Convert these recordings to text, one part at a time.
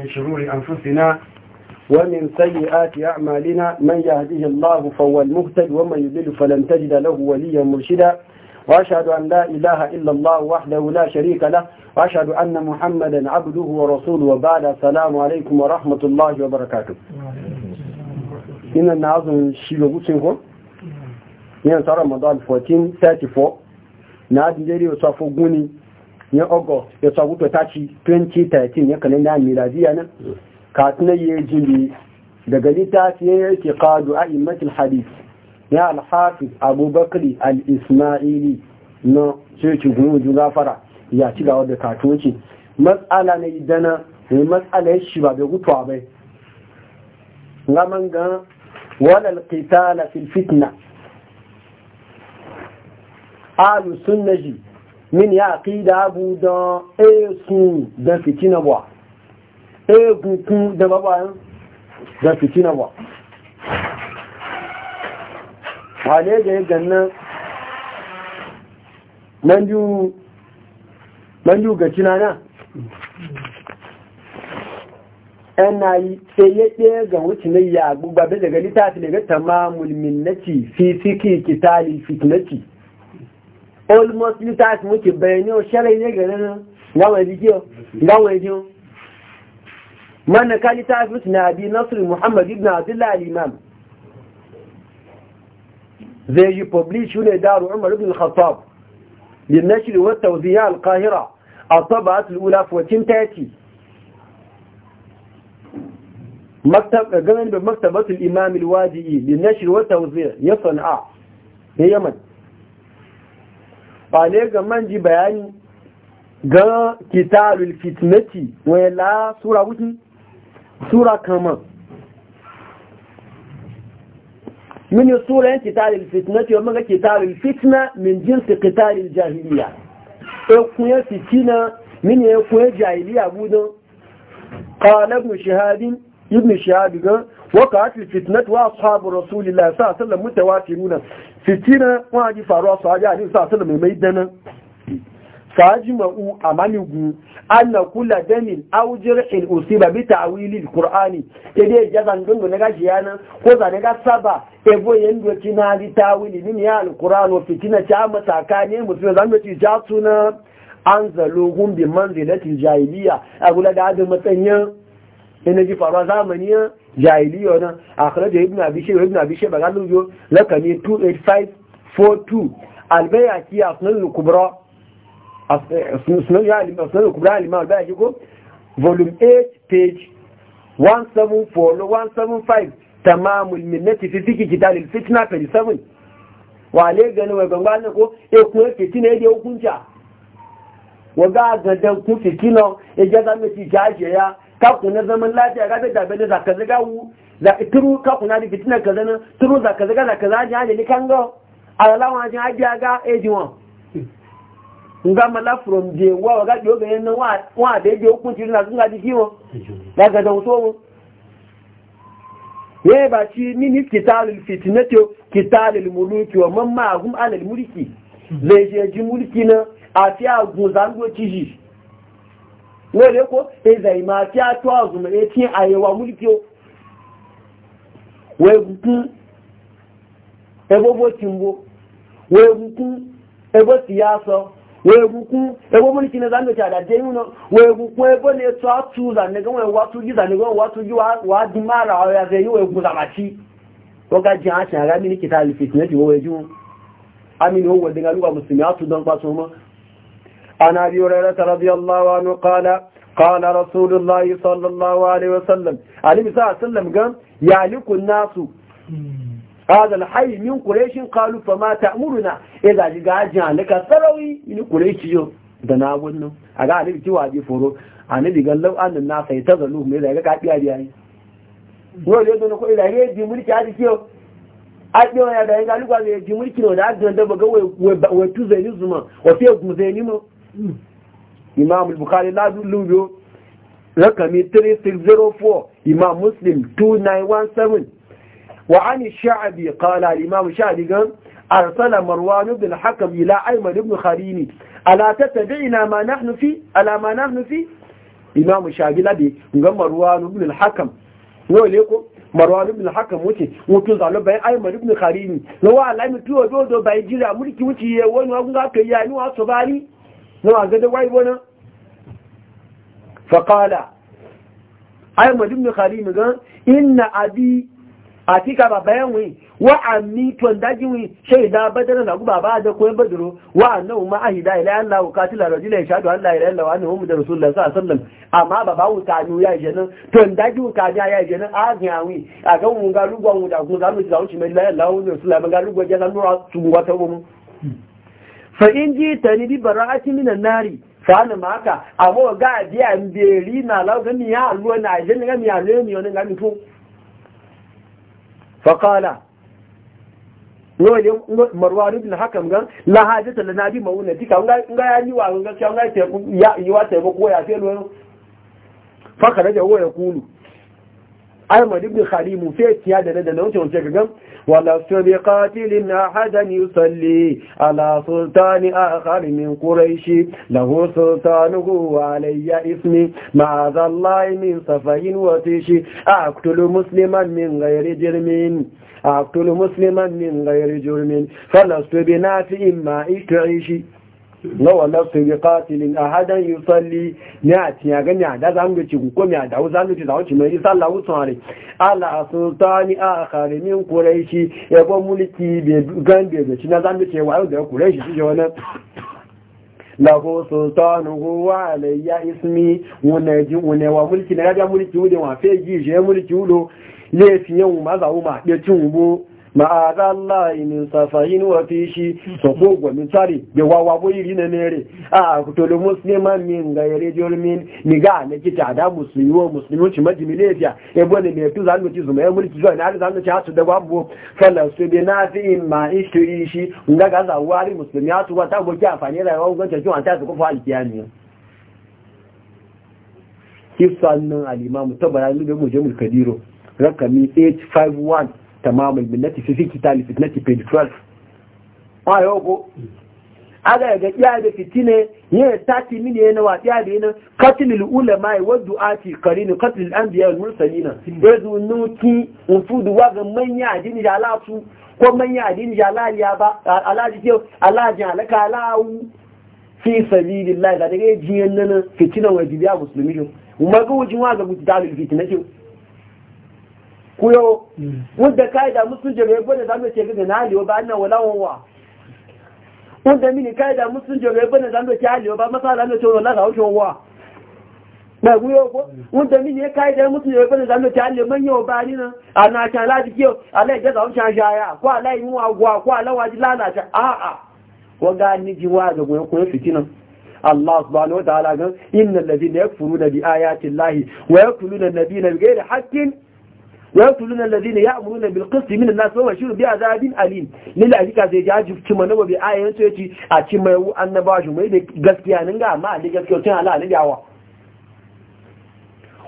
من شرور أنفسنا ومن سيئات أعمالنا من يهده الله فهو المهتد ومن يضل فلن تجد له وليا مرشدا وأشهد أن لا إله إلا الله وحده لا شريك له وأشهد أن محمدا عبده ورسوله وبعد السلام عليكم ورحمة الله وبركاته إن النعظم الشيء يقول إن رمضان 1434 نعد جري وصفو قوني ya ogo ya sabuto ta ci 2013 ya kalenda miladiya nan katina ya jini daga littafi ya ke kadu a imatin hadith ya alhafi abubakari al-ismaili na cece gunojin fara? ya ci gawa da katoci matsala na idana mai matsala ya shi ba da gutuwa bai gaman gan wadal na fil fitna alu sunnaji min ya aqida abu da esun da fitina ba egungun da babayan da fitina ba hale da ya gannan nan ju ga cinana ana yi tsayayye ga wuce na yagu babu daga littafi daga tamamul minnati fi fiki kitali fitnati almost litas muke bayani o shara ne gare nan gawa jikiyo gawa jiyo mana ka ta fi na abi nasir muhammad ibn abdullah al zai yi publish ne daru umar ibn khattab bin nashr wa tawziya al-qahira at-tabaat al-ula fi 1430 مكتب جنب مكتبة الإمام الواجئي للنشر والتوزيع يصنع في يمن ba ne ga manji bayani ga kitabul fitnati wai la sura wuti sura kama min sura yan kitabul fitnati wa maga kitabul fitna min jinsi kitabul jahiliya e kuya fitina min ya e kuya jahiliya budan qala ibn shahab ibn shahab ga wakaat fitnat wa ashabu rasulillahi sallallahu alaihi wasallam tawati nuna fitina waji faruwa sahabi ali sallallahu alaihi wasallam mai dana saji ma'u amani gu anna kullu damin aw jirhin usiba bi ta'wili alqur'ani kede jazan dungu na gaji saba e bo yendo kina ali ta'wili fitina ta mataka ne musulmi zan ji jatuna anzalu gumbi manzilati jahiliya agula da adam ina ji faruwa zamaniyar jahiliyo nan a kare da ibn abishe ibn abishe ba ga lujo lakami 28542 albayaki a sunan lukubra sunan lukubra alima albayaki ko volume 8 page 174-175 tamamul minnati fi fiki kitalil fitna 37 ale gani wa gangwa na ko e kuma e fitina yadda e hukunca wa ga gandan kun fitina e ya jaza mace jajiya kaku zaman lafiya ga da dabe ne za ka zaga wu za turu kakuna da fitina ka zana turu za ka zaga za ka zaji hali ni kan ga alalawa e jin ajiya ga eji n nga mala from the wa ga do ga yan wa wa da je hukunci na sun ga jiki Ya ga da so mu ye ba shi ni ni kitalul fitnati kitalul muluki wa mamma ma'hum alal mulki zai je ji mulki na afiya gun zango ciji wọ́n kó ẹzà ìmọ̀ àti àtọ́ àzùmọ̀ etí àyẹ̀wà múlìkí ó wẹ́gùnkún ẹgbógbó ti ń bó wẹ́gùnkún ẹgbó ti yá sọ wẹ́gùnkún ẹgbó múlìkí ní sánúkì àdàjẹ́ ìrúnà wẹ́gùnkún ẹgbó ní ẹtọ́ àtúzà nígbọ́n wàtújú nígbọ́n wàtújú wà dí mára ọ̀rẹ́ àfẹ́ yíò wẹ́gùn làmàtí wọ́n ká jẹ́ àṣà àrámìnì kìtà àlìfèsì mẹ́tì wọ́wẹ́jú àmì ni ó عن أبي هريرة رضي الله عنه قال قال رسول الله صلى الله عليه وسلم عليه الصلاة والسلام قال يعلق الناس هذا الحي من قريش قالوا فما تأمرنا إذا جاء لك سروي من قريش جو دنا wannan a ga alibi ji waje foro annabi gan law annan na sai ta zalu أبي wọ́n ga ka kó riya yi wo le á ko ila mulki a dikiyo a diyo da di mulki no da ga da ba ga we imam bukhari lalubiyo rakami 3604 imam muslim 2917 wa an sha'abi qala imam sha'abi gan أرسل مروان بن الحكم إلى أيمن بن خليل ألا تتبعنا ما نحن فيه ألا ما نحن فيه إمام الشعبي لدي نقول مروان بن الحكم نقول مروان بن الحكم وتي وتوزع له بين أيمن بن خليل لو على أيمن دو دو بين جيرا ملكي وتي وين وقعك يعني وأصبالي nawa ga da wai wani faƙala ai majin da khali mu gan inna abi a tika ba bayan wi wa ammi to daji badana ba da koyan badro wa annahu ma a ila Allah amma ya to a ga wi a ga mun ga lugwa mu da ku za mu ci za mu ci mai fa in ji ta ni bi bara'ati minan nari fa ana maka awo ga biya ri na lawo ga mi ya allo na je ga mi ya le mi ona ga mi fu fa qala no marwan ibn hakam gan la hajata lana bi mauna dika nga ya ni wa ya yi wa ta ko ya fe lo fa kada wo ya kulu Ahmad ibn Halimu, fi tiya da da wuce wace ga gam wala sabi qatilin ahadan yusalli ala sultani akhar min quraish lahu sultanuhu wa alayya ismi ma'adha Allah min safahin wa tishi aqtulu musliman min ghairi jirmin aqtulu musliman min ghairi jurmin falastu bi nafi'in ma ikishi law alaftu bi qatilin ahadan yusalli ni a ti ya gani a da za a ga cikin mi a dawo za mu ci zawo ci mai sallah ala sultani akhar min quraishi ya ba mulki be na alayya ga ma ma'aza Allah min safahin wa fishi so ko gwami tsari da wawa bo iri na nere a to le muslima min ga yare jol min ni ga ne kita da musulmi wa muslimi ci majimi lefiya e bo ne me tu zan mu ci zuma e mulki zo na da zan ci hatu da gwambo fala su bi na fi in ma ishi shi nga ga za wari musulmi hatu wa ta bo ki afani rayuwa ga ta ki an ta su ko fa alkiyami kisan nan al-imam tabarani da mu je mulkadiro rakami 851 tamamul millati fi kitabi fitnati page 12 ayo ko aga ga iya da fitine ne tati mini yana wa iya da yana qatlul ulama wa du'ati qarin qatlul anbiya wal mursalin yazu nuki ufudu wa ga manya addini da alatu ko manya addini da alaliya ba alaji ke alaji alaka alawu fi sabilillah da ga jiyan nan fitinan wajibiya musulmi ne magawajin kuyo mm. wanda kaida musulunci ga yabo da zamu ce ga na aliyo ba annan wala wawa wanda mini kaida musulunci ga yabo da zamu ce aliyo ba masa zamu ce wala ga wuce wawa na kuyo ko mm. wanda mini kaida musulunci ga yabo da zamu ce aliyo manyo ba ni na, ana kan ladi kiyo alai ga wancan shan shaya ko alai mu agwa ko alawa ji lalata a a waga ni ji wa ga goyen koyo fitinan Allah subhanahu wa ta'ala ga innal ladina yakfuruna bi ayati llahi wa yaqtuluna ويقتلون الذين يأمرون بالقسط من الناس وبشروا بعذاب أليم لله ذلك زي جاجي كما نبو بآية تيتي أتيما يو أنبا جمعي دي غسكيا نغا ما دي غسكيا تين على نبي عوا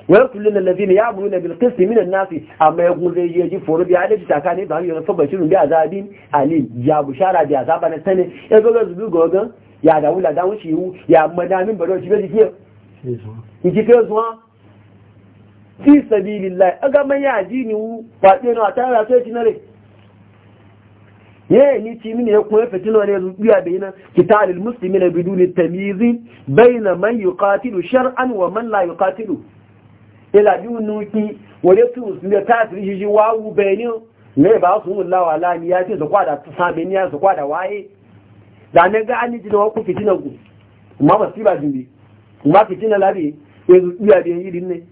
ويقتلون الذين يأمرون بالقسط من الناس أما يقول زي جاجي فورو بعالي تتاكاني بهم يغسوا بشروا بعذاب أليم يا بشارة بعذاب نستني يقول زبو غوغن يا داولا داوشي يا مدامين بروشي شبه دي كيو يجي كيو زوان fi sabilillahi aga man ya ajini wu ba ti na ta ra sai tinare ye ni ti mini ya kuma fitino ne zubiya bayina qitalul muslimina biduni tamyiz bayna man yuqatilu shar'an wa man la yuqatilu ila wa wale tu ne ta wa shi be ni ne ba su mun lawa la ni ya ti zu kwada be ni ya zu kwada waye da ne ga an ji da ku fitina ku ma ba ba jindi kuma fitina labi ya yi din ne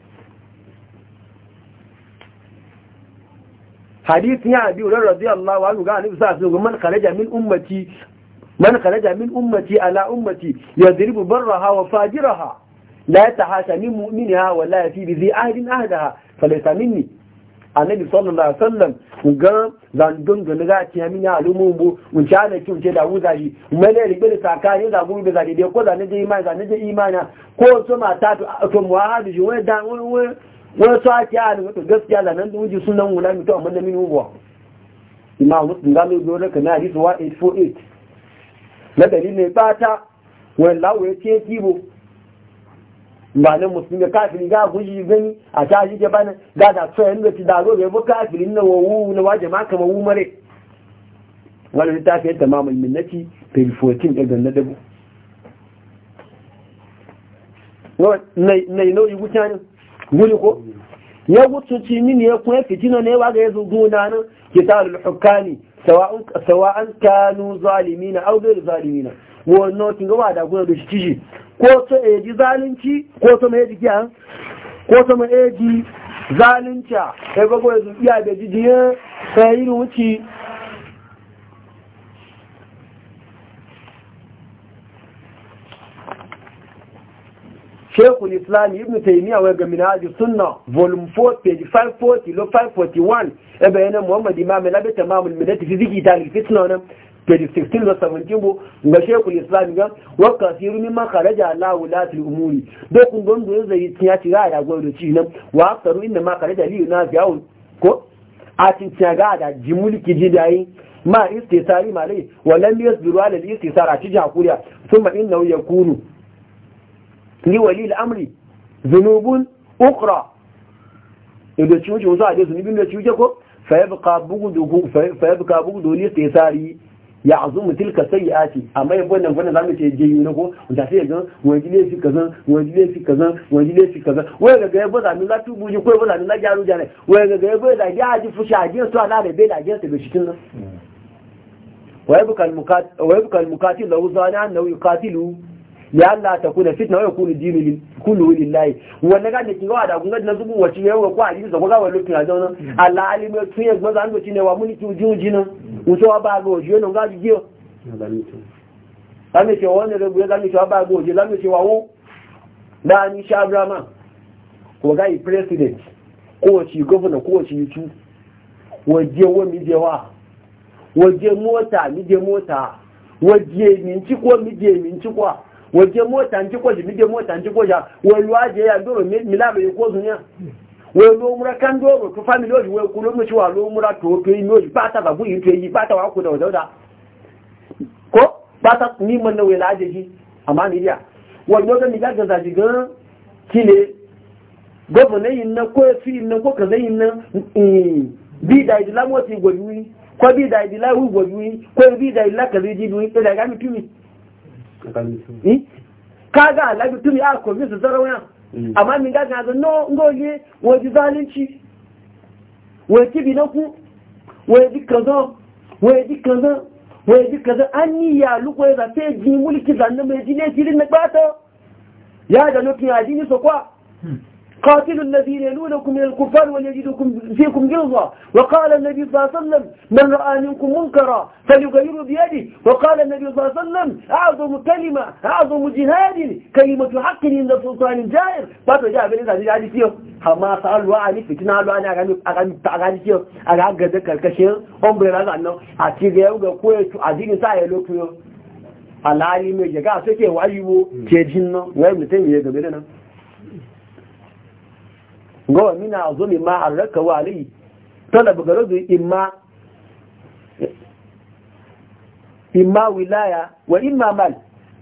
hadisin ya abi hurairah radiyallahu anhu ga annabi sallallahu alaihi wasallam man kharaja min ummati man kharaja min ummati ala ummati yadribu barraha wa fajiraha la yatahasha min mu'miniha wa la yafi bi ahdin ahdaha falaysa minni annabi sallallahu alaihi wasallam ga zan da ga tiya min ya alumu bu mun ne ki da shi mai ne ka ne da gurbe da ko da ne je imani da ne je imani ko to mata to shi wani su ake a da gaskiya da nan duji sunan wula mutu a mallamin ubuwa imam mutum gano mai na raka na hadisu 1848 na dalilin ne bata wani lawo ya ce kibo ba na musulmi kafin ga guji gani a ta shi ke bane ga da so da ci da zo bu kafin na wawu na waje ma kama wu mare wani littafi yadda mamul minnati page 14 ɗin ganna dabu na yi nau'i wuta ne guri ko ya wuce ci mini ya kuma fitina ne waga ya zugu na nan kitabul hukami sawa'an kanu zalimina aw ghayr zalimina wannan kin gaba da guna da shi ko to e ji zalunci ko to mai jiya ko to mai eji zalunta sai go ya iya da jiji ya sai yi wuce shekul Islami ibn taymiya wa gamin hajji sunna volume 4 page 540 541 ebe yana muhammad imam labe tamamul minati fi ta fitna wannan page 16 17 bo ga shekul islam ga wa kasiru mimma kharaja ala ulati umuri do kun don do zai tiya ci ga ya da ci nan wa aktaru inna ma kharaja li yunasi yaun ko a cin tiya ga da jimulki jidayi ma istisari malai walam yasbiru ala al-istisara ci jakuriya thumma innahu yakunu ni wali al'amri zunubun ukra inda ci wuce wasu zunubin da ci wuce ko fayabka bugudu ne sai tsari ya azumu tilka sayyi'ati amma ya nan fa zamu ce je yi ko da sai ga wani ne ka kazan wani ne fi kazan wani ne fi kazan wai ga ba yabo da mun latu buji ko yabo da mun laja ruja ne wai ga ga yabo da ya ji fushi a jin to ana da bai da jin ta bishikin nan wai bukal mukatil lahu zana annahu yuqatilu ya Allah ta kuna fitna wa kunu dinu lil kullu lillahi wanda ga dake wa da kun ga nazubu wace ne wa kwali da ga wa lukin azan Allah alimu tun ya gbaza an goci ne wa muni ki juji nan mutu wa ba ga oje nan ga jiyo zami ce wani rabu ya zami ce wa ba ga oje zami ce wa wo da ni sha abrama ko ga president ko ci governor ko ci yutu waje wa mi je wa waje mota mi je mota waje min ci ko mi je min ci kwa waje mota nci kwaji mide mota nci ja. wani waje ya doro milalo ya kozu ne wani lomura kan doro to family oji wani kulo mu cewa lomura to to yi noji ba ta babu yi to yi ba ta waku da wadauda ko ba ta niman na wela aje shi amma ni ya wani yau ni gan kile gwamna yin nan ko fi yin nan ko kaza yin nan mm, bi da idila mota gwajuri ko bi da idila hu gwajuri ko bi da idila kaza jibi e da kaga alabi tun ya komi su mm. amma min ga na no ngoye waje zalunci waje bi naku waje kaza waje kaza waje kaza an yi ya luko ya zafe ji mulki zanne mai filin na Gbatọ. ya da lokin so kwa hmm. قاتلوا الذين يلونكم من الكفار وليجدكم فيكم جوزا وقال النبي صلى الله عليه وسلم من رأى منكم منكرا فليغيره بيده وقال النبي صلى الله عليه وسلم أعظم كلمة أعظم جهاد كلمة حق عند سلطان جائر بابا جاء بين هذه الحديث هما سألوا عني فتنة قالوا أنا أغاني أغاني أغاني كيو أغاني قد كالكشير أمبري لازم أنه أتيجي يوغا كوي أديني سايا لوكيو alhali mai jaga suke wajibu ke jinnan wai mutum ya gabe da nan gowa mina zuli ma arraka wa alayhi talab garazu imma imma wilaya wa imma mal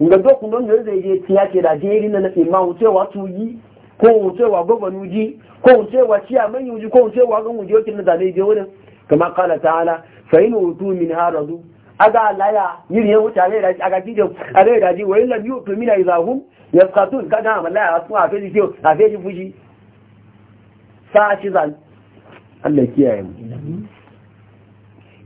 nga dokun don don zai je tiya ke da je na imma wuce wa tuyi ko wuce wa gwagwanu ji ko wuce wa ciya man yuji ko wuce wa gangu jiyo kin da ne je wurin kama kala ta'ala fa in utu min haradu aga laya yin ya wuce aga da aga ji aga da ji wa illam yutu min izahum yasqatun kaga amala a afeli a afeli fushi. ba shi zan Allah kiyaye mu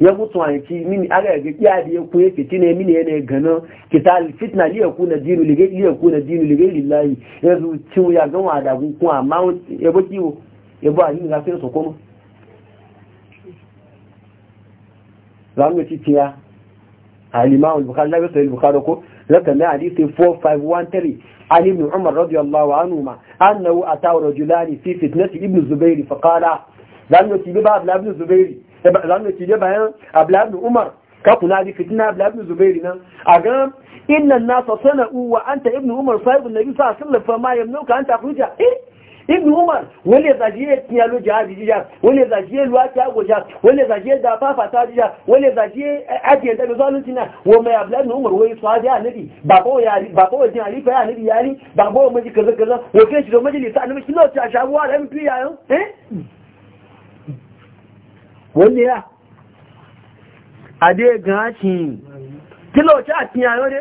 ya mutu an ci mini aga ga kiya da ya kuye fiti ne mini yana gano ki kital fitna liya kuna dinu liga liya kuna dinu liga lillahi ya zu ci ya ga wa da ku amma ya ba kiwo ya ba ni ga sai so kuma zamu ci tiya al-imam bukhari la yusal al-bukhari ko لكن ما حديث 4513 عن ابن عمر رضي الله عنهما أنه أتى رجلان في فتنة ابن الزبير فقال لأنه تيجي بعد ابن الزبير لأنه تيجي بعد ابن عمر كفنا هذه فتنة ابن ابن الزبير أقام إن الناس صنعوا وأنت ابن عمر صاحب النبي صلى الله عليه وسلم فما يمنعك أن تخرج إيه ibn umar wale zajiye tiya lo jihadi jija wale zajiye luwa ta goja wale zajiye da fafa ta jija wale zajiye ajiye da zalunci na wa mai abla ibn umar wai sahabi annabi ba ko ya ba ko jin alifa ya annabi yari ba ko maji kaza kaza wa kai shi da majalisa annabi kilo ta shabuwa da mp yayin eh wale ya ade gaci kilo ta tiya yo ne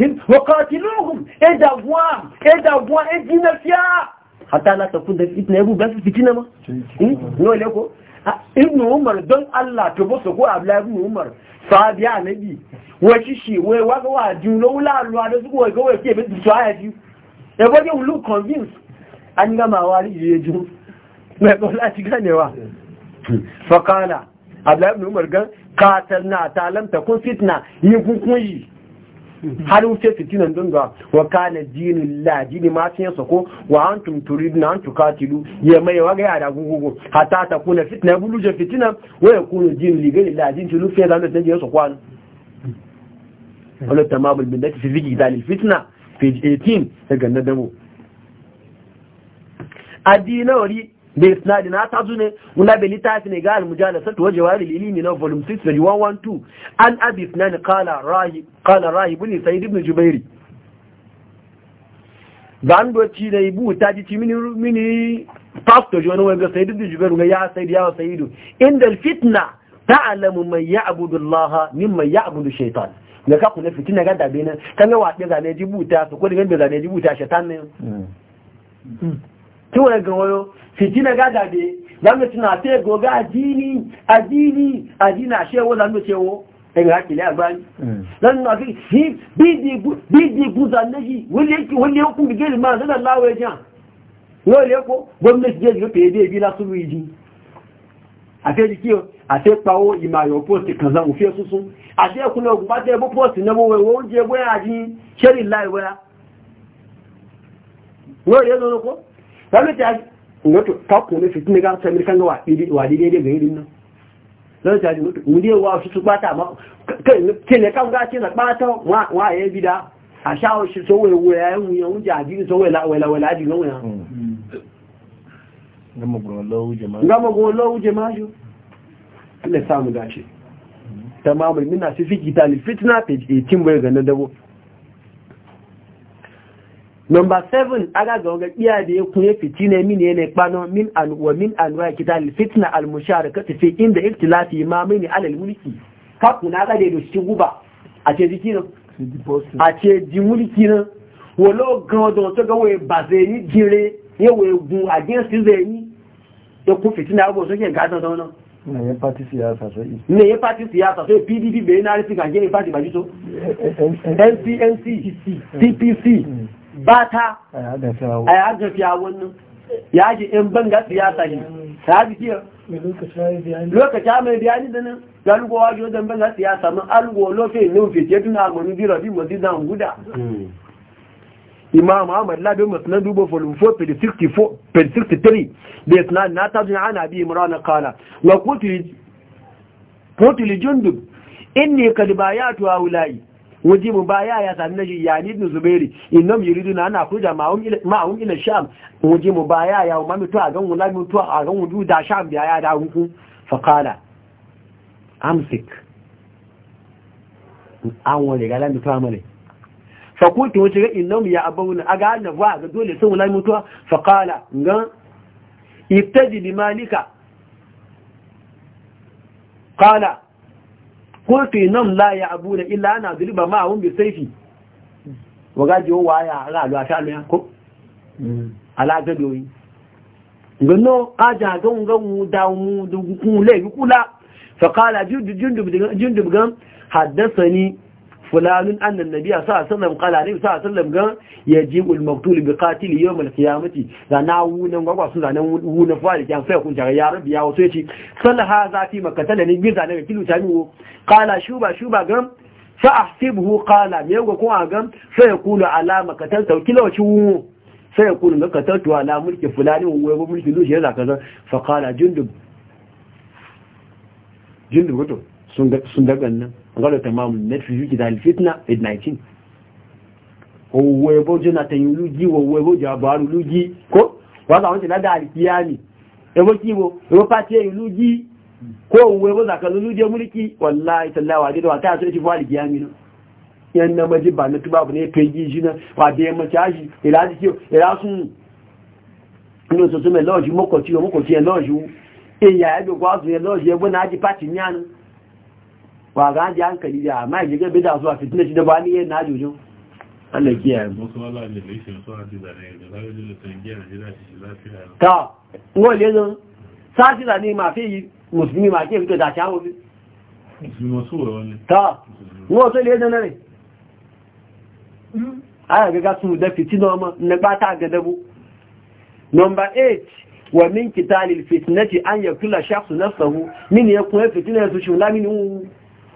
وقاتلوهم ادعوا ادعوا ادنا فيها حتى لا تكون فتنه يبو بس فتنه ما نو ليكو ابن عمر دون الله تبوسو كو ابلا ابن عمر صحابي النبي وشيشي وي واغا واجو لو لا لو ادو سكو وي كو كي بيت سو ايجي ebo je ulu convince an gama wari yeju me ko la ci ganewa fa qala abla ibn umar gan qatalna ta lam takun fitna yi kun kun yi har wuce fitinan don ga wa kana jinin la dini ma sun sako wa antum na an tukatilu ya mai wa ga yara gugugu hatta ta kuna fitna buluje fitina wa yakunu jinin li gani la dini fiye da nan da sako an wala tamamul min dati fi zigi dalil fitna page 18 daga nan damo adinawari da isnadi na ta zune wala bai littafi ne ga al-mujallasa to jawari ilimi na volume 6 page 112 an abi isnani kala rahib qala rahib ibn sa'id jubairi zan do ci da ibu ta ji ci mini pastor jo wani ga sa'id ibn jubairi ga ya sa'id ya sa'id inda fitna ta al-fitna ta'lamu man ya'budu mai ya Abudu shaitan. da ka kuna fitina ga dabe nan kan ga wa zane ne jibuta su ko da zane ne jibuta shaytan ne adini, wọ́n gan wọ́n fìtínà gádàdé lámẹ́tí náà tẹ́ gọ́gá àdíní àdíní àdínà àṣẹ́wọ́ lámẹ́tẹ́wọ́ ẹgbẹ̀rẹ̀ àkìlẹ̀ àgbáyé lọ́nà àfi bí i gúúsà méjì wọ́n lé ókùn gẹ́gẹ́rì máa sọ́dọ̀ láwọ́ ẹjá yóò lé kó gómìnàtí jẹ́ ìlú pèédé ibi lásùrù ìdí àfẹ́jì kí o post ìmàyọ̀ pọ́ọ̀tì kànzá òfin ẹ̀sùsùn àti ẹkùnlẹ̀ ogun bá tẹ́ ẹbọ́ pọ́ọ̀tì náwó ẹ̀wọ̀ oúnjẹ ẹgbẹ́ àjí ṣẹ́rì láìwẹ́ra yóò lé lónìí wani ta ngoto tapu ne fitin ga ta mirkan ga wadi wadi dai ga irin nan zan ta mu wa su ma kai ke ne kan ga ce na bata wa wa ya bida a shawo shi so wai waya ya mu ya mu jadi so wai la wai la wai la ji ga waya gama gon lawu fitna ga dabo Number seven, aga ga waga iya da ya kunye fitina min ne ne kpano min an wa min an wa kita fitna al musharaka fi inda ikhtilafi ma min al mulki ka kuna ga da shi guba a ce jiki nan a ce ji mulki nan wolo gan do to ga we baze ni jire ye we gun against ze ni to ku fitina go so ke ga dan dan ne ye parti siyasa so ne ye parti siyasa so PDP be na ri ti ga je parti ba ji so NCNC TPC ba ta a ya gafiya wannan ya ji in ban ga siyasa ne ta ji kiyar lokaci a mai biyani da nan ga galugo waje wajen ban ga siyasa mun algo lofe nufi ke tun a gwani jira bi mazi zan guda hmm. imam ahmad labin musnan dubo volume 4 page 63 da isnan na tajin ana bi imran qala wa qutu qutu li jundub inni kad tuwa wulayi, wuji mu ba ya ya sami na yani ibn zubairi innam na ana kuja ma'um ila sham wuji mu ba ya ya ma mutu a gan wula mutu a gan wudu da sham biya ya da hunku fa qala amsik an wani galan mutu amale fa kuntu wuji ga innam ya abawuna aga annabawa ga dole sun wula mutu fa qala ngan ibtadi bi malika qala kultu nan la ya abu da illa ana zuluba ma hun bi saifi waga jiwo waya ala alu asha alu yanko ala gadoyi gano aja a unga mu da da ku le kula fa qala jundub gan haddasa ni. fulanin annan nabiya sa sallam qala ne sa sallam ga yajibul maqtul bi qatil yawm al qiyamati da na wunan gwagwa sun zanen wunan fari kan sai kun ya rabbi ya wato yace sallaha za fi makatala ne bi zanen kilu ta ni Kala shuba shuba ga fa ahsibuhu kala. me ga kuma ga sai ya kula alama katal tawkila wace wuwo sai ya kula ga katal to ala mulki fulani wuwo mulki lushi ya zaka zan fa kala. jundub jundub wato sun daga nan ngalo tamamu netflix wiki da alfitna at 19 owó ẹbọ́ jonathan lúgí owó ẹbọ́ jàbàrù lúgí kó wọ́n sàwọn ti ládá àríkíyàmì ẹbọ́ kí wo ẹbọ́ pàtí ẹ̀yìn lúgí kó owó ẹbọ́ sàkàlù lúgí omúríkí wọ́lá ìtàláwà àdídọ́ àtàtọ́ ti fún àríkíyàmì náà yan na maji ba na tuba ne peji shi na wa da yamma caji ila ji kiyo ila sun ya wa ga ji hankali da amma ya ga bida zuwa fitina shi da ba ni yin na jujun Allah kiyaye mu ta wo le zo sa ti da ne ma fi musulmi ma ke fito da ta wo muslimi so wo ta so le zo ne aya ga ga su da fitina ma ne ba ta ga dabo number 8 wa min kitalil fitnati an yakula shakhsu nafsahu min yakun fitina su shi la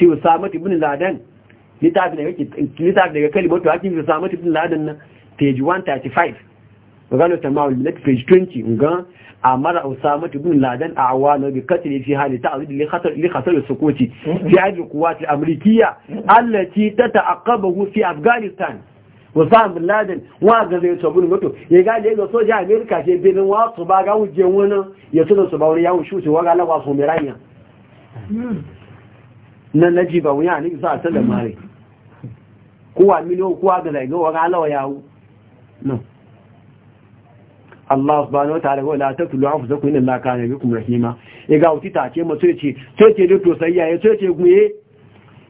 fi samati ibn ladan littafi daga littafi daga kalibatu hakim fi usamati bin ladan na page 135 magana ta mawul na page 20 ga amara usamati bin ladan a bi fi hali li khatar li khatar sukuti fi hadi quwat al allati fi afghanistan bin Laden wa ga zai to bin mutu ya ga da ga soja America ke binin wasu ba ga wuje wani ya tuna su ba wani yawon shuce wa ga lawa su na najiba wuya ne sa ta da mare kowa mino kowa ga zaiga wa galawa yawo no Allah subhanahu wa ta'ala wala tatlu anfusakum inna Allaha kana bikum rahima e ga wuti ta ce mutu ce sai ce da to sai yaye ce ce guye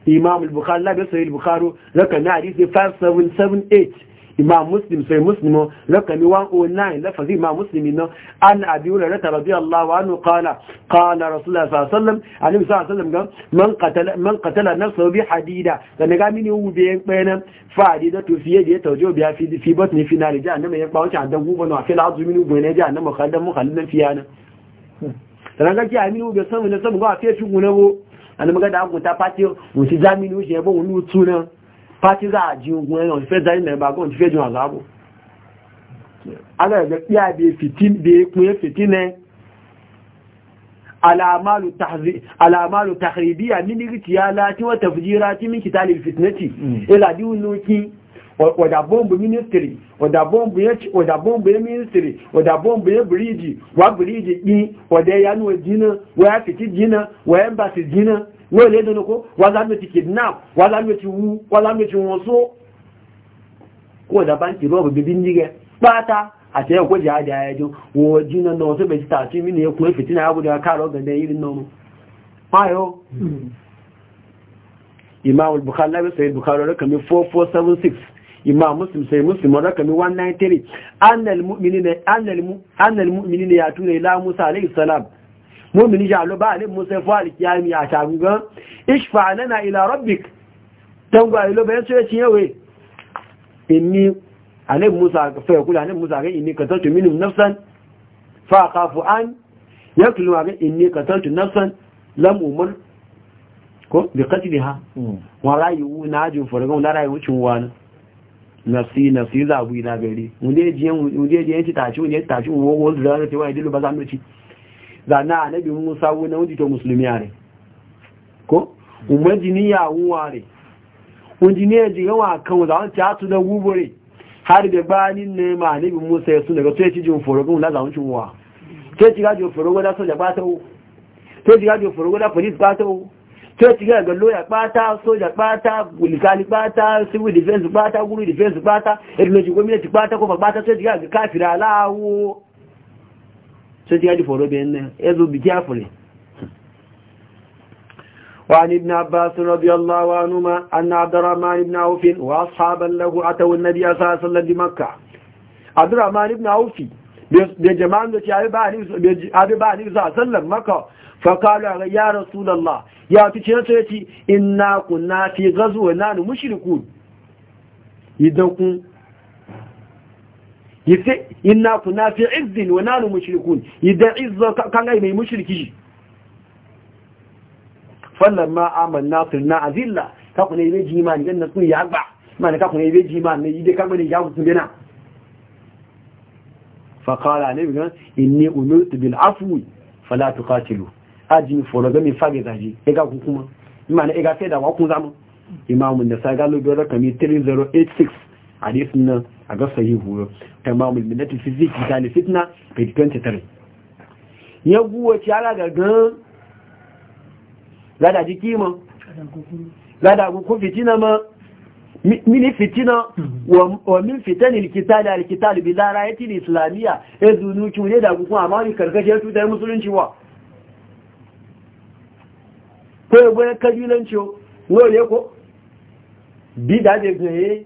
Imam al-Bukhari la bi sahih al-Bukhari zakana na hadisi 5778 imam muslim sai muslimo rakami 109 lafazi imam muslim no an abi hurairah radiyallahu anhu qala qala rasulullah sallallahu alaihi wasallam alim sallallahu alaihi wasallam man qatala man qatala nafsahu bi hadida da dan ga mini wu be kpenan fa hadida to fiye da tawjo bi fi fi batni fi nar jahannam ya bawo ta dan gubo no fi lazu ja gwe ne jahannam khaldan fiya na dan ga ki amini wu be samu ne samu ga fiye shi gune bo annabi ga da ku ta fati mu ci zamini wu je bo wu tuna pati za a ji ogun ẹran ìfẹ́ darí mẹ́rin bàgọ́ ti fẹ́ jù àzáàbò alẹ́gbẹ̀ pí àbí ìpín fìtínẹ́ alàmàlù tàhìrìbí àmìnirìtì alá tí wọ́n tàfìjíra tí mí kìtà lè fìtínẹ́tì mm. ìlàdí olókí ọ̀dàbọ́m̀bù mínísítìrì ọ̀dàbọ́m̀bù mínísítìrì ọ̀dàbọ́m̀bù bíríjì wọ́n lè dánú kó wà láàrín ti kìdínà wà láàrín ti wú wà wọ́n só kó da báńkì rọ́ọ̀bù bíbí ní rẹ̀ pátá àti ẹ̀kọ́ jẹ́ àjẹ́ ayẹjọ́ wọ́n jína náà tó bẹ̀jì tààtí mí ẹkùn ẹ̀fẹ̀ náà agbódà 4476 193 annal ila musa salam mumini jalo ba ne musa fa alkiyami a tagu gan ishfa lana ila rabbik tangwa ilo bayan so inni alim musa fa yakul inni qataltu minhum nafsan fa an yaklu ga inni qataltu nafsan lam hmm. wani ta na anabi musa wuna wundi to musulmi are ko umajini ya wuware unjini ya jiga wa kan za wani ta da gubore har da banin ne ma anabi musa ya su daga sai ci jin forogun la za cin wa sai ci ga jin da soja ba ta wu sai ci ga jin da police ba ta wu sai ci ga soja ba ta bulikali civil defense ba guru defense ba ethnology gwamnati kofa ci kafira lawo sai ta yaji foro biyan nan ya zo biki afirin wa an ibn abbas radiyallahu anhu ma anna abdurrahman ibn auf wa ashaban lahu atawu an-nabiy sallallahu alaihi makka abdurrahman ibn auf bi jama'an da ya ba ni abi ba ni sallallahu makka fa qala ya rasulullah ya tace tace inna kunna fi ghazwanan mushrikun idan kun yace inna kunna fi izzin wa nanu mushrikun idan izza kan ga mai mushriki falamma amanna sirna azilla ka kuna be jima imani ganna sun ya gba mana ka kuna be jima ne yi dai kamar ya mutu gina fa qala ne bi inni umirtu bil afwi fala tuqatilu aji foro ga mi fage daji e ga kuma mana e ga fe da wa kun zamu imamu da sagalo bi rakami 3086 hadisin nan a ga sahihu yo tamamul minnati fi zikri kana fitna fi 23 ya guwa ci ala ga gan lada ji kima lada da ku fitina ma Mini fitina mhm. wa min fitani alkitab alkitab bi darayati alislamiyya ezunu ci ne da ku amma karkashin karkashe su da musulunci wa ko ya gwe kabilanci wo ne ko bi da je gwe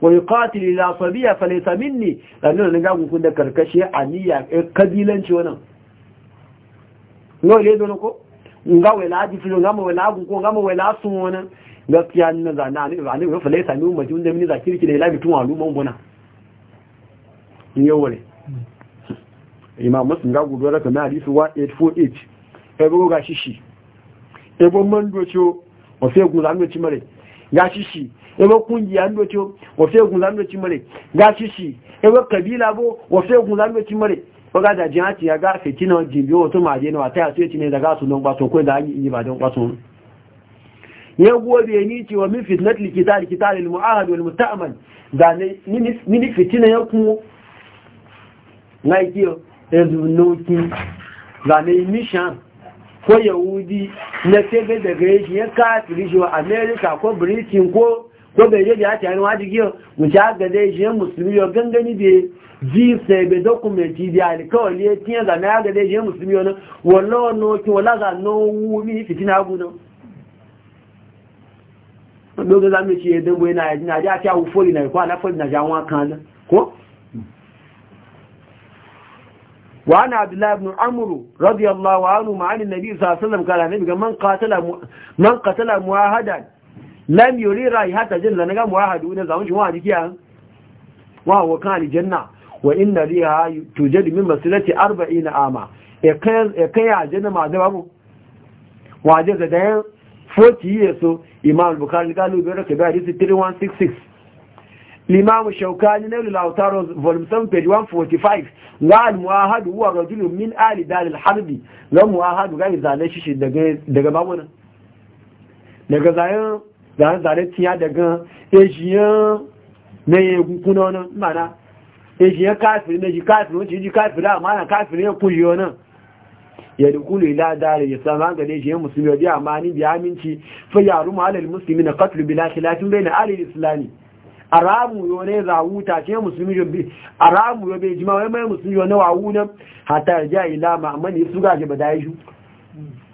wa yuqatil ila sabiya falaysa minni annan ne ga kun da karkashe aniya kabilanci wannan no le don ko nga wela ji filo nga wela gun ko nga wela sun wannan gaskiya ni za na ni ba we fa falaysa ni umma jun da mini zakiri kirki da ila bitun lumon bona ni yawale imam musu ga gudu raka na hadisi 1848 ebo ga shishi ebo mando cho o se gun zanu chimare ga shishi ewe kungiya ndoci wafe gunza ndoci mare ga ewe kabila bo wafe mare da jin ya ga fiti na jimbi maje na wata so ne daga su don kwaso ko da yi ba don kwaso ya gobe ni ce wa min likita likita lil mu'ahad wal musta'mal da ni fitina ya ku na da mission ko yahudi na tebe ya wa america ko ko bai je ya ta yi wajibi mu ta ga dai shi musulmi yo gangani bi ji sai be dokumenti di ali kawai ya tiya ga na ga dai shi musulmi yo wala no ki wala ga no wu mi fitina gu no do ga zamu ci edan boye na ya na ja a wu foli na ko na foli na ja wa kan da ko wa ana Abdullahi ibn amr radiyallahu anhu ma'an nabi sallallahu alaihi wasallam kala nabi ga man qatala man qatala muahadan lam yuri raihata janna naga murahadu ne zamu shi wa dikiya wa wa kan aljanna wa inna riha tujad min masilati 40 ama e kan e ya janna ma da babu wa je da dai 40 years so imam bukhari galu bi rakab hadith 3166 الإمام الشوكاني نيل الأوتار فولم 7 page 145 قال daga daga zane-zane tiya daga ejiyan na egun kuna wani mana ejiyan kafin na ji kafin wancin ji kafin da amana kafin ya kuri wani ya dukulu ila dare ya samu ga ejiyan musulmi wadda amani bi aminci fa yaru alal musulmi na katulu bila khilafin bai na alil islami Aramu ramu yau ne zawuta ce musulmi bi aramu ramu yobe jima wai mai musulmi yau na wawu nan hata ya ja amma ma'amani su gaje ba da yi shu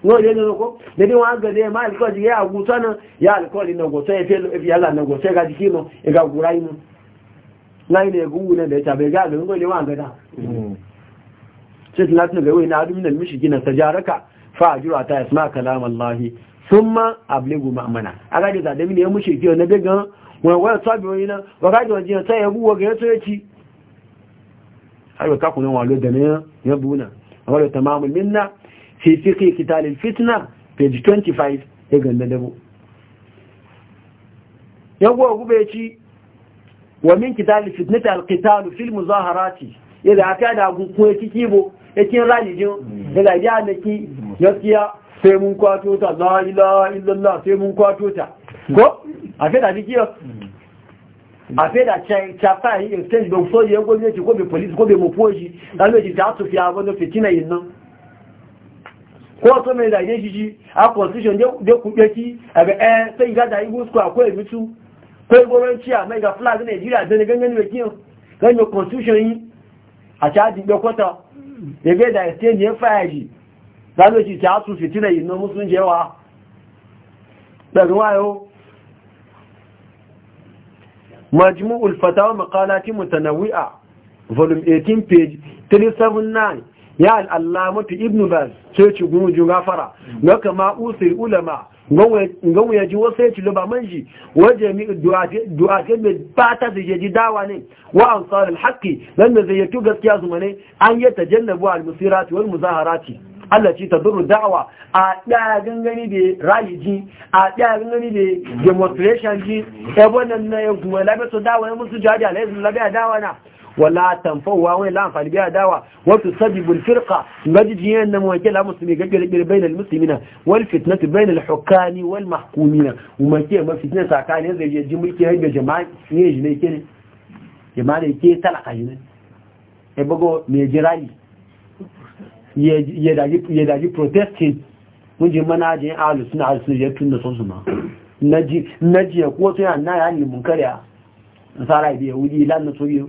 no le no ko le ni wa gade ma alko ji ya gu sana ya alko ni no go so fe e ya se ga ji e ga gura Na lai ne gu da ta be ga ngo le wa gada ce latin ga na adu min mishi gina tajaraka fa ajura ta isma kalam allah thumma abligu ma'mana aga da da min ya mushi kiyo na daga wa wa sabi wa ina wa ga da jin sai ya buwa ga yato yaci har ka kunan walo da ne ya buna wala tamamul minna fi fiqi qitalil fitna page 25 ya ganda dabo yago gube ci wa min qitalil fitnati al qitalu fil muzaharati yadda aka da gun ko bo, ya kin rali jin da ya da ki siya, sai mun kwato ta la ilaha illallah sai mun kwato ta ko a fada diki a fada chai chapa yi stage don soji, so ye gwamnati ko be police ko be mofoji dan lokaci da su fi abun fitina yin nan ko so mai zage shi shi a constitution da kuɓe ki a ga ɗaya eh, sai ga da igu su akwai mutu kai gwamnati a mai ga flag na nigeria da na gangan mai kiyan Ganyen constitution yi a caji ɗaya kwata da bai da exchange ya faya shi za su ci ta su fitina yi na musun jewa daga wayo majmu'ul fatawa maqalatin mutanawwi'a volume 18 page 379 ya al'allamatu ibn baz sai ci gunju gafara ga kama usul ulama gan ya ji wasu ya ci luba manji waje mi du'atai mai ba ta su ji dawa ne wa ansar al haƙƙi dan da zayyatu gaskiya zuma ne an yi tajannabu al-musirati wal muzaharati Allah ce ta duru da'awa a ɗaya gangani da rayu ji a ɗaya gangani da demonstration ji ebe wannan na ya kuma labe su dawa ya musu jaji a laifin labe a dawa na wala tanfawa wani la'amfani biya dawa wato sabibul firka gaji jiyan nan wanke la musulmi ga kirkir bayan al-musulmina wal fitnatu bayan al-hukani wal mahkumina umarke ma fitna tsakanin zai je mulki har da jama'a ne ne ke ne jama'a ne ke talaka ne e bago me jirali ya daji ya daji protesting mun je manajin ahlus suna ahlus suna, ya tunna sun su ma naji naji ko to ya na ya ni mun karya. sara bi yahudi lan na so biyo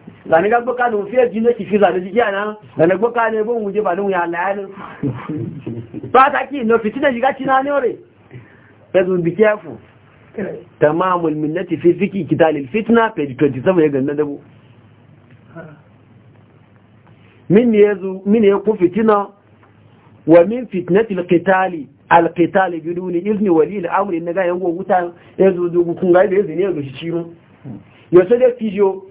zane ga gboka da mufiyar ji na kifi zane jikiya na zane gboka ne bon wuje ba nuhu ya layanin ba ta ki no fitina jiga ci na ne ore pezu be careful tamamul minnati fi fiki kitalil fitna page 27 ya ganna dabo min yazu min yaku fitina wa min fitnati alqitali alqitali biduni izni wali al-amri naga yango wuta yazu dugu kun ga da izini ya gashi ciro yaso da fijo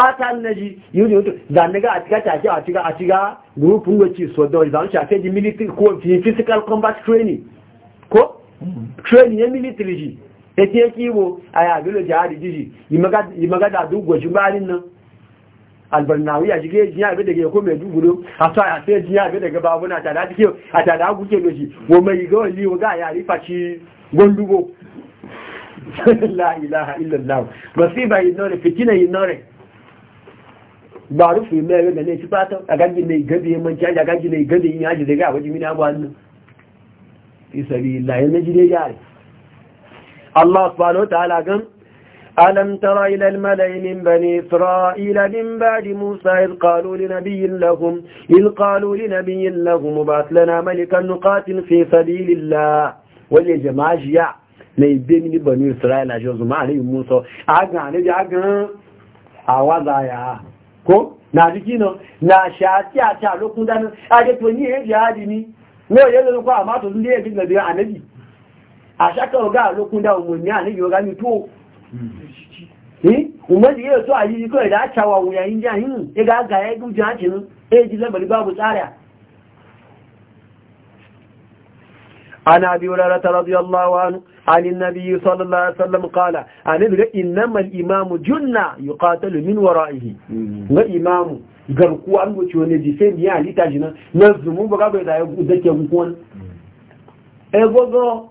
fata na ji yuri yuri zane ga a cika take a cika a cika grupun wacce so da wani zane shafe ji military ko physical combat training ko training ya military ji e ya ce kiwo a yabilo jihadi jiji yi magada duk gwajin bayanin nan albarnawiya shi ke jiya abin da ke kome dubulo a sa a sai jiya abin da gaba wani a tada cike a tada guke da shi wa mai ga wani wa ga yari faci gondugo la ilaha illallah masifa yi nore fitina yi nore ba rufe mai yau da ne ci fatan a gaji mai gabe manci a gaji mai gabe yin yaji daga wajen mina ba nan isabi layan na jide Allah ta'ala gan ألم تر إلى الملأ من بني إسرائيل من musa, موسى إذ قالوا لنبي لهم إذ قالوا لنبي لهم ابعث لنا ملكا نقاتل في سبيل الله ولي جماعة يا mai benin bani isra'ila shi wasu musa agan ne da agan a wazaya ko na jiki na na shafi a ta lokun dana a to ní eji jihadi ni ne ya zo ko amma to ndi ya bi da annabi a shaka ga lokun da mun ni annabi ga ni to eh umma ji ya so a yi ga عن أبي هريرة رضي الله عنه عن النبي صلى الله عليه وسلم قال عن إنما الإمام جنة يقاتل من ورائه الإمام garkuwa an goce wani jise biya halitta shi nan na zumun ba gaba da ya dake gukuwan egogo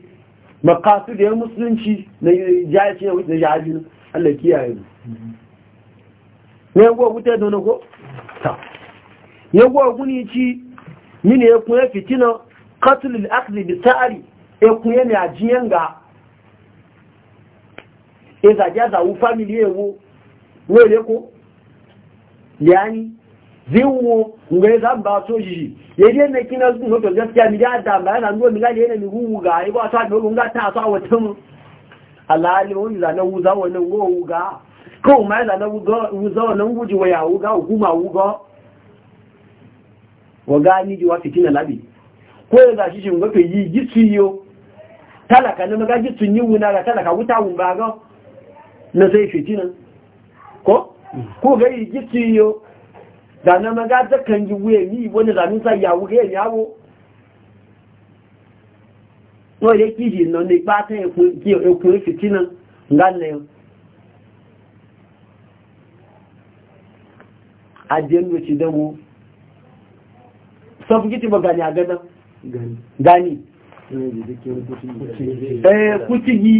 makasu da ya musulunci na jayaci na wuce jayaji Allah kiyaye mu ne go wuta da ko ta ne go guni ci mini ya kuma fitina qatl al akhdh bi sa'ri e ya ne ajiyan ga e za ja za u family wo wo le ko yani ziwo ngai zan ba so shi yaje ne kina su to gaskiya mi da da ba na ndo mi ga ne mi hu ga ai ba do ga ta sa wata alali wani za na wuza wani ngo wuga ko ma za na wuga wuza wani wuji waya wuga hukuma wuga waga ni ji wa fitina labi ko da shi shin gofe yi gitsuyo talaka ne maga gitsun yi wuna ga talaka wuta wun ba ga na sai fitina ko ko ga yi gitsuyo zane maga zakan yi wuye ni wani zane sa ya wuye yawo wọ́n yẹ kí ìdìnà ní ipá tẹ́ ẹkùnrin fìtínà ńlálẹ̀ àjẹ́lú ti dánwó sọ fún kí ti mọ̀ gani àgẹ́dá gani ẹ̀ ti yìí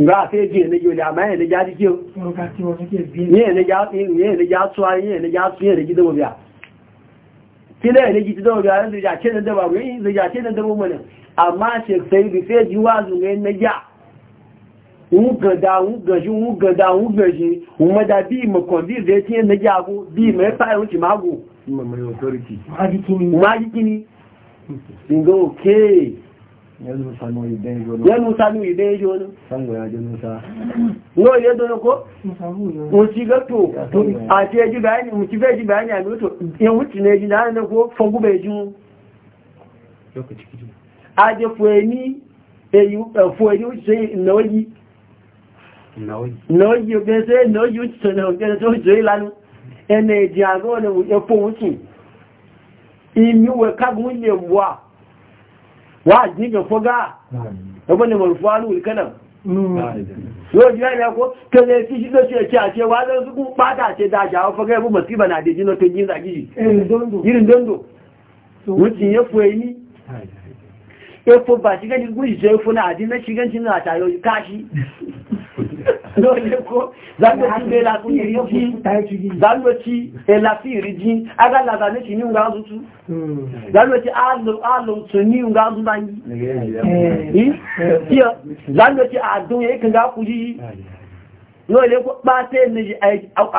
nga afe ji ene yoli ama ene ja di kiyo ni ene ja ni ene ja tsuwa ni ene ja tsuwa ene gidan obiya kila ene gidan obiya ne ja ce nan da ba ne ne ja ce nan da mu ne amma ce sai bi sai ji wa zu ne ne ja un gada un gaji un gada un gaji un da bi mu kondi zai ti ne ja go bi mai fa yau ti mago mu mai authority ma ji kini ma ji kini ngo okay yanzu sanu idan jo ne sango ya ji musa no ya dono ko mu ci gato a ce ji bayani mu ci bai bayani a mutu ya wuce ne ji na ne ko fagu bai ji mu a je fueni eyi eh, eh, fueni wuce sai nawaji nawaji bai sai nawaji wuce sai na to je lanu ene ji ne mu ya imi we kagun le wa wa jiga foga abinda da a yóò jẹ́ ẹ̀rẹ́ kó kẹrẹ tí ṣíṣẹ́ ṣe ẹ̀kẹ́ àṣẹ Irin dondo. pátá ya dáṣà ọfọ́gẹ́ ẹbú mọ̀síbà náà dé jíná tó jí ìzàgíjì yìí dọ́ndọ̀ wọ́n ti yẹ́ fún ẹni ẹfọ́ bà kashi. lóòlé kó zanweci elafi iriji agalaza ní ṣe ní ǹgá zutu yi alòtò ní ǹgá zuta yìí zanweci àdún ẹkùn gá kú yìí lóòlé kó pàtẹ́ ní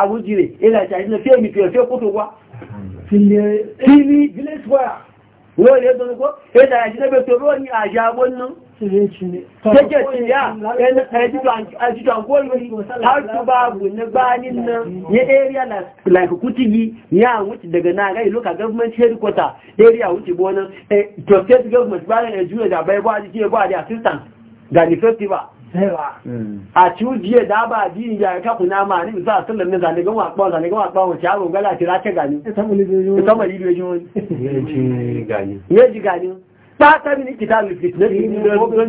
àwójí rẹ̀ ìlàjà ìsinmi fẹ́ mi fẹ́ fẹ́ kótó wá village square lóòlé tó toro ni ìlàjà ìsinmi fẹ́ Kẹ́kẹ́ sí yá, ẹjújọ àgbóòrò láti bá bù ní nínú ní area like ní àwọn ti náà government headquarter area state government bá rẹ̀ ẹgbọ́ àti ẹgbọ́ àti festival. A ci ujiye da ba ji ni ya kaku gani. gani. gani. pátá ní kìtà lè fi tìlẹ́ ní ilé ọdún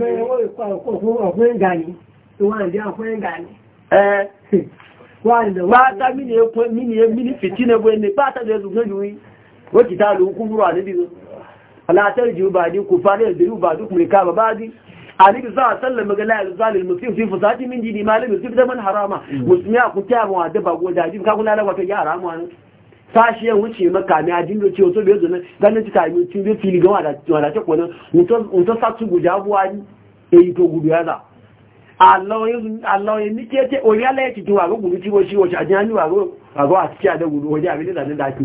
pátá mí ní fìtí nẹ́gbọ́ ẹni pátá lè zùgbọ́n jù yí wọ́n kìtà lè kún múrò àníbí lọ alátẹ́rì jù bá dí kò fárẹ́ ìdèrú bá dúkùnrin ká bàbá dí àníbí sáà sálẹ̀ mẹ́gẹ́lá ìrìsálẹ̀ mùsùlùmí fi fùsáàtí mí jì ní máa lè mùsùlùmí harama mùsùlùmí àkútẹ́ k'a ku dájú kákúnlá aláwọ̀ a yá àrámọ́ tashi yan wuce maka ne a jindo ce wato bai zunan ganin ci kayi tun bai fili ga wadace kwanan mutu sa su guja buwa ni e yi to gudu ya za Allah ya nike ce ori Allah ya ci tun wago gudu ciwo shi wace a jihani wago a ciki a da gudu waje abin da zane da ake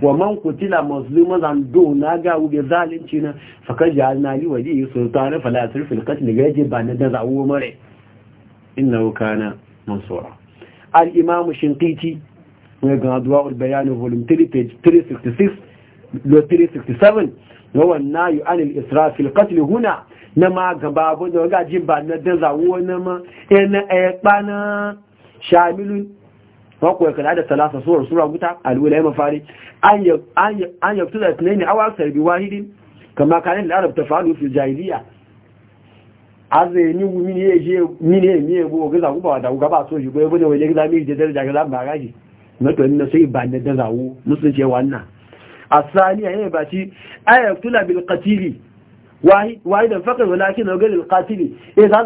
wa man kutila musliman an do na ga wuge zalunci na faka jalna waje yi sultana fala yasrif al qatl gaje ba na da zawo mare innahu kana mansura al imam shinqiti ne ga adwa al bayan volume 3 page 366 lo 367 wa nayu an al isra al qatl huna na ma gaba abu da gaje ba na da zawo na ma ina e aypa na e shamilun wako ya da talata suwar sura guta alwala ya mafari an yabtu da tunaini awa sarbi wahidin kama kanin da arab ta faru su jahiliya azai ni mini ya je mini ya miye bo ga zaku ba da ga ba so shi goye bane wai ga zami je daraja ga lamba gaji na to ni sai ba ne da zawo musulunci wannan asaniya yayin ba ci ayatul bil qatili wahidan faqat walakin qatili eh za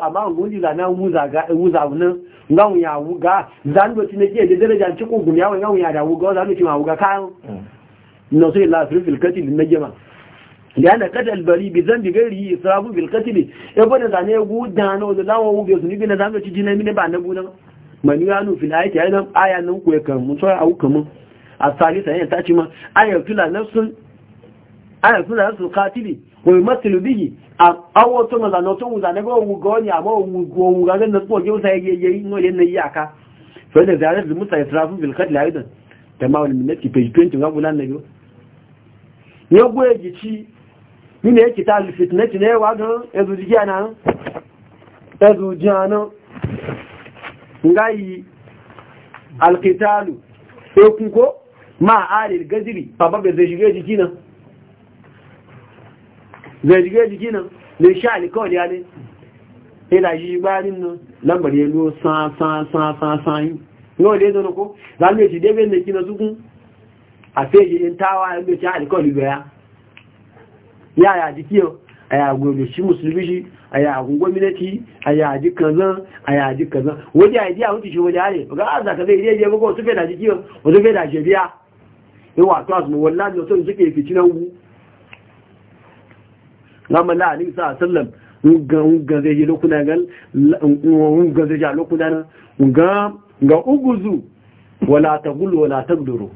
amma na mu zaga mu ngawu ya wuga zando tine ke da daraja ci ko gumi yawo ngawu ya da wuga zando ci ma wuga kan mm. no sai la fi fil katil najma yana kada albari bi zambi gari israbu bil katil e bane zane gu dano da lawo wuga su ni bi na zando ci dina mine ba na bunan mani yanu fil ayati ayan aya nan ku kan mun so au kamun asalisa yana taci ma ayatu la nafsun ayatu la nafsul qatili wa yumathilu bihi awon to na no to un ne go un go ni amo un go ga ne po je usa ye ye no le ne yaka fa da zarar da musa israfu bil qatl aidan tamam al minati page 20 ga bulan ne yo yo go e ji ni ne ki ne wa ga ezu ji ana ezu ji ana ngai al qitalu ko ma alil gaziri baba be zai shige na. zai jige jiki nan ne sha alikawar ya ne ila yi gbarin nan lambar ya san san san san yi yau da ko za mu a sai yi in tawa ya ya yau a ya gobe shi shi a a ji ya yau na gama la ni sa sallam ga ga zai yi lokuna gan. ga zai ja lokuna ga uguzu wala tagul wala tagduru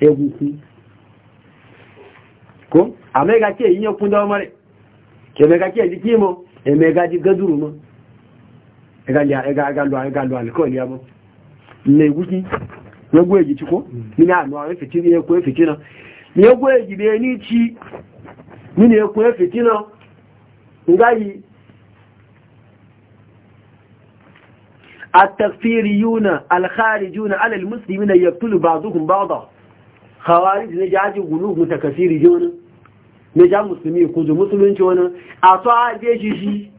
eguku ko amega ke yi kun da mare ke mega ke ji kimo e mega ji gaduru mo e ga ya e ga ga lo e ga lo ko ni abo ne guki ne gweji chiko ni e e e na no e fitiri e ko e fitina ni e gweji be ni ci, ni ne ko e fitina ngayi التكفيريون الخارجون على المسلمين يقتل بعضهم بعضا خوارج نجاج قلوب متكفيريون نجا مسلمي يكوز مسلمين جونا a جيشي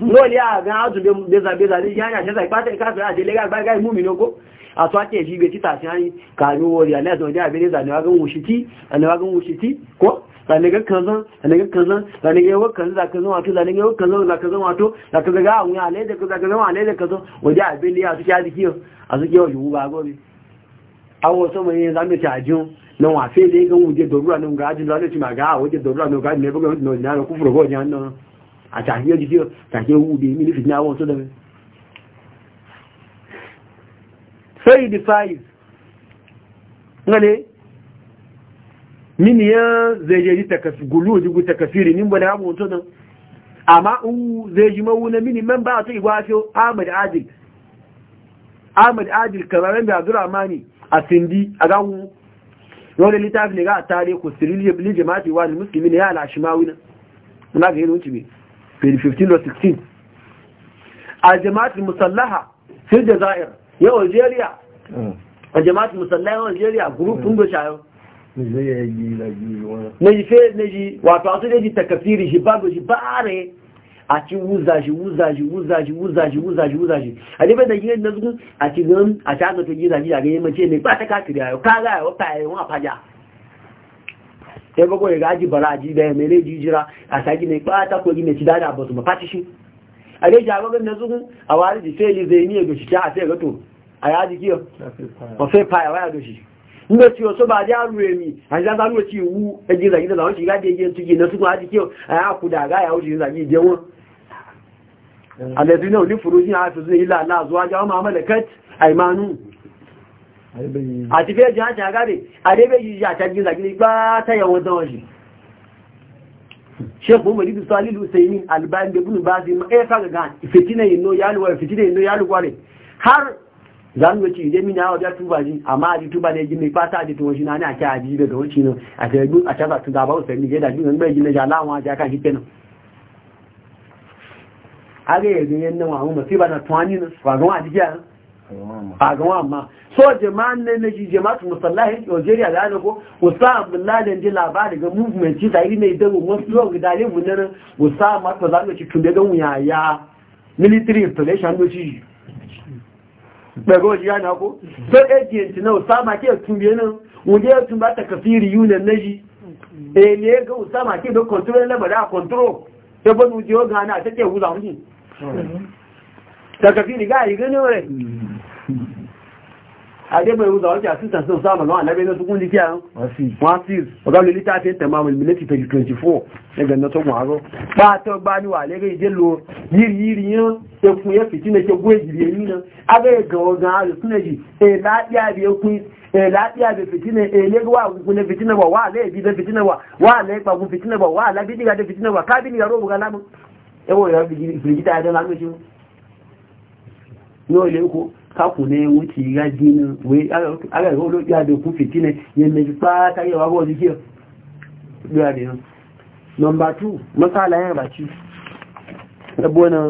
lóòlì àgbà áàdùn bẹ́zàbẹ́zà ní yáyà àṣẹ́sà ìpátẹ̀ ìkáfẹ́ àdélégà gbágá ìmúmìnà ogó àtúwátẹ̀ ìṣígbé títà sí àyíká ní wọ́n rí àlẹ́sàn ọjọ́ àbẹ́lẹ́sà níwágún ko? zaniga kaza zaniga kaza zaniga yawa kaza za ka zama wato zaniga yawa kaza za ka zama wato za ka zaga awon alai da kaza ka zama alai da kaza waje a bili a suke adiki a suke yawa yuhu ba gobe awo so mai za mu ci ajin nan wa fe da gan wuje dorura nan ga ajin zalo ci ma ga waje dorura nan ga ne buga no na ku furo go jan nan a ta hiyo jiyo ta ke wu bi mi fitna awon so da me sai di five ngale min ya zai je takafi gulu jigu takafiri min bane abu to nan amma u zai ji mawu na mini man ba ta igwa fi Ahmad Adil Ahmad Adil kararan da mani a Sindi a gawo wani littafi ne ga a tare ku sirili bili jama'ati wa musulmi ne ya lashi na muna ga yin wuce ne 15 or 16 a jama'atul musallaha fil jazair ya Algeria mm. a jama'atul musallaha ya Algeria gurupun mm. da shayo na yi fe na yi wato asu ne ji takasiri shi bago shi bare a ci wuza shi wuza shi wuza shi wuza shi wuza shi wuza shi a ne da yi na zuku a ci gan a ci aka to yi a mace ne ba ta kakiri ayo ka ga yawa fayayi wa faja ya bago ya gaji bara ji da ya mai ji jijira a aji ne ba ta kogi ne ci ba su ma fashi shi a ne ja bago na zuku a wari ji sai li zai ni ya goshi ta a sai ga to a yaji kiyo ofe paya faya waya goshi nígbà tí ọ̀sọ́ bá dé àrùn èmì àjíjáta ló ti wú ẹgbẹ́ ìzàgídà láwọn ṣe gáde ẹgbẹ́ tó jìnà túnmọ̀ àti kí àyàkùdà àgáyà ó ṣe ìzàgí ìjẹ wọn alẹ́dúnà ní fòrò ní àfẹ́sùn ilá aláàzọ́ ajá ọmọ amẹ́lẹ̀kẹ́t àìmánú àti fẹ́ jẹ́ àti àgáde adébẹ́yìí àtàgbé ìzàgídà gbáátẹ́yẹ wọn dán faga har za mu wuce idan mina hawa tuba ji amma a ji tuba ne gini fata ji tuwa shi na ne a kya ji daga wuce nan a ta yi a ta zata zaba wasu ne ya daji nan bai gina jala wa ja kan hikke a ga yanzu yan nan wa mu sai ba na tuwani nan ba ga wa jiya a ga wa amma so jama'an ne na ji jama'atu musallahi Algeria da ana ko musa Abdullahi da ji labari ga movement ci zahiri mai da wasu yau ga dalilin mu nan Usa ma ta zan wuce tun da ga mu yaya military installation do ci daga wajen yana ko sai agent na usama ke tumbe nan wuje ya ba ta kafiri yunan na shi e ne ga usama ke da control na bada control ta ban wuje wa gana ta ke huza wuni ta kafiri ga yi gani wani adébẹ̀rún ọjà ọjà sísan sí ọ̀sán àmàlà àlẹ́bẹ̀ iná tukún àrùn wọ́n sí a kákù ní wọ́n ti rá dínú wé ara olóògbé àdókún fìtínẹ̀ yẹn mẹ́jì pátá yẹ ojú kíọ̀ gbé àdínú nọmbà 2 mọ́sálà yẹn ràchí ẹgbọ́n náà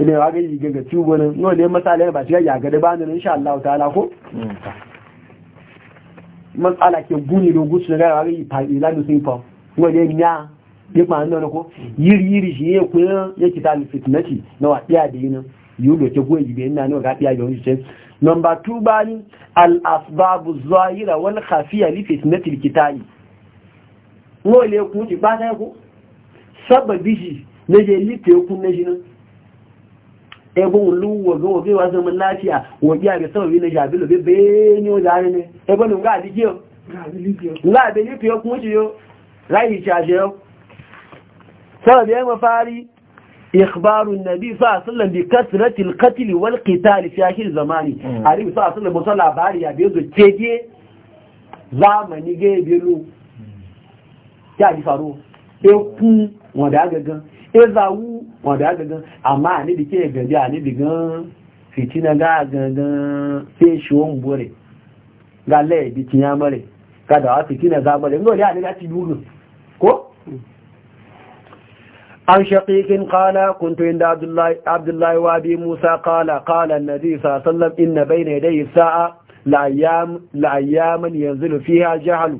ilẹ̀ wa gaji gaga ci gwanin nole ne matsala ba shiga ya gada ba nan insha Allah ta'ala ko matsala ke guni da gusu ga wa gaji fa ila sun fa nole nya ya ma ko yiri yiri shi ya ku ya kita na wa da yóò lòkè gó ìgbè ní àníwà káfíà yóò ń ṣe bá ní al'asbabu zahira wani kafiya lifi na tilkita yi wọ́n lè kún ti bá kú sábàbí shi na je lifi okun na shi nan ẹgbọ́n lúwọ̀ gọ́wọ́ bí wá zama láfíà wọ́n bí àgbẹ̀ sábàbí na ṣàbí lò bẹ́ẹ̀ ní ó dáre ẹgbọ́n إخبار النبي صلى الله عليه وسلم بكثرة القتل والقتال في آخر زمانه عليه صلى الله عليه وسلم صلى باري يبيض تجي زامني جي بيرو يعني فارو يكون وداغغا ezawu wanda gagan amma ne ke gaji a ne digan fitina ga gangan sai shiwon bore a ne ga ko An shaƙiƙin ƙala كنت عند عبد الله, عبد الله ƙala موسى قال قال النبي صلى الله عليه وسلم إن بين يدي الساعة لأيام لأياما ينزل فيها الجهل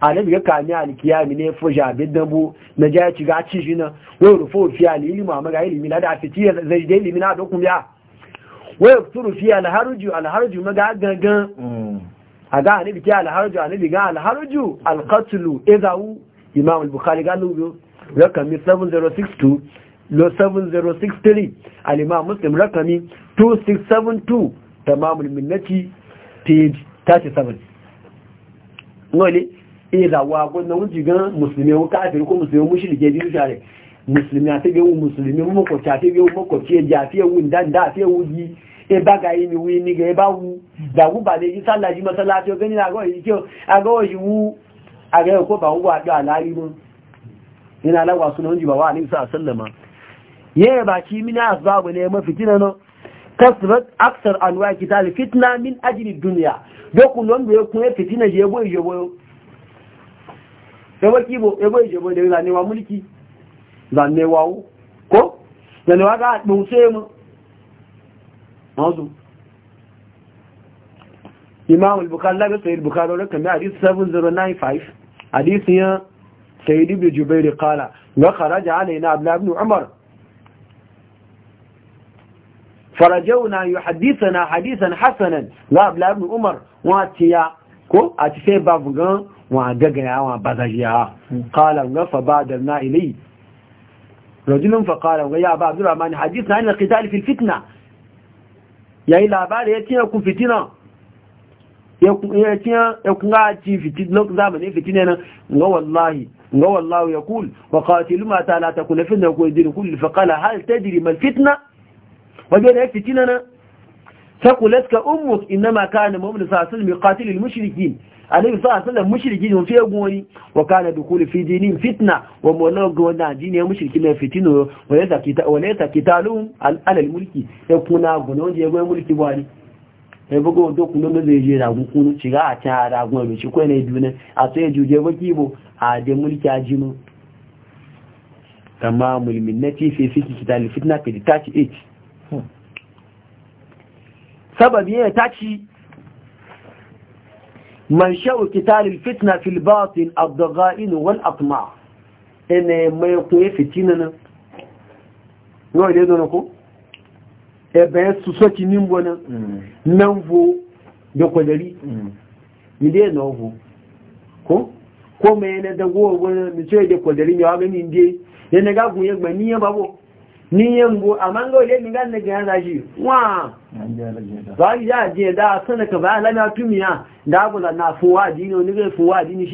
alkiyami ne fuja bidabu na ja ya ciga ci shi na wai rufo fi alili ma maga ilimi na da fiti zai da ilimi na da kuma ya wai turu fi alharju alharju maga gangan a ga annabi ki alharju annabi ga alharju alqatlu idawu imam al-bukhari ga lubu rakami 7062 lo 7063 alima muslim rakami 2672 tamamul minnati page 37 Noli ila wa gona wuji gan muslimi ko kafiri ko muslimi mushrike ji share muslimi ati be muslimi mu ko ta ti be mu ko ti e ja ti e wun dan da ti e wuji e ba ga yi ni wi ni ga e ba wu da wu ba le yi sallaji masallaci o gani na go yi ki o ago yi wu aga e ko ba wu wa do alari mu ina lawa sunan jiba wa alayhi sallama yaya baki min asbabu ne mafitina no kasrat aksar anwa kital fitna min ajli dunya doku non be kun fitina je boy je boy yabo kibo yabo je boy da ne wa mulki zanne wawo ko zanne wa ga dun sai mu mazu imam al-bukhari la ga Sayyid al-bukhari da kan hadith 7095 hadith ya سيد ابن جبير قال وخرج علينا عبد الله بن عمر فرجونا يحدثنا حديثا حسنا لا عبد الله بن عمر واتيا كو اتسي بابغان واغغيا وبازاجيا قال وقف بعدنا الي رجل فقال ويا ابا عبد الرحمن حديثنا عن القتال في الفتنه يا الى باري يتيكو فتنه يكون يتيكو غاتي فتنه لو زمان فتنه والله هو الله يقول وقاتل ما تعالى تكون فتنة وكوين كل فقال هل تدري ما الفتنة وقال إيه هيك فتننا فقلتك أمك إنما كان مؤمن صلى الله عليه قاتل المشركين عليه الصلاة والسلام مشركين في أبوه وكان بيقول في دينهم فتنة ومولوك وانا نعم، دينهم مشركين فتنة وليس كتالهم على الملكي يقول ناقون وانجي يقول ملكي بوالي sai bugu da kuma da zai je ragu a can a ragu a bici kwai na yi a sai juje baki bo a da mulki a jino kama mulmin na fi fiki kitali fitna fi da tashi 8 hmm. sababi ya tashi منشأ قتال الفتنة في الباطن الضغائن والأطماع إن ما يقوي فتنة نوع ليه دونكو ebe su soki ni mbona nan vo da kwadari ile na vo mm. ko ko me ne da go wona mi ce da kwadari mi wa gani inde ya ne ga gun ya gba ni babo ni go amma ngo le mi ga ne ga na shi wa ba ya je da sana ka ba la na tumiya da go da na fuwa ni ga fuwa ji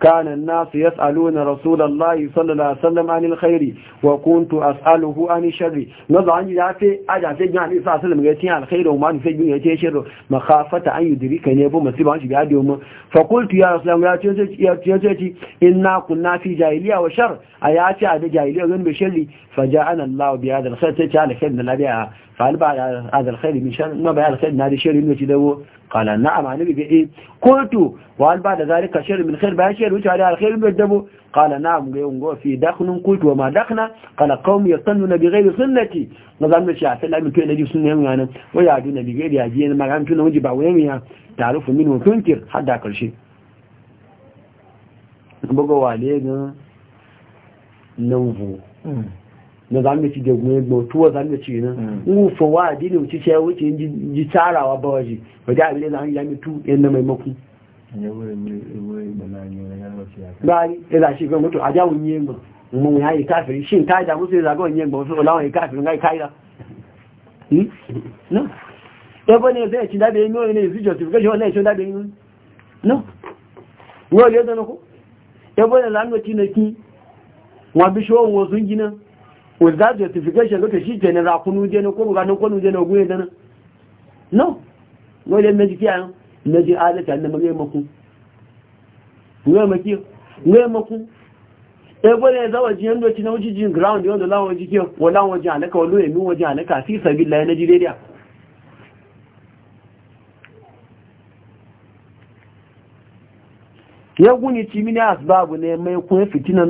كان الناس يسألون رسول الله صلى الله عليه وسلم عن الخير وكنت أسأله عن الشر نظر عندي دعتي أجع في عليه الصلاة والسلام الله عن الخير وما في جمع يتيه شر مخافة أن يدريك نيبو مصيب عنش بهذه أمه فقلت يا رسول الله يا تيتي إنا كنا في جاهلية وشر أياتي هذا جاهلية وغن بشر فجاءنا الله بهذا الخير تيتي على خير من الله بها فهل بعد هذا الخير من شر ما بها الخير من هذا الشر من وجده qala na'am annabi ga eh qultu wa al da zalika shar min khair ba shar wuce ala al khair min dabu qala am ga yungo fi dakhnun qultu wa ma dakhna qala qaum yastannuna bi ghairi sunnati nazam ne sha sai mi ji ne sunan yana wa ya duna bi ghairi yaji ne magam tuna wuji ba wayan ya tarufu min hukunkir hadda karshe bugo wale ga nan vu na za mu ci da gwe gwe tuwa za ci na mu mm. fo wa dini mu ci ce wuce ji tarawa ba waje ba da abin da an ya mutu yanda mai maku bari ya za shi ga mutu a jawo yin ba mun ya yi kafiri shin ka da musu zaga yin ba wasu ulama yi kafirin ga kai da no ebo ne zai ci da bai yi ne su justification ne shi da bai yi no wo le da no ko ebo ne za mu ci na ki wa bi sho wo sun gina with that certification look shi kenan ra kunu je ko ruga kunu je dana no meji meji maku maki maku e zawa do na uji jin ground lawo ji mi fi na asbabu ne mai kun fitina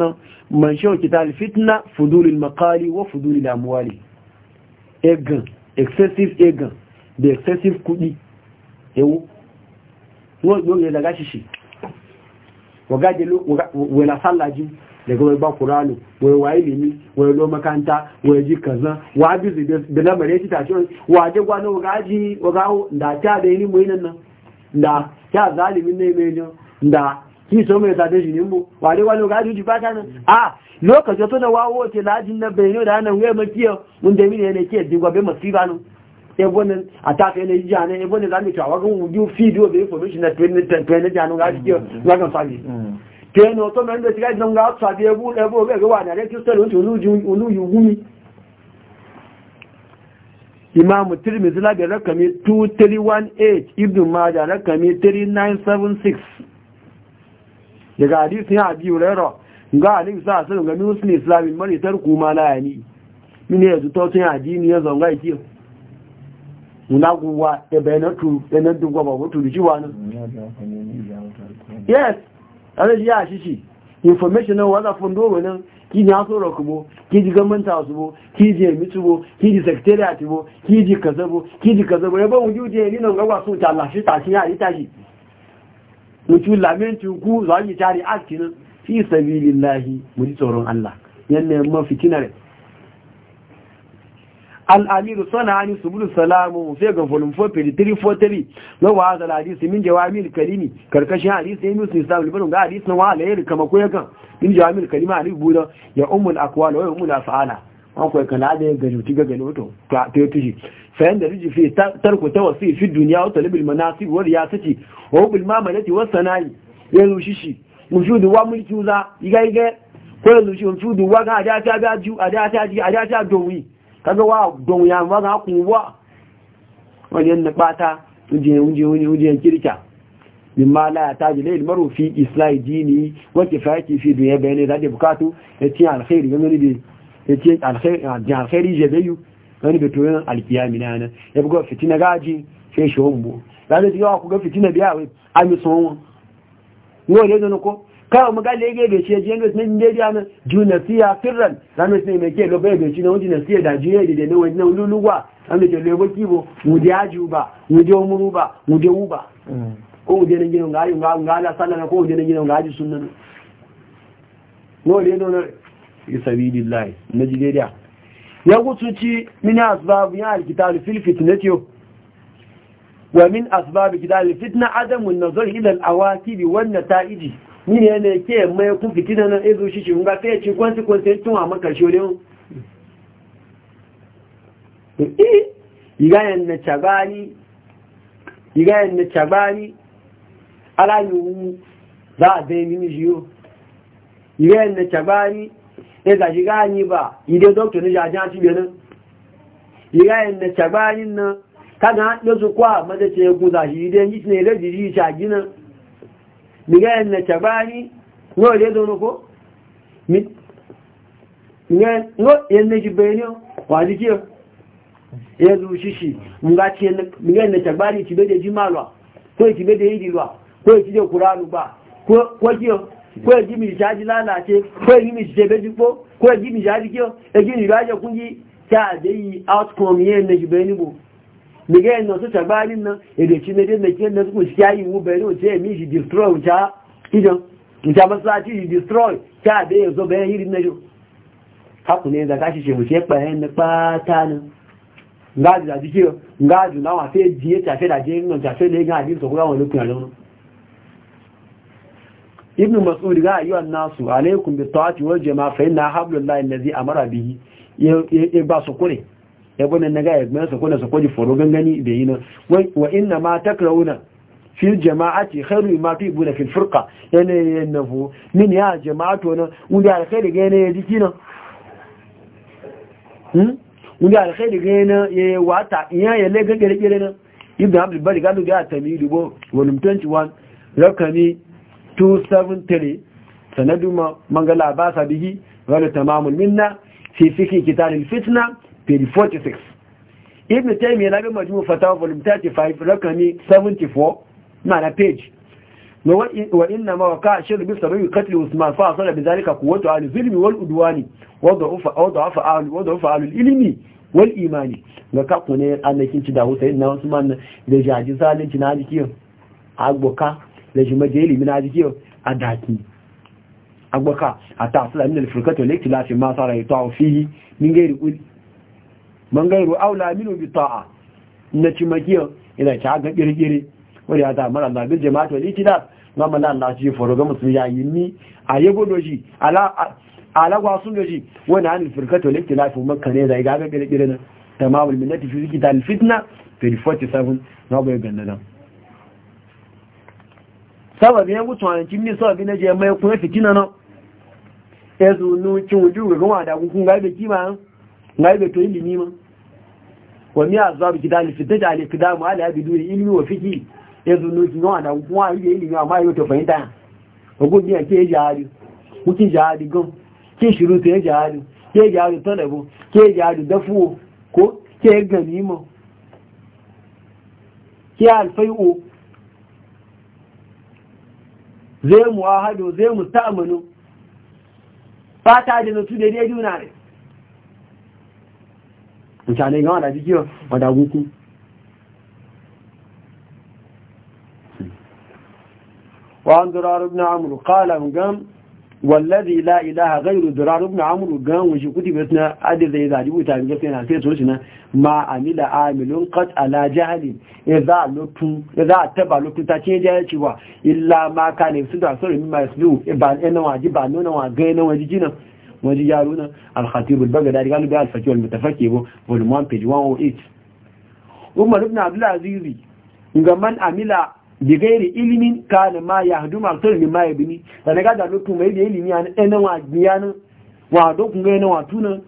man shi kital fitna fudulil makali wa fudulil amwali egan excessive egan da excessive kudi ewu wọ́n yóò yẹ daga ṣiṣi wọ́gájẹ́ wọ́n la sálájú daga wọ́n kùránù wọ́n wà ilimi wọ́n makanta wọ́n kazan wọ́n abúzi da lamarin da da na da kí sọ mẹ́rin tàbí ṣì ní mú wà da wálé ọgájú jù bá kánà à lókàjọ tó náà tirmidhi rakami 2318 ibn majah rakami 3976 daga hadisin ya biyu hurairah ga alim sa sallam ga musulmi islamin mari tarku ma la yani mine ya to tun addini ya zonga ki muna guwa e bayana tu yana e dugwa ba wato ji wani yes ala ya shi shi information na wala fundo wannan ki ni aso rokubo ki ji government house bo ki ji emitu bo ki ji secretariat bo ki ji kaza bo ki ji kaza bo ya e ba wujuje ni nan ga wasu ta lashi ta shi ya ita shi mutu lamentin ku za mu tare askin fi sabilillahi mu ji tsoron Allah yanne ma fitina ne al-amiru sanani subul salamu fi ga volume 4 343 na wa hadal hadisi min jawamil kalimi karkashin hadisi ne musu sabul bin ga hadisi na wa alayhi kama ko yakan min jawamil kalima ali buda ya ummul aqwal wa ummul afala an kuwa kana da ya gani ti gagani wato ta ta tushi fayan da riji fi tarko ta wasi fi duniya wa talibil manasib wa riyasati wa bil mamalati wa sana'i ya rushi shi mushudu wa mulki za iga iga ko ya rushi mushudu wa ga ada ta ga ju ada ta ji ada ta dowi kaga wa don ya ma ga kun wa yan na bata uje uje uje uje kirka mimma la ta ji lail maru fi islahi dini wa kifayati fi dunya bayani da bukatu ya ci alkhairi ga ne ya ce alkhairi je bayu wani yana alkiyami na yana ya buga fitina gaji sai shi hombo zanen yawa ku ga fitina biya wai a ami tsohon wani ne don ko kawo magali ya gebe shi ya jiyan gasu na indiya na juna siya firran zanen sai me ke lobe da shi na wajen siya da juna da na wajen luluwa an da ke lebo kibo mu wuje aju ba mu wuje umuru ba mu wuje uba ko wuje ne gina ga ayu ga sallana ko wuje ne gina ga aji sunan wani ne fi sabili sabilillah na jideriya ya gutuci min asbab ya alkitab fil fitnati wa min asbab kitab fitna adam an nazar ila al awaqib wan nata'ij ni ne ne ke mai ku fitina nan ezo shi shi ga sai ci kwanci kwanci tun a maka shole igayen na chabani igayen na chabani ala yu za da ni jiyo igayen na chabani ya e ga shiga yi ba ide doctor ni jajan ti benin yiga yin na an yi na chagbani yau da ya zo nuko yin na shi benin wa jiki ya e zuci shi nga ko ti bede idilwa ko ti de kuranu ba ko ko ya gimi shaji lalace ko ya gimi shebe jikpo ko ya gimi shaji kiyo ya e gimi raje kungi ta da yi outcome yin na e shibe ni bu daga yin nasu tabarin nan ya da ci na dai na kiyar na suku shi yayi wu bai ne ya destroy wuta na jo haku ne da kashi da ibn mas'ud ga ayyuhan nasu alaikum bi ta'ati wal jama'a fa inna hablullahi allazi amara bihi ya ba su kure ya bane na ga ya su kuna su kwaji foro gangani da yi na. wa inna ma takrauna fil jama'ati khairu ma fi buna fil furqa yana yanfu min ya jama'atu nan wanda alkhairi ga yana jiki nan hmm wanda alkhairi ga yana ya wata iya ya le gangare gare nan ibn abdul bari ga lu ga tamidu bo volume 21 rakami 273 sanadu mangala ba sabihi wani tamamun minna fi fiki kitalin fitna fi 46 ibn taimi yana bin majmu fatawa volume 35 rakami 74 mana page wa’in na mawaka shirin bisa rubin katil usman fa’a sanar bin zarika ku wato alu zilmi wal uduwa ne wadda ilimi wal imani ga kakunan annakin ci da hutu yin na da jajin zalinci na alikiyar da shi maje ilimi na jikiyo a daki agbaka a ta asila min alfirkato lekti lafi masu rayu ta fihi min gairu uli man gairu aula minu bi ta'a na ci makiyo ina ci aga kirkiri wani ya zamana na bil jama'atu wal itidal ma man Allah ji foro ga musulmi ya yi ni a yego doji ala ala gwa sun doji wani an alfirkato lekti lafi makka ne da ga ga kirkiri na tamamul minnati fi kitab alfitna 347 na bai ganna sababi ya mutu hanci ni sababi na je mai kuma fitina na ya zunu kin wuju ga kuma da kun ga be kima ga be to ilimi ma wa mi azabu kidal fitata al ikdam ala abidu ilmi wa fiqi ya zunu kin wa da kuma yi ilimi amma yau to fahimta ogo bi an ke jari mukin jari gon ke shiru te jari ke jari talabo ke jari dafu ko ke ganimo ke alfai'u zai mu wahado zai mu samanu fata da nutu da dai juna ne mutane ga wada jikiyo wada guku وعن ضرار بن عمرو قال مقام wallazi la ilaha ghairu dirar ibn amru gan wushi kudi bas na adi zai zaji buta mi gaskiya na sai so shi na ma amila amilun qad ala jahli idza lutu idza taba lutu ta ce ya ci wa illa ma kana su da sura mimma yaslu iban ina waji ba nuna wa ga ina waji jina waji yaruna al khatib al bagdadi galu bi al fakih al mutafakki bo volume 1 page 108 umar ibn abdul azizi ga man amila bi gairi ilimin kana ma ya hadu ma tsari ma ya bini da na gada lokacin mai da ilimi an ɗan wa biyanin wa dokun ga yana wa tunan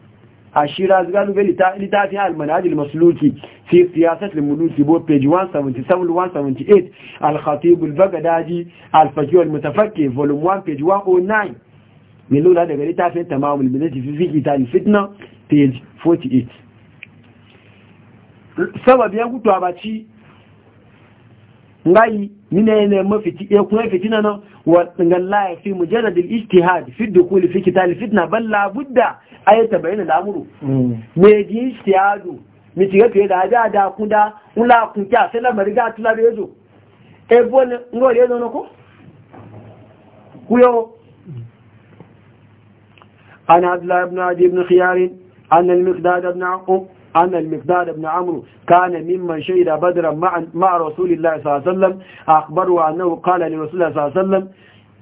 ashira zigalu ga littafi al-manhaj al-masluki fi siyasat al bo page 177 178 al-khatib al-baghdadi al-faqih al-mutafakkih volume 1 page 109 min lura daga littafin tamam al-minhaj fi fiqh al-fitna page 48 sabab ya gutu abaci ngayi mine ne mafiti e kuma fitina nan wa ngalla fi mujarrad al-ijtihad fi dukhul fi qital fitna bal la budda ayata bayna al-amru hmm. me ji ijtihad mi tiga ke da da da kunda ula kun kya sai la mariga tula da yazo e bon ngol yazo ko? kuyo ana abdullah ibn adi ibn khiyar an al-miqdad ibn aqub أن المقدار بن عمرو كان ممن شهد بدرا مع, مع رسول الله صلى الله عليه وسلم أخبره أنه قال لرسول الله صلى الله عليه وسلم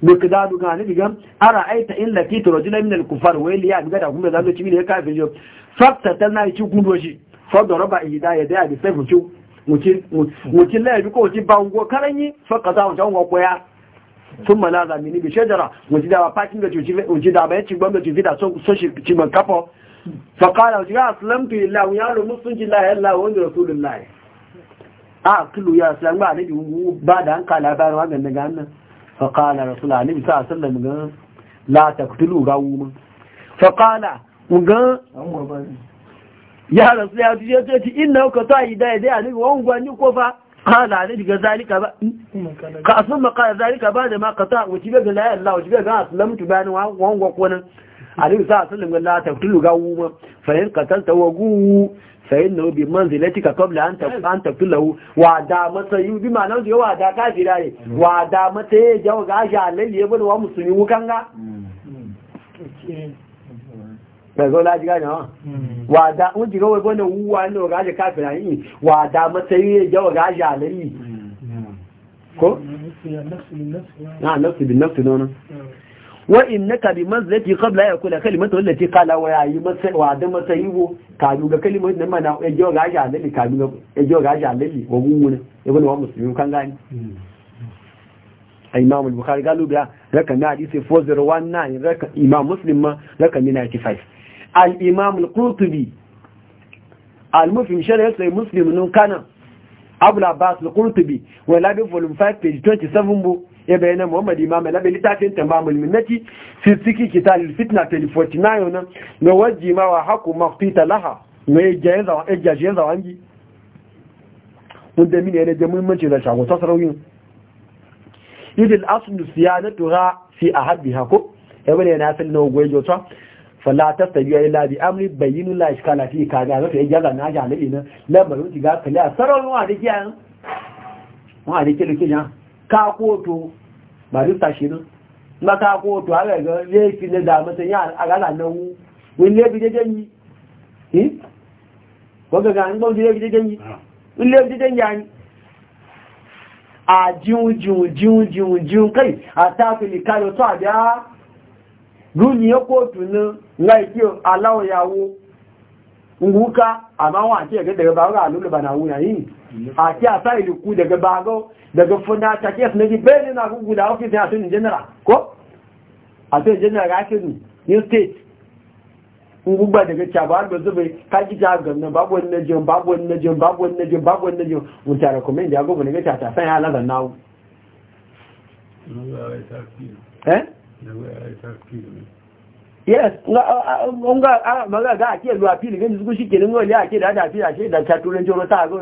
مقداد كان بيقام أرأيت إن لكيت رجلا من الكفار وإلي يعني قد أقوم بذلك كمين يا كافر جوب فاقتتلنا يشوكون وشي فضرب إهداية داية بسيف وشو وكل laifi ko ci bango karanyi suka za wancan wa koya sun mana zamini bi shajara wuci da ba fakin da cuci da bayan cigbon da faƙala wajen ya aslamtu illa ya lo musulunci la ya la wanda rasulun la ya a ya aslam ba nabi ba da hanka labarin wagan daga hannun faƙala rasul alibi sa ta kutulu rawu mun faƙala ga ya rasu ya tuje ta ci inna yi dai dai alibi wani gwani ko fa kala alibi ga zalika ba ka asun ma kala zalika da ma ka ta wuci ga la ya la wuci ga aslamtu bayan alim sa sallam la taqtulu gawuma fa in qatalta wa fa inna bi manzilatika qabla an an taqtulahu wa da mata yu bi ma wa da kafira ne wa da mata ya jawa ga lalle ya wa musulmi wukan ga Bẹ̀rẹ̀ láti gáyà náà, wà dá, ya wa ka bi manzilati qabla ya kula kalimatu allati qala wa ya yi wa da masai ka kanu ga kalimatu nan mana e jiwa ga ja lalli kanu ga ya e jiwa ga ja lalli wa gungun ya bani wa musulmi kan gani imam al-bukhari galu da raka na hadisi 4019 raka imam muslim ma raka 95 al-imam al-qurtubi al-mufim sharh sai muslim nun kana abul abbas al-qurtubi wa la bi volume 5 page 27 bu ya e bayyana muhammad imam alabi littafin tamamul minnati fi siki kitalil fitna 49 na na waji ma wa haku mafita laha na e e wangi Mun da mini yana da muhimmanci da shago ta sarauyin idil siya na tura fi a haɗi hako ya bane yana asali na ogwai jota fala ta tabi ya labi amri bayinu la iskala fi kaga zata ya gyaza na jalabi na lamarin shiga kale a sararin wa da kiyayen wa da kiyayen ka koto barista shi nan na ka koto a gaga laifi na damata ya a gana nan wu wani laifi da janyi eh wanda ga an gbau da laifi da janyi wani a jiun jiun jiun jiun jiun kai a tafi likayo to a biya duniya kotu nan na ikiyo alawo yawo nguka amma wa ake ga daga bago a lulluba na wuna yi a ke a sa iliku daga bago daga funa ta ke su ji bayanin na gugu da ofis ya sun general ko a sun general ga ake ni new state ngugba daga cabar da zube ka ji ta ganna babu wani najin babu wani najin babu wani najin babu wani najin mun ta recommend ya gogo ne ga ta san ya lazan nawo eh yes nga maga ga ake lu apili ga zugu shi kenan ngoli ake da da apili ake da chaturen joro ta go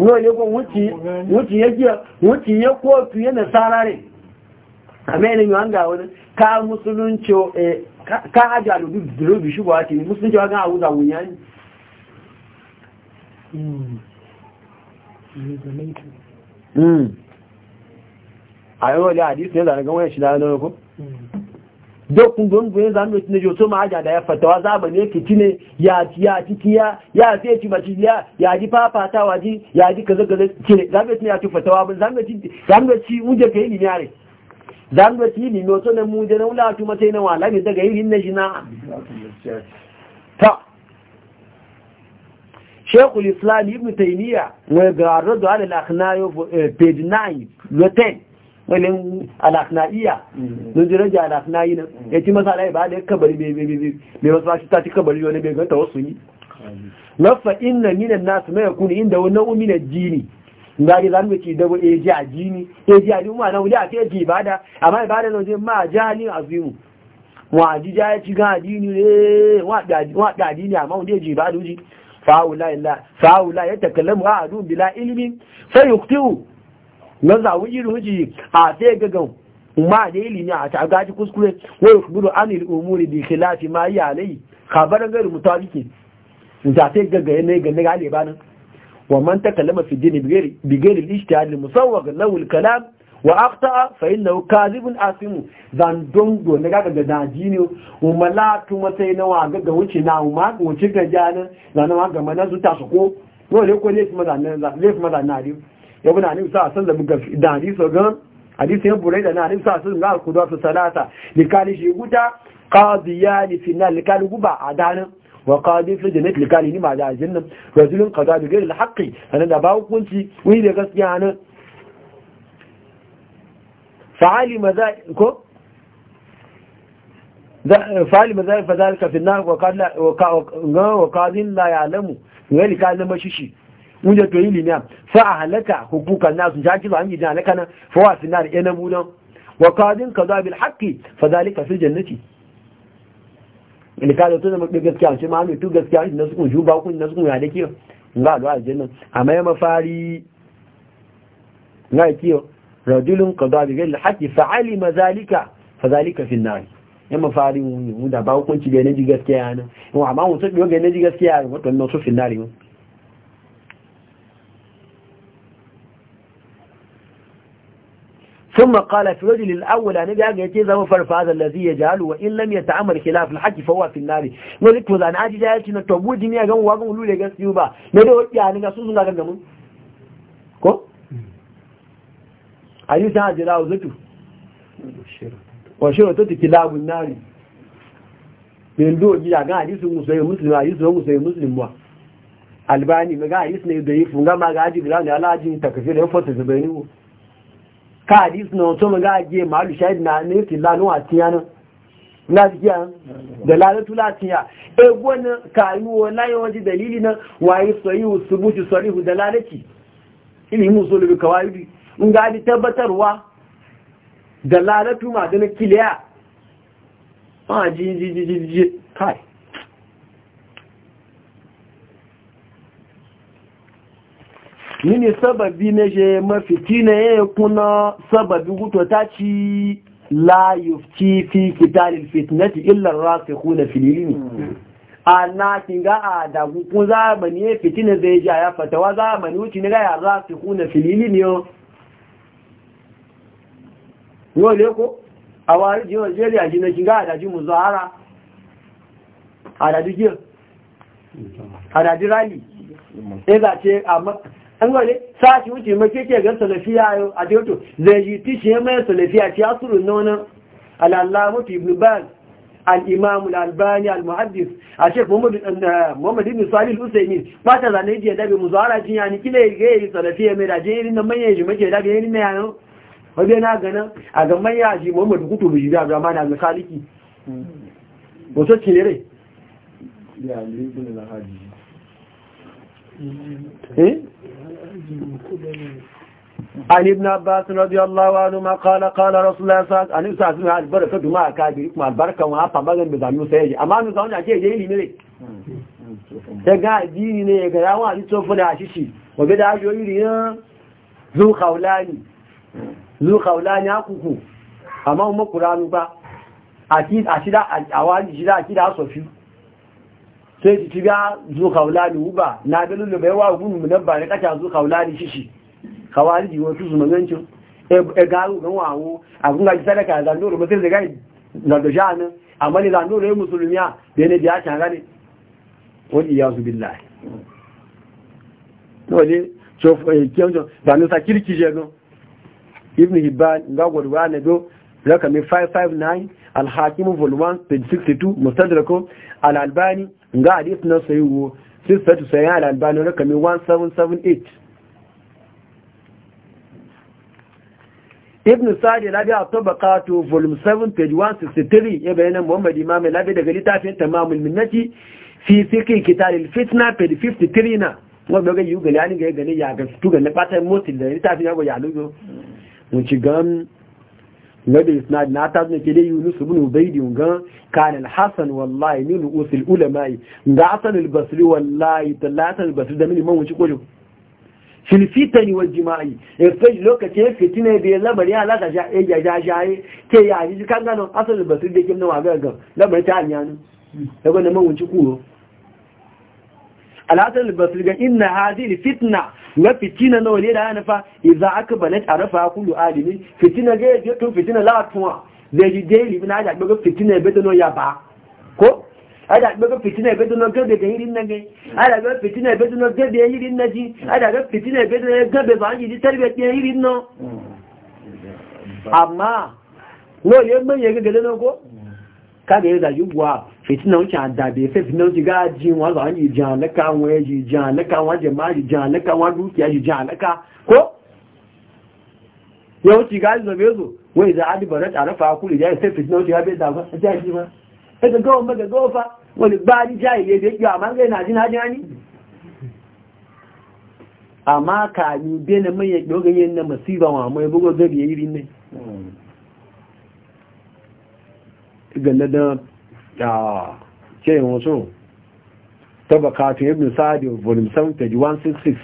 ngoli ko wuti wuti yake wuci ya ko tu yana sarare amene nyu anga wona ka musulunci e ka haja alu bi dro bi shugo ati musulunci wa ga awuza wunyani mm mm ayo le hadisi ne da ga wani shi da ko mm dokun don buyin zan mutu ne yoto ma aja da ya fata wa zaba ne ke tine ya ya tiki ya ya sai ci baci ya ya ji papa fafata waji ya ji kaza kaza ce zan mutu ne ya ci fatawa ban zan mutu zan mutu je kai ni yare zan mutu ni no to ne mu je na wala tu matai na wala ne daga yin ne jina ta Sheikhul Islam Ibn Taymiyyah wa garadu ala al-akhnayo eh, page 9 lo 10 walin alafna'iya mm. nujirar ji alafna'i nan mm. ya ci masa alayi ba da ya kabari mai wasu shi ta ci kabari wani mai ganta wasu yi nafa inna minan nasu mai kuni inda wani uminan jini ngari za mu da bu eji a jini eji a jini na wuli a ta eji ibada amma ibada na wajen ma a azimu wa ji ja ya ci ga jini ne wa da jini amma wanda eji ibada wuji fa'ula ya mu a adu bila ilimin sai yuktiwu na zawo yi ruji a sai gagan ma da ne a ta gaji kuskure wa yukhbiru anil umuri bi khilafi ma ya alai khabaran gairu mutabiqi da sai gaga ne ga ne gale ba nan wa man takallama fi dini bi ghairi al-ijtihad al-musawwag lahu al-kalam wa aqta fa innahu kadhibun asim zan dongo ne ga ga daji ne umala tuma sai na wa ga wuce na umma wuce ga jana zan ma ga mana zuta su ko dole ko ne kuma zan zan ne kuma zan na riyo ya bi na alim a sallam ga da hadisi hadisi yan burai da na alim a sallam ga kudu su salata likali shi likali guba adana wa fi likali ni ma da kaza, da ba hukunci da gaskiya nan فعلم ذلك فعلم ذلك فذلك في النار وقال لا وقاضي لا يعلم ذلك علم شيء wunye to yi ne fa a halaka hukukan nasu ja ki ba an gidan halaka nan fa wa sinar yanar mudan wa kawadin ka zuwa bilhaki fa zalika fi jannati in ka da to da gaskiya ce ma mai tu gaskiya ne su kun juba kun ne su kun ya da kiyo a zuwa aljanna amma ya mafari na kiyo rajulun kaza bil haqqi fa alima zalika fa zalika fi nari ya mafari mu da ba hukunci ga ne ji gaskiya ne amma mu sai ga ne ji gaskiya wato nan su fi nari ثم قال في رجل الأول أنا بيها قلت ذا مفر هذا الذي يجعل وإن لم يتعمل خلاف الحق فهو في النار ولك وزان عاجي جاهل شنا تبو جميع قم واقم لولي قسيوبا ندو يعني قصوص لك قمون كو أليس هذا جلاو زتو وشيرو تتو كلاب النار من دو جيلا قال أليس مسلم مسلم أليس مسلم مسلم وا الباني maga hadis ne da yi funga maga hadis ne ala hadis takfir ya fata ka hadis na wato gáàgé ajiye malu shahid na ne ti lanu a tiya láti na tiya da lalatu la tiya e gwana dalili na wayi sahihu subuti da ilimin tabbatarwa nini sababi na je mafiti na ya kuna sababi guto ta ci la yufti fi kitalil fitnati illa rasikhuna fil ilmi hmm. ana kinga a da kun zamani ya fitina zai ji ya fatawa zamani wuce ne ga ya kuna fil ne yo yo le ko a wari ji Nigeria ji na kinga a da ji muzahara a da ji hmm. a da ji rally sai ga hmm. ce an sa sashi wuce mace ke ga salafiya a teoto zai yi tishi ya mai salafiya ci asuru na wani al'allamutu ibn baz al'imam al'albani al-muhaddis a shek eh, muhammadu ibn salil usaini ba ta zane jiya dabe mu zuwa rajin yani kila ya ga yi salafiya mai rajin irin na manyan shi mace dabe irin na yanon wajen na gana a ga manya shi muhammadu kutu bu jibi abdurrahman al-khaliki hmm. wasu cire rai عن ابن عباس رضي الله عنهما قال قال رسول الله صلى الله عليه وسلم ان يسعى البركه ما كاجي كما البركه ما فمغن بزامي سيجي اما نو زاوني اجي يجي لي ني daga addini ne ga yawa ji tsofu da shishi wabe da ajo iri yan zu kaulani zu kaulani akuku amma kuma kuranu ba a shida a wani sai ki ci ga zu kaulani uba na da lulu bai wa gunu mun ba ne kacha zu kaulani shishi kawali ji wasu su mangancin e, e garu gan wawo a gunga ji sadaka da ndoro mutum da gai da da jana amma ne da ndoro musulmiya da ne da ta gane wani ya su billahi to ne so eh, kiyanjo da ne sa kirki je no ibn hibban ga gurwa ne do rakami 559 al-hakim volume 62 mustadrako al-albani ga hadis na sayiwo sista tu sayi al'albani rakami 1778 ibn sa'adi labi a tabaqatu volume 7 page 163 ya bayyana muhammad imam labi daga litafin tamamul minnati fi fiqh kitab al-fitna page 53 na wa daga yugo lani ga gani ya ga tuga na fatan motin da litafin ya go ya lugo mu ci gan nabi isnad na ta ne ke yunus ibn ubayd ungan kan al hasan wallahi min usul ulama da hasan al basri wallahi talata al basri da min man wuce kojo fil fitani wal jima'i in sai lokaci ya fitina bi la bari ala ga ja ja ja ja ke ya ji kan gano hasan al basri da kin nawa ga ga da bai ta anyanu da ban man wuce kuro alhassan albasir ga inna hadhihi fitna na fitina na wale da ya nufa idza aka balat arafa kullu alimi fitina ga ya to fitina la tuwa da ji daily bin aja ga fitina ya bedano ya ba ko aja ga fitina ya bedano ga da yirin na ga aja ga fitina ya bedano ga da yirin na ji aja ga fitina ya bedano ga da ba ji tarbiya ga yirin no amma no yemma ya ga da ko kaga ya da yuwa fitina wuce adabe sai fitina wuce ga jin wa zuwa yi jan alaka wa ya ji jan alaka wa jama'a ji jan alaka wa dukiya yi ji jan alaka ko ya wuce ga zobe zo wai za a di barat a rafa kuli da sai fitina wuce ga bai da a ja shi ma sai ga gawa maga gawa fa wani ba ni jayi ne da yake amma ga yana jin hajin hani amma ka ni bene mai ya dogon yin na masiba wa mai bugo zabi yi rinne galladan a ke yin wasu ta bakatu ibn sa'adi volume 7 page 166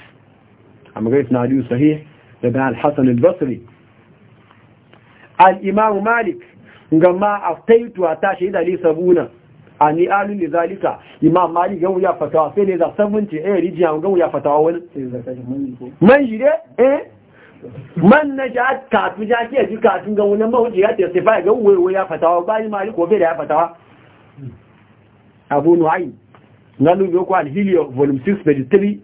a magana sinadiyu sahih daga Alhassan al-basri al’imamu malik gama a taituwa ta shaida ne sabuna a ni alu ne zalika imam Malik gan wuya fatawa sai ne za sabunci eh rijiya gan wuya fatawa wani man jire eh man na ja katu ja ke ji katu gan wani mahuji ya tesifa gan wuya fatawa bayan malik ko bai da ya fatawa abu nuhaim na lubi uku alhiliyo volume 6 page 3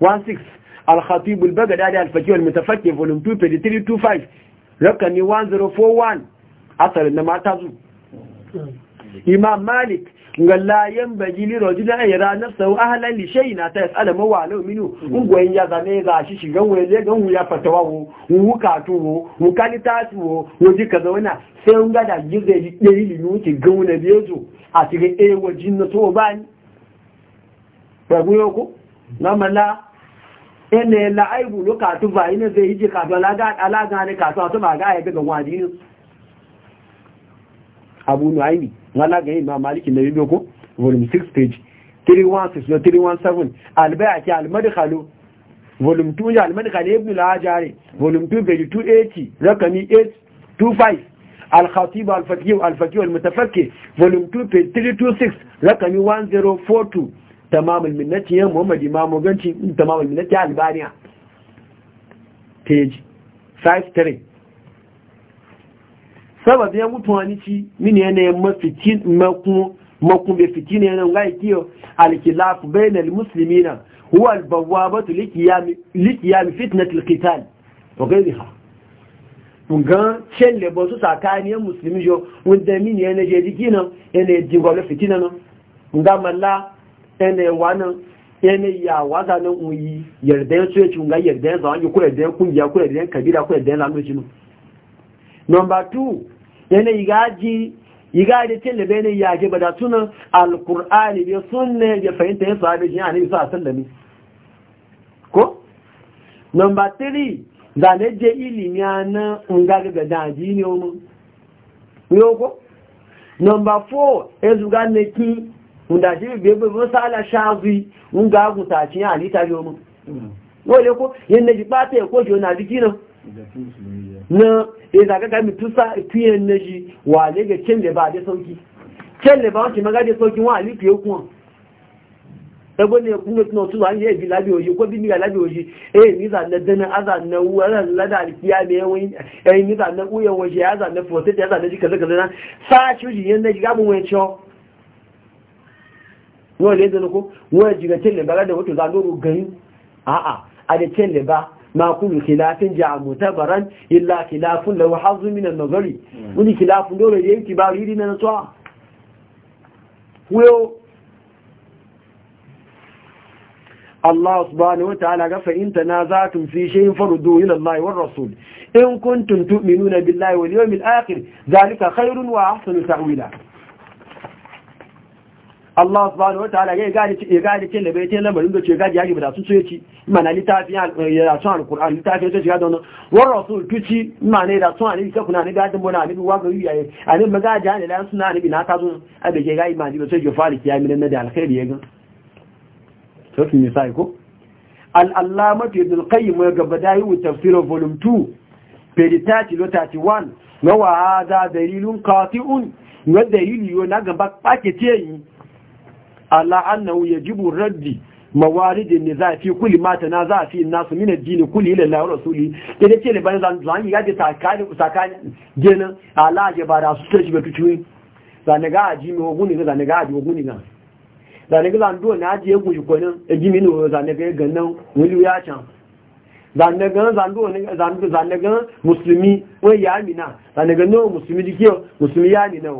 16 alhatibul bagadadi alfakiyar mutafakki volume 2 page 325 rakani 1041 asalin na mata zu hmm. imam malik nga la yan baji li rojul an yara nafsahu ahlan li shay na ta yasala ma walau minu ungwen mm. ya zane za shi shigan wele gan ya fatawa wo wuka tu wo wukalita tu wo woji kaza wana sai nga da gize yi dai li nu ti gan e wona bezo a cikin eh wajin na to ba ni ba ku yoko na mala ene la e aibu lokatu ba ina zai hije kafin alaga alaga ne kasuwa to ba ga ya ga gwadi abu nu'aimi ngala ga imam maliki na bibiyo ko volume 6 page 316 no 317 albayaki almadkhalu volume 2 ya almadkhali ibn al-ajari volume 2 page 280 rakami 825 الخطيب الفقيه الفقيه المتفكر فولوم 2 page 326 رقم 1042 تمام المنة يا محمد امام غنتي تمام المنة البانيا page 53 sababu ya mutu wani ci mini yanayin mafitin makun yanayin ga ikiyo huwa likiyami lebo su musulmi jo wanda mini yanayin fitina malla yanayin yanayi ya waza nan uyi ya zawon yi kungiya kabila number two yana igaji igade tilla bene yaje bada sunan alqur'ani bi sunne ya fahimta ya sahabe shi annabi sallallahu alaihi wasallam ko number 3 da ne je ilimi ana ngaga ga daji ne mu yoko number 4 ezuga ne ki unda shi be be masala shazi unga gutaci ali ta yo mu wole ko yin yenne ji pate ko jona dikina na idan eh, ka gami tusa tuyen na shi wa ne ga kyan ba da sauki kyan ba wancin maga da sauki wa alifi ya kuma ɗago ne kun ga tunan yi labi oji ko ga labi oji eh na dana aza na wuran lada yawon eh na uyan waje ya za na fosit ya za na ji kaza kaza na sa shi yan na ji wani ciyo wani zana ko wani jiga kyan ba ga da wato zanoro gani a da kyan ba ma kullu khilafin ja'a mutabaran illa khilafun law hazzu min an-nazari wani dole da yake ba riri na to wo Allah subhanahu wa ta'ala ga fa in tanaza'tum fi shay'in faruddu ila Allah war rasul in kuntum tu'minuna billahi wal yawmil akhir dhalika kairun wa ahsanu ta'wila Allah subhanahu wataala ya gari ya gari kin da bai tayi lamarin da ce gaji yaji da sun soye ci mana litafi eh, ya sun alquran litafi sai shiga don war rasul tuci mana da sun ani ka kuna ni gadin bona ni wa yi yayi eh, ne magaji ani da sun ani na ta zo a da ke gaji mani ba sai fari da alkhairi ya ga to kin sai ko al-allama ibn al-qayyim ya gaba dai wa tafsir volume 2 page 30 31 wa hada dalilun qati'un wa na gaba ce yi ala annahu yajibu raddi mawarid za a fi kulli ma tanaza fi an-nas min ad-din kulli ila Allah rasuli kede ce le ban zan zan ya ji takani sakani gena ala je bara su ce shi betu ciwi zane ga aji mi oguni ga zane ga aji oguni ga zane ga zan do na aji egun shi konin ji mi no zane ga ganan wuli ya can zane ga zan do ne zan do ga musulmi wai ya mina zane ga no musulmi dikiyo musulmi ya mina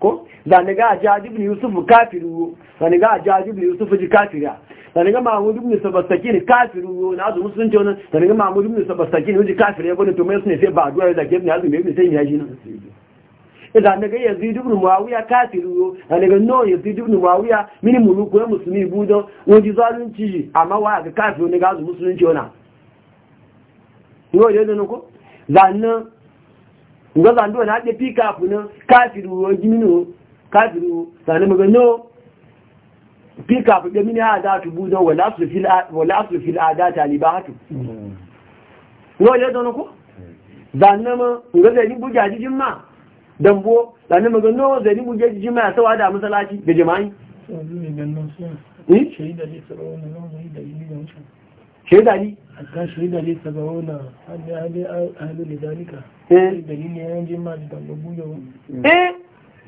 ko zaniga a jaji bin yusuf kafiru zaniga a jaji bin yusuf ji kafira zaniga mahmud ibn sabastakin kafiru na azu musulunci wannan zaniga mahmud ibn sabastakin ji kafira yabo to mai sune sai ba addu'a da gebni azu mai sai ya ji nan eh, zaniga yazid ibn muawiya kafiru zaniga no yazid ibn muawiya mini muluku ya musulmi budo wani zalunci amma wa ga kafiru ne ga azu musulunci wannan yo yo ko zanan nga zando na de pick up no kafiru o jimino kafiru sani maga no pick up da mini hada tu budo wala aslu fil wala aslu fil adata libatu no ya dono ko zanna ma nga zai buja jijin ma dambo zanna maga no zai buja jijin ma sawa da masallaci da jama'i shaida ni hatta shaida ne ta zama na hannun hannun da zalika eh. dalilin yayin jin ma da gugu eh.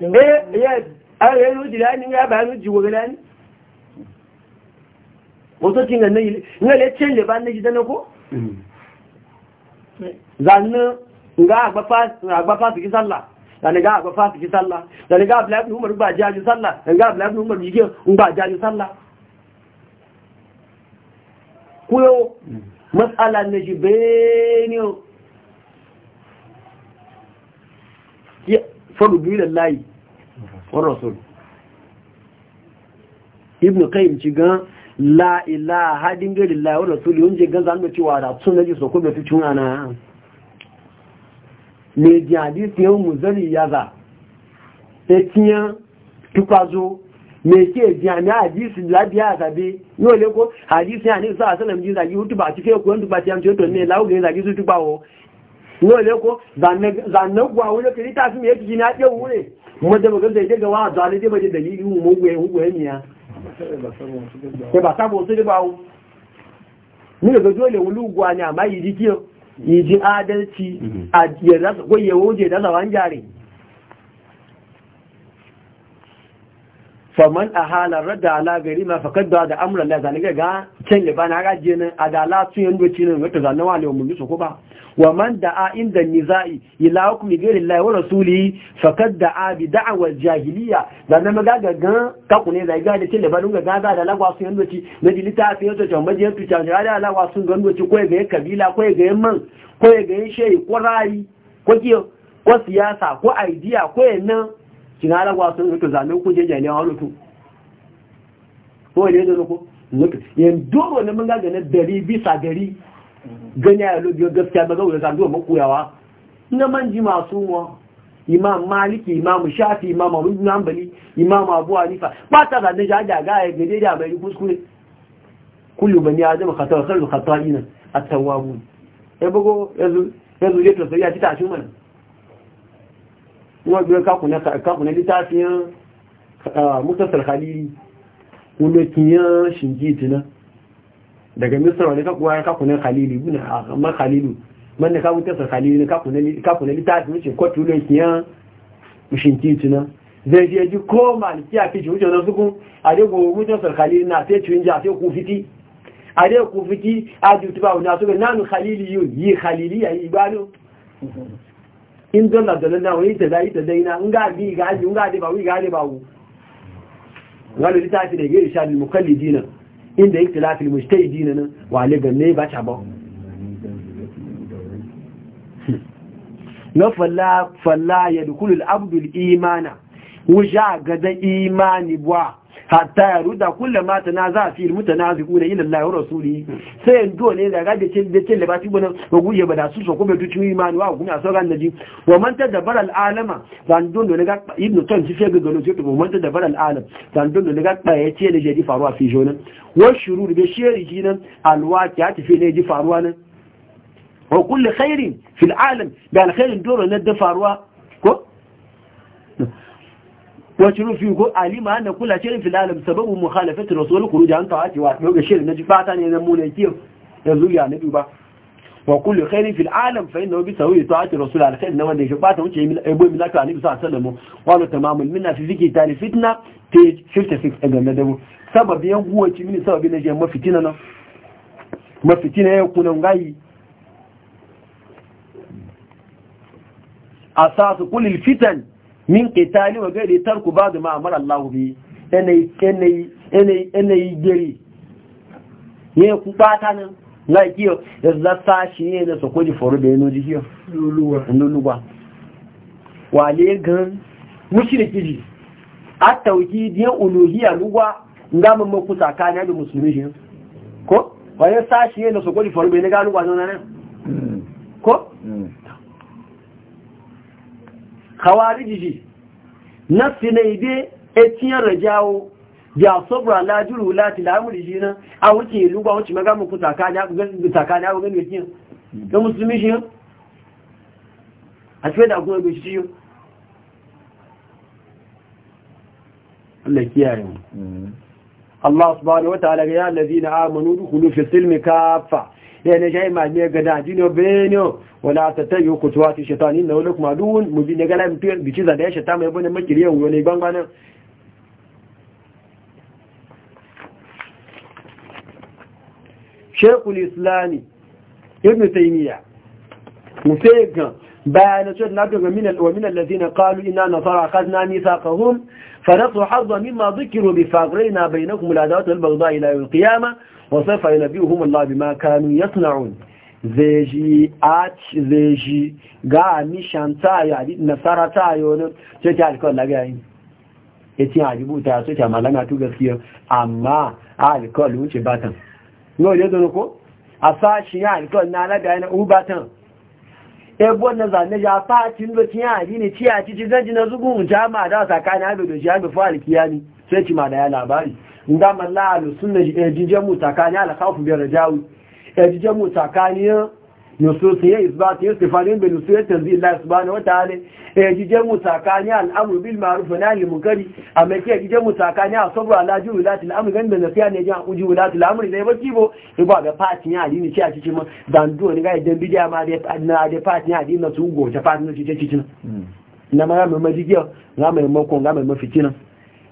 yau eh eh ya eh. ayo ruji da ni ya ba ruji wa gani wato kin nan ne ne ce le ban ne gidan ko mm. zanna nga agba fas agba fas sallah zane ga agba fas ki sallah zane ga abla ibn umar ba jaji sallah ga abla ibn umar yige ba jaji sallah kuyo mm. matsala na ji shi ya faru biyu da layi wani rasul ibn kayyim ci gan la ilaha dingari la wani rasul yun je gan zanen cewa da sun ji so kuma fi cin ana ne jihadis yawon muzari ya za ta e tiyan tukwazo meke jami hadisi labiya zabe yóò lé kó hadisi àní ìsọ́ àṣẹ́lẹ̀m jí ìzàgí útùbà ti fẹ́ kún túbà ti àmì tó ní láwùgbé ìzàgí sí túbà wọ́ yóò lé kó zanagwa wani kiri ta fi mai kiki e na ɗe wure kuma da bagar da daga wa ba da baje dalili mu mu gwe gwe ya sai ba sabo su ba wu ni daga dole wulu gwa ni amma yi ji kiyo yi ji adalci a yarda ko yawo je da zawan jare faman a halar rada ala gari ma fakar da da amuran da zane ga can liba na gajiye nan a da latsun yan ci nan wata zane wa lewa mulki ko ba wa man da a inda niza'i ila hukumi gairin lai wa rasuli fakar da a bi da'awar jahiliya zane ma gaga gan kaku ne zai gaji cin liba don ga gaza da lagwa sun yan ci na ji littafi ya tuce maji ya tuce ya da lagwa sun gan ci ko ya ga kabila ko ya ga man ko ya ga shehi ko rayi ko siyasa ko aidiya ko ya nan kina la wa sun ku je jani a lutu ko ne da ne mun ga ne dari bisa gari ya lobi gaskiya ba ga wala zan do makuyawa na ji masu mu imam maliki imam shafi imam abu nambali imam abu hanifa ta da ne jaja ga ga gede da mai kuskure kullu bani adam khata khairu khata'ina at-tawwabun e bugo yazu yazu yato sai ya ci shi mana wọ́n gbé kákùnlẹ̀ lítàfihàn mùsùlùmí khalili wọ́n kíyàn ṣìngìtì náà daga misra wani kakuwa kakunan khalili bin ma khalilu man ka mutasar khalili ne kakunan kakunan litafi ce ko tulo kiyan mushinki tuna zai je ji ko maliki a fiji wuce na suku a mutasar khalili na sai tuin ja sai ku fiti a dai ku fiti a jutuba na nanu khalili yun yi halili ya yi balo in dọ́là dọ̀lọ́dá wọ́n na, tẹ̀dá yí tẹ̀dá iná ń gáà bí ìgáàjì ń gáà ba bàwú ìgáà dé bàwú gálò títà fi daga ìṣà lè mọ̀kànlì inda yí tẹ̀lá fi mọ̀ṣẹ́ ìdínà na wà lè ba bá ba. na falla yadda kulul abdul imana wuja gada imani ba. hatta ya ruda kullum mata na za a fi ilmuta na zuku da ilin layar rasuli sai yin dole da cikin da cin labati wani maguye ba da su so kuma tuci imani wa kuma sauran naji wa manta da baral alama zan don da ga ibn ton ci sai gano ce to manta da baral alam zan da ga ɓaya ya ce da jadi faruwa fi shuru da shi yari sheri nan alwaki ya tafi ne ji faruwa nan wa kulle khairin fil'alam da alkhairin dole na da faruwa ko wacin rufi ko alima na kula shirin filalim sababin mukhalafatin rasulun kuruja an tawa cewa ga shirin na ji fata ne na muna kiyo Yanzu zuriya na ba. wa kullu khairin fil alam fa innahu bi sawi ta'ati rasul al khair nawa da shi fata wuce min aibo min laka annabi sallallahu alaihi wasallam wa tamamul minna fi zikri tali fitna page 56 ga na dabo sababi yan guwaci min sababi na je mafitina na mafitina ya kunan gayi asasu fitan min qitali wa gairi tarku ba'd ma amara Allah bi enai enai enai enai gari ne ku bata nan la kiyo da shi ne da soko ji foru da yano ji kiyo luluwa luluwa wale gan mushriki ji at tauhid ya uluhiyya lugwa ngam mu ku tsakani da musulmi ji ko wale sashi ne da soko ji foru da yano ga lugwa nan hmm. ko hmm. khawariji ji nafsi ne ide e rajawo ya sobra la juru la tilamuri ji na a wuce lugba wuce maga mu kusaka ne aku gani kusaka ne aku gani yake da musulmi shi a cikin da kuma bai shi Allah kiyaye mu mm. Allah subhanahu wa ta'ala ya allazina amanu dukhulu fi silmi kaffa لأن جاي ما دي غدا دينو بينو ولا تتيو قطوات الشيطان إنه لكم عدون مجي نقال مطير بيشيزا دي شيطان ما يبون مكريا ويوني بانبانا شيخ الإسلامي ابن تيمية مفيق بان شد نبيه من ومن الذين قالوا إنا نصر أخذنا ميثاقهم فنصر حظا مما ذكروا بفاقرينا بينكم العداوات والبغضاء إلى القيامة وسوف ينبئهم الله بما كانوا يصنعون zeji zai zeji ga mission tayo adi nasara tayo no ce ta alkon laga yin a rubuta so ta malama tu gaskiya amma alkon wuce batan no je ko a sashi ya na laga yana. u batan ya fati ndo ci ya ne ti a ti ti ganji na da jama da sakani abedo ji abedo fa alkiyani sai ti ma da ya labari nga malla alusunna ejije eh, mu takani ala khawfu bi rajawi ejije eh, mu takani nusus ya isbat yusufani bi nusus tanzi Allah subhanahu wa ta'ala ejije eh, mu takani al'amru bil ma'ruf na nahy munkari amma ke ejije mu takani asabru ala ju ulati al'amri ganda nasiya ne jan uju ulati al'amri dai ba kibo ba ga fatin ya dini ci a cikin ma dan do ne ga idan bidiya ma dai na dai fatin ya dini na su go ta fatin ci cikin hmm. na ma ga mai majiya ga mai makon ga mai mafikinan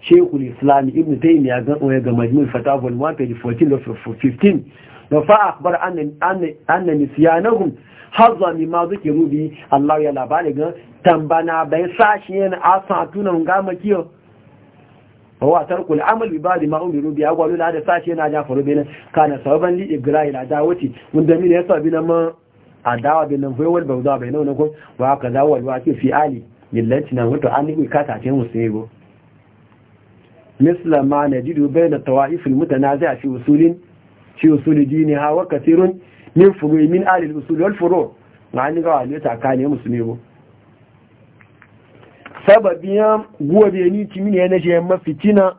shekul islam ibn taymiya ga oya ga majmu' fatawul mu'tadi 14 of 15 wa fa akhbar an an nisyanahum hazza ma zikiru bi Allah ya labari ga tambana bai sashi yana asa nan ga makiyo wa tarkul amal bi ba'di ma umiru bi agwalu la da sashi yana ja faru bin kana sababan li igrahi la dawati mun da mini yasa nan ma adawa binan fayawal bawda bainahu nakum wa kaza wal wa fi ali millatina wa ta'ani ka ta tin musaybo مثل ما نجد بين الطوائف المتنازعة في أصول في أصول دينها وكثير من فروع من أهل الأصول والفروع مع أن قال يتعكاني مسلمه sababiyan gobe ni ti mini yana yamma fitina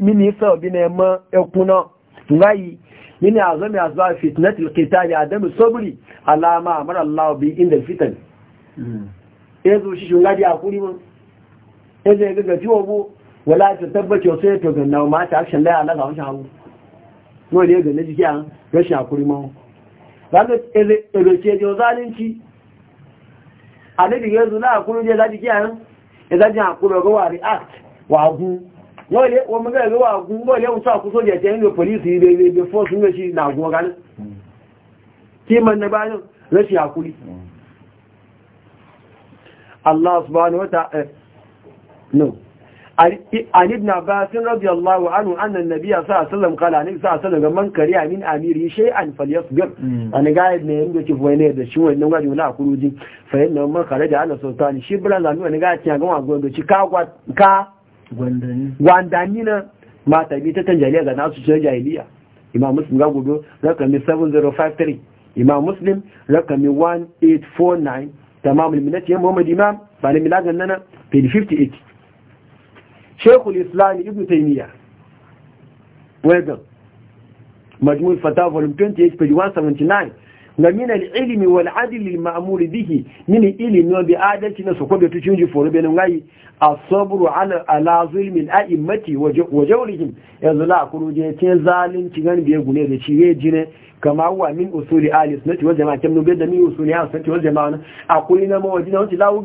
mini sababi na yamma ekuna ngayi mini azami azba fitnatul qitali adam sabri alama amara Allah bi inda fitan hmm. ezo shi shunga di akuri mun ezo ga ga tiwo wala ta tabbace wasu ya to ganna ma ta action lai Allah ga wancan no ne ga naji kiyan rashin hakuri ma zaka ebece je zalunci anabi yanzu na hakuri je zaji kiyan ya zaji hakuri ga wa react wa agu no ne wa mun ga ga wa agu no ne usa ku soja je ne police yi ne be force ne shi na agu ga ki man na ba rashin hakuri Allah subhanahu wa ta'ala eh, no عن ابن عباس رضي الله عنه أن النبي صلى الله عليه وسلم قال عن ابن صلى الله من كريع من أميره شيئا فليصبر أنا قاعد من يمدو كيف وين هذا شو إنه قاعد يقول خروجي فإنه من خرج على سلطان شبرا لأنه أنا قاعد يعني قام أقول دوشي كا كا واندانينا ما تبيت تتنجلي هذا ناس شو جاهلية إمام مسلم قال قدو رقم 7053 إمام مسلم رقم 1849 تمام المنات يا محمد إمام بعد ميلاد لنا في 58 shekul islam ibn taimiyya wegan majmul fatawa volume 28 page 179 na min al-ilmi wal adl al-ma'mur bihi min ilmi bi adalci na sokobe to cinji foro benin gayi as ala ala zulmi al-a'immati wa jawrihim yanzu la kuruje tin zalunci gan biye gune da ciye jine kama huwa min usuli ahli sunnati wal jama'a kamnu bi da min usuli ahli sunnati wal jama'a akwai na mawajina wanti lawu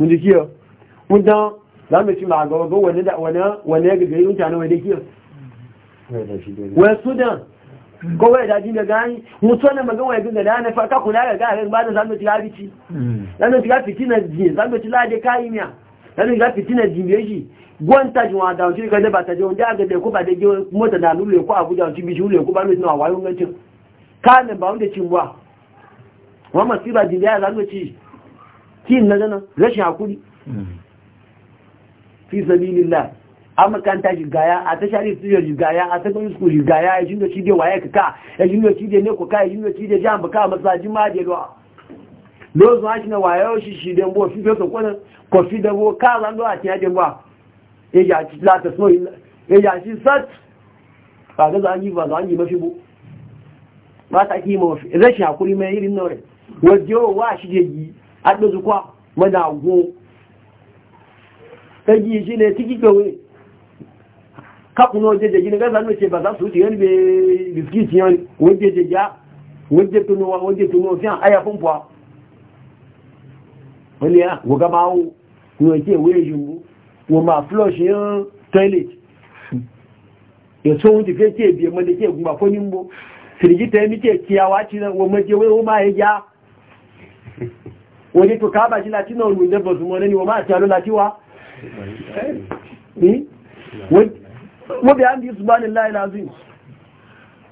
mun ji kiyo mun dan za mu ci magawa ga wani da wani wani ya gaje mutane wai da kiyo wai sudan ko wai da jin da gani mun so ne magawa wai ga da na fa ka kula ga ga ba da zamu ci labici mm. zamu ci labici na ji zamu ci lade kai miya zamu ci labici na ji beji gwanta ji wa da wuce ga ne ba ta je wanda ga da ko ba da je mota da lulu ko abuja wuce bi lulu ko ba mu na wayo ngancin ne ba wanda cin ba wa masira jin da ya zamu ci kin na gana rashin hakuri fi sabilillah a makanta jigaya a ta shari'a studio jigaya a ta gani school jigaya ya jindo cide waye ka ka ya jindo cide ne ko ka ya jindo cide jamba ka masaji ma da lo lo zo ashi na waye shi shi de mbo fi fesa kwana ko fi de bo ka zan do ati ade ba? e ya ti la ta so e ya shi sat ba ga zan yi ba zan yi mafi bu ba ta ki mafi, rashin hakuri mai irin nore wajo wa shi ke yi agbẹ́zùkwá mọ́dá àgbó ẹgbì ìṣílẹ̀ tí kíkẹ̀wé kákùnlọ jẹjẹ gini gẹ́sà ní ṣe bàtà sùúrù yẹn bẹ biskit yẹn wọ́n jẹjẹ já wọ́n jẹ tó níwá wọ́n jẹ tó níwá fíàn ayà fún pọ̀ wọ́n lè wọ́gá máa wu wọ́n ti ìwé ìṣubú wọ́n máa flush yẹn toilet èso wọn ti fẹ́ tí èbì ẹ̀mọ́dé tí ègùn àfọ́ ní mbó fìrìjì tẹ́ mi tí èkìyàwó àti wọ́n mọ́ wani to ka baji lati na wani dabba su mone ni wa ma a tiyalo lati wa eh? wabi an biyu su ba lazim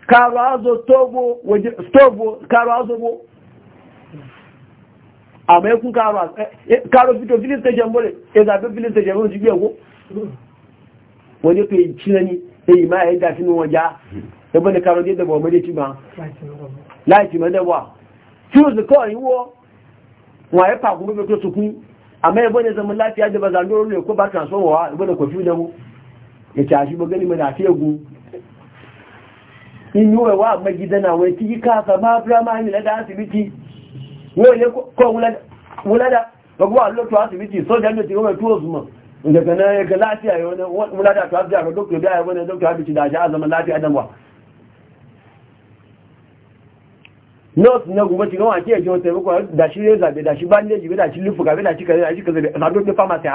karo azo togo waje stogo karo azo bo a mai kun karo eh, eh, karo fito filin station bole ya zaɓe filin station bole su biya ko waje to yi cinani ya yi ma ya yi gafi nuwa ja ya bane karo je da ba wa maje ci ma layi ci ma da ba choose the coin war waye fa kuma bai to su kun amma yabo ne zaman lafiya da ba zango ne ko ba kan son wa yabo da kofi da mu ya tashi ba gani mana fiye gu in yuwa wa amma gidana wai ti ka ka ma ne ni da asibiti wai ne ko wulada wulada ba kuma lo to asibiti so da ne ti ko to zuma daga na ga lafiya yau wani wulada to asibiti ga doktor da yabo ne doktor abiti da ja zama lafiya dan wa nọ́ọ̀sì náà gbogbo ti gan wà tí ẹ̀jọ́ ọ̀sẹ̀ dàṣí rẹ́zà bẹ̀ bandage bẹ̀ dàṣí lífù kàbẹ̀ kẹsẹ̀ ìsàdó pharmacy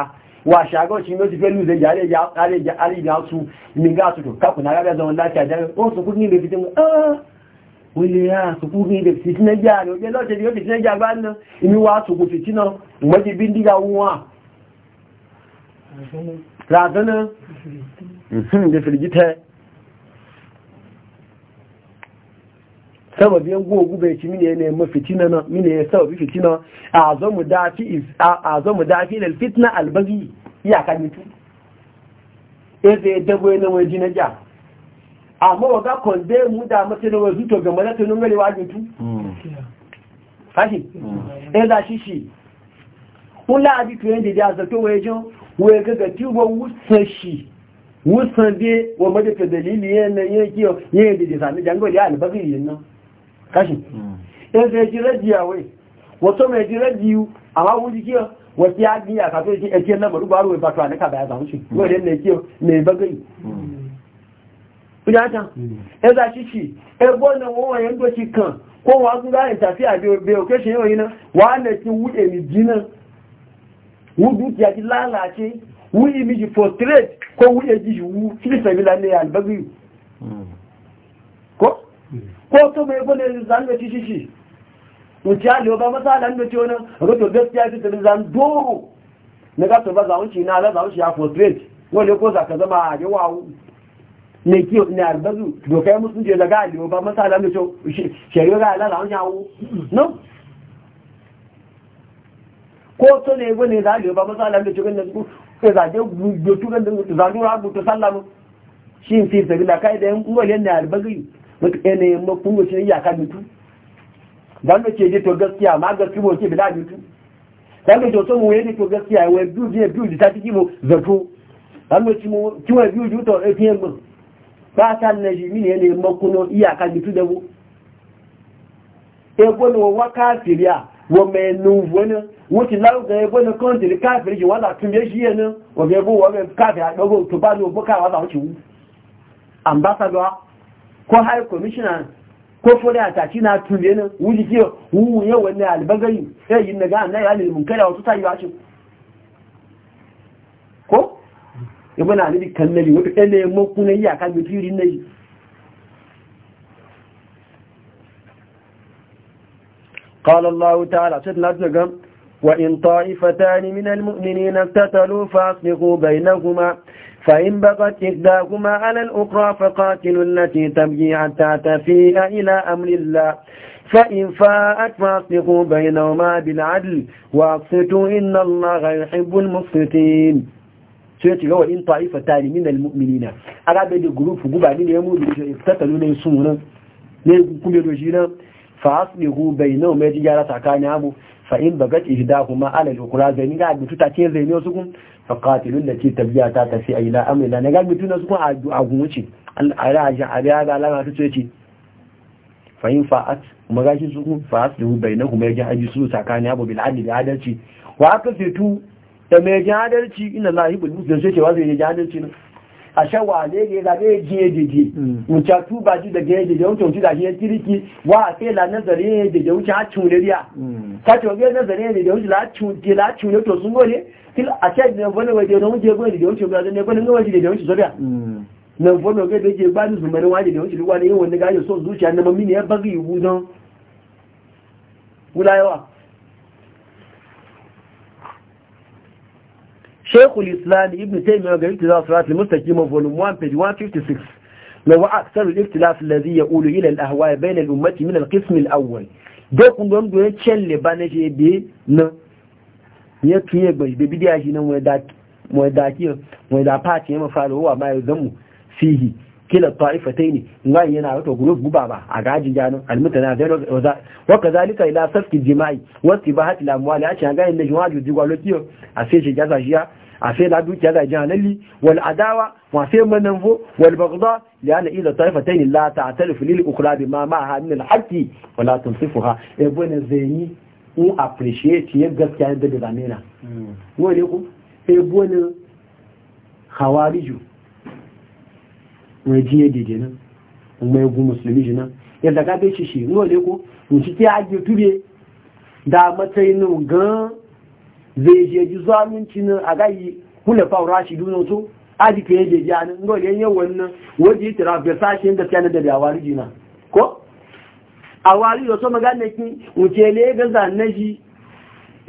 wà ṣàgọ́ ṣe ló ti fẹ́ lùzẹ̀ ìjà àríjà sababi yan gogu bai ci mine ne ma fitina na mine ya sababi fitina a zo mu dafi is a zo mu dafi lal fitna al baghi ya kan mutu e dabo ne mai jina ja amma wa ga konde mu da mata ne wazu to ga malaka nun gari wajin tu fashi hmm. hmm. e da shi shi kula abi to yanda da zato waye jo waye ga ga tiwo wusan shi wusan de wa madaka dalili yana yake yake da sami jango ya al yin nan kashi ẹsẹ̀ ẹjì rẹ́jì àwẹ̀ wọ́tọ́ mẹ́ ẹjì rẹ́jì àwọn oúnjẹ kí wọ́n ti á gbí àkàtọ́ ẹjì ẹ̀nà mọ̀lú bá rúwẹ̀ bàtọ̀ àníkàbà àtàwùsù lóòrẹ́ ẹjì mẹ́ẹ̀bẹ́gẹ́ yìí ẹzà ṣíṣì ẹgbọ́n náà wọ́n wọ̀nyẹ́ ń gbọ́ṣì kan kó wọ́n gúnlá ìtàfí àbẹ̀ òkèṣe yóò yína wà á nẹ̀ tí wú èmì jìnà wú dúkìá ti prostrate ko ìmìjì frustrate kó wú èjì wú sílẹ̀ sẹ̀mílà ní Ko. ko to mai bane zan da shi shi wuce ya liyo ba masalan da ce wani rito gaskiya ce tafi zan doro na gasa ba zaunci na ala zaunci ya frustrate wani ko za ka zama a yawa ne ki ne arbazu dokai musun je daga liyo ba masalan da ce shari'a ga ala zaunci yawo no ko to ne bane za liyo ba masalan da ce ganin su ko zaje gudu tugan da zan dora gudu sallamu shi fi sabila kai da yan ngol yan ne arbazu yanayin makungo shi iyaka mutu don da ke jito gaskiya ma gaski bo ke bila mutu don da mu yadda to gaskiya wa biyu biyu biyu ta mu zato don da kiwon biyu biyu ta ɗauki yin mun ba ta na jimi yanayin makuno iyaka mutu da mu egbon e wa kafiriya wa mai nufu wuce lauga egbon kọntiri kafiri ji wala tun bai shi yanin wa bai wa bai kafiri a ɗago to bukawa za wuce wu ko high commissioner ko fure a taci na tunde nan wuli ke wuwuye wani albagari sai eh, yin daga annai mun munkara wasu tayi wacin ko ibi na alibi kannari wata ɗanayin makunan iyaka mai firin na yi قال الله تعالى سيدنا أتنقم وإن طائفتان من المؤمنين اقتتلوا فأصلحوا بينهما فإن بغت إحداهما على الأخرى فقاتلوا التي تبغي حتى تفيء إلى أمر الله فإن فاءت فاصلحوا بينهما بالعدل واقسطوا إن الله يحب المقسطين sai gawa in ta'ifa tani min almu'minina arabe da gurufu guba ne ya mu'mini da iftatalu ne su ne kuma doji nan fa aslihu bainahu ma ji gyara tsakanin abu fa'in ba gaci shi dahu ma alal ukura zai ni ga abitu ta ce zai ne wasu kun faƙatilun da ce tabiya ta tafi a ila amina na ga abitu na su kun a gumuci al'arajin ariya ga alama ta ce ce fa'in fa'at kuma gashi su kun fa'at da hubai na kuma yajin aji su tsakanin abu bil adil adalci wa aka fitu da mai yajin adalci ina na hibul musulun sai cewa zai yajin adalci na ashe wane ne ga ne jiye jeje wuce tuba ji wuce da wa a sai la nazari ne jeje wuce ha cune riya ka to ga nazari ne jeje wuce la cune la cune to til ashe ne wuce ne ba ni ga so zuciya na mamini ya bagi yi wuzon yawa. shekul islam ibn taimiyar ga iktizar surat al-mustaqim volume 1 page 156 na wa aksar iftilaf ikhtilaf alladhi yaqulu ila al-ahwa bayna al-ummati min al-qism al-awwal do kun don e do chen le banaje bi na ya tuye gbe bi bidiya shi nan wai da wai da ki wai da party ya fara wa mai zamu fihi kila ta'ifataini ngai yana wato group guba ba a gaji jano almutana da waza wa kazalika ila safki jima'i wa tibahat al-amwali a cikin ga inda jima'i jigwa lokiyo a sai shi gaza shiya a sai da dukiya da jihar lalli wal adawa wa sai mananfo wal bagda li na ila taifatain la ta'talifu lil ukhra bima ma ha min al haqqi wa la tunsifuha e bone zeni u appreciate ya gaskiya da da zamena le hmm. ku e bone khawariju wajiye dede nan mai gu musulmi jina yadda ga bai shi shi wole ku mu ci ta ajiye tube da matsayin gan zai je ji zalunci nan a gayi kula fa rashi duna to aji ke je ja nan ngo le yin wannan waje tira ga sashi da kana da dawari jina ko awari yo to magana ki wuce le ga zannaji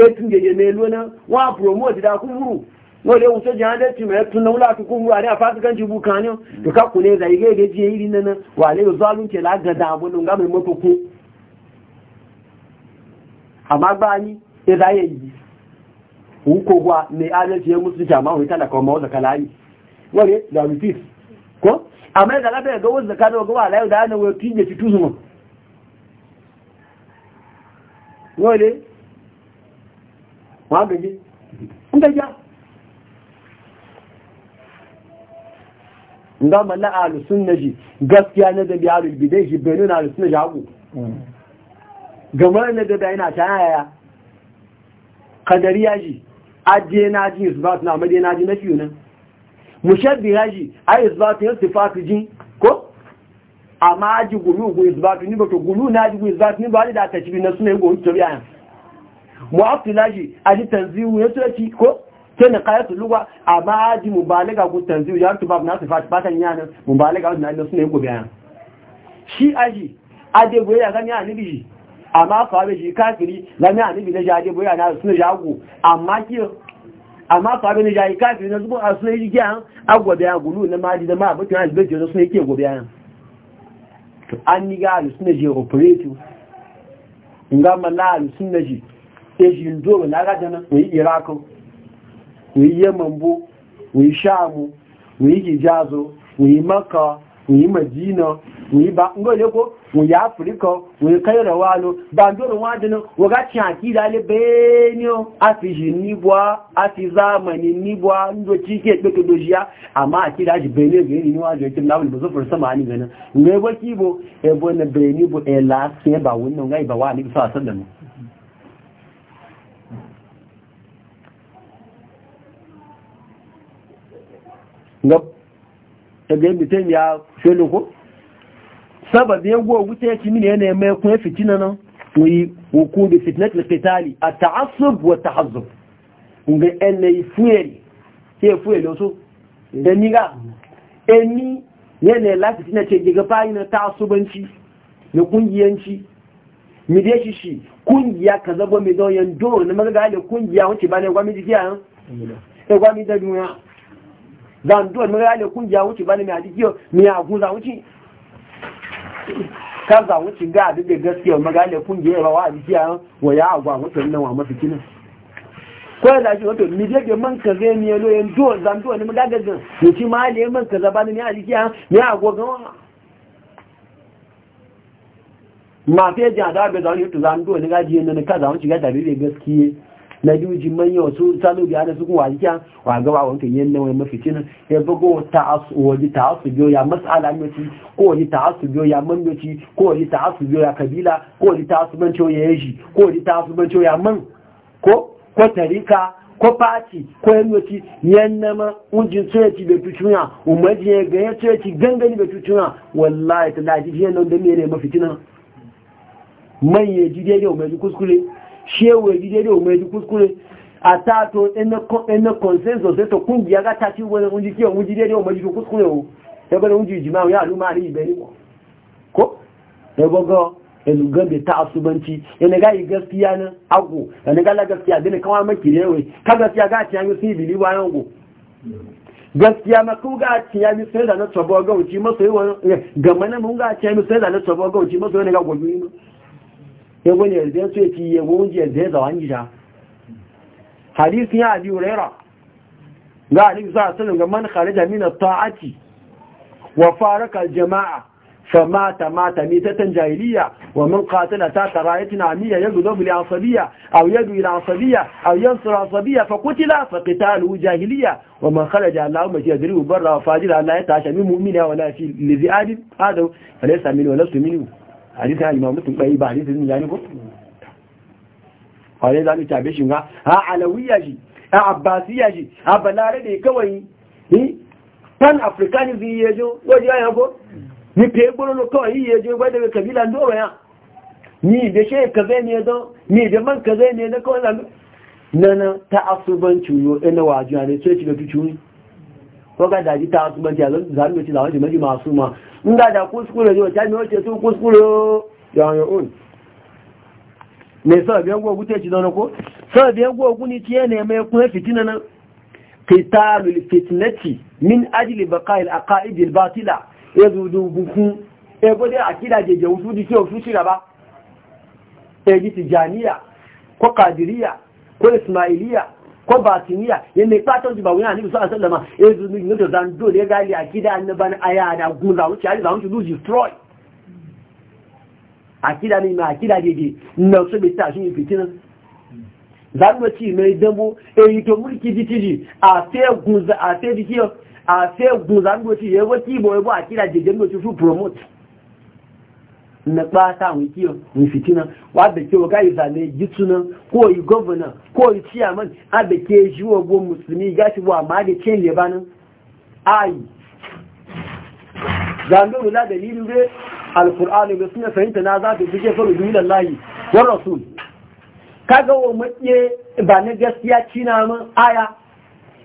etun je je me lona wa promote da kumuru ngo le wuce jan da ti me tun na wula ku kumuru ari afa kan ji bukanyo to ka kule ga ige ga je iri nan wa le zalunci la ga da abun ga mai motoko amma ba ni sai e da yayi huko kwa ne adalci ya musu jama wani tana kawo mawa zaka layi wani da repeat ko amma da labe ga wasu zaka go wa layi da ana wani tije fitu mo wani wa gaji in gaji nga mala al sunna ji gaskiya na mm. da biyaru bidai shi bai nuna ahlu sunna jagu gamar na da da yana ta yaya kadariya ji ajiye na ji isbat na amadiye na ji na fiye nan mushabbi ya ji a isbat yin sifatu jin, ko amma aji gulu gu isbatu ni bato gulu na aji gu isbatu ni ba da ta cibi na suna yi gu wuce biya mu'abtila ji aji tanzihu ya tsoci ko ke na kayatu lugwa amma aji mubalaga gu tanzihu ya tubab na sifatu batan yana mubalaga wadda na suna yi gu biya shi aji aji gu ya gani a nibi amma sahabe shi kafiri zami a nabi na jaje boya na su na jago amma ki amma sahabe na jaje kafiri na zubo a suna yi giya agwabe ya gulu na mali da ma abokin hajji bai su suna yake gobe ya to an ni ga alusuna je operate nga mala alusuna je e shi ndo na ga dana ko yi iraq ko yi yaman ko yi shamu ko yi hijazo ko yi makka ko yi madina ni ba le ko mu ya afrika mu kai rawalo ba ndoro wadin wo ga cin da le benio ji ni bwa za zamani ni bo ndo ti ke kedojiya amma do ji ji be ni wa je na lawul so fursa ma ni e bo ki bo e bo na ni bo e la se ba wannan ga e ba wa ni sa sallam ngab ta e mi ten ya shelu ko Saba ya gowa wuce ya ci mini yana ya mai kuma fitina nan wai huku bi fitnat al-qitali at-ta'assub wa at-tahazzub nga ene fuyeli ke fueli oso ni ga eni yana la fitina ce diga fayi na ta'assubanci na kungiyanci mi da shi shi kungiya ka zabo mi don yan do na magaga da kungiya wuce ba ne gwami jikiya han eh? e eh, gwami da duniya dan dole magaga da kungiya wuce ba ne mi a jikiyo mi a guza wuce za wuce cin duk da gaskiya magana je rawa a jiya wa ya agwa mutum nan wa mafi kinin ko da shi wato mi jage man ka zai ni yalo yan do zan do ni magaga ga ni ci ma ne man ka zaba ni a jiya ni ne a gogan ma fi ja da be zan yi to zan do ne gaji ne ka cin shiga da bi na juji manya su sanu biya da su kuma wajiya wa gaba wanka yin nawa ya mafi nan ya bugo ta'assu waji ta'assu biyo ya mas'ala mace ko waji ta'assu biyo ya mandoci ko wani ta'assu biyo ya kabila ko wani ta ban ciwo ya yaji ko wani ta ban ciwo ya man ko ko tarika ko fati ko mafi yan nama ujin tsoyaci bai tutunya umarji ya ga ya tsoyaci gangani bai tutunya wallahi ta lafi jiyan nan da mere mafi nan man ya ji yau mai kuskure shewa gije da umar ji kuskure a ta consensus sai ta kungiya ga ta ci wani unji kiyon unji da umar ji kuskure o ta bane unji ya aluma ne ibe ne ko ya gogo gaskiya gaskiya gaskiya ma kun ga ci ya mi sai da na tsobo ga uci masoyi wani ga mana mun ga ci ya mi sai da na tsobo ga uci yawon yarda su ya fi yawon yarda ya zawa gida hadisun ya abi wuraira ga alif za a sanin ga man kharija min ta'ati wa faraka jama'a fa mata mata mitatan jahiliya wa man qatala ta tarayatin amiya yaghdabu li asabiyya aw yadu ila asabiyya aw yansur asabiyya fa qutila fa qitalu jahiliya wa man kharaja allahumma yadribu barra fajira la yatasha min mu'mina wa la fi lizi'adin hadu alaysa min wa lasu minhu hadisa imam mutum ɗaya ba hadisa ya yani ko kwaye za mu tabe shi ga a alawiya shi a abbasiya shi a balare ne kawai ni pan africanism yi yejo waje ya ko ni pe gboro no kawai yi yejo gwai daga kabila ndoro ya ni da shi ka zai ne don ni da man ka zai ne na kawai lalu na na ta asuban ciwo ina e wajen ne sai shiga tuciwi ko ga daji ta asuban ciwo zan zan ci zawon jimaji masu ma nígbà dà kúskúrò yóò sẹ́ni ó ṣe tún kúskúrò yọ̀nyọ̀ òun mai sọ́ọ̀bí ẹgbẹ́ ogun tẹ́ ti ko? kó sọ́ọ̀bí ẹgbẹ́ ogun ni ti ẹnà ẹmẹ ẹkùn ẹfì tí nana min ajílì baka ìlàkà ìdìl bátìlà ẹgbẹ̀dùgbùkún ẹgbẹ́dẹ́ àkídà jẹjẹ òfúdí tí òfú sí raba ko ko ismailiya ko ba tuniya ya mai fatan ji ba wani annabi sallallahu alaihi wasallam ya zo ne da zan dole ga ali akida annaban aya da gun za mu ci ali za mu ci lose destroy akida ne ma akida dede na so bi ta shi fitina Za mu ci mai dambo e to mulki ditiji a sai gun za a sai dikiyo a sai gun zan mu ci yawa ki boye bo akida dede mu ci su promote na ɓata mai kiyo mai fitina wadda ke wa kayi zane jitsuna ko yi gwamna ko yi ciyaman adda ke shi wa gwam musulmi shi wa ma da cin lebanin ayi zando rula da lilure alkur'ani da e suna fahimta na za ta suke faru duniya layi wa rasul kaga wa matse ba na gaskiya cina min aya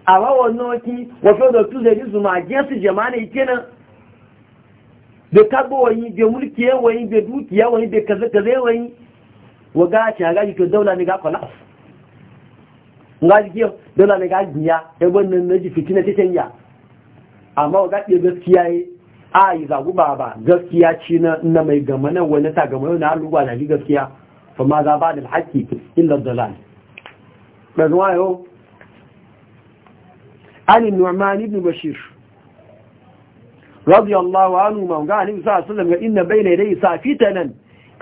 a wawan nauki wa da tuzari zuma jinsu jama'a ne kenan da kabo wani da mulki ya wani da dukiya wani da kaza kaza wani wa gashi a ga ji to daula ne ga collapse ga ji daula ne ga giya e wannan na ji fitina ta canja amma wa ga gaskiya yi a yi zagu ba ba gaskiya ci na na mai gama wani ta gama na aluwa na ji gaskiya fa ma za ba da haƙƙi illa dalal dan wayo Ali nu'man ibn bashir radiyallahu anhu ma ga annabi sallallahu alaihi wasallam inna bayna yadayhi safitanan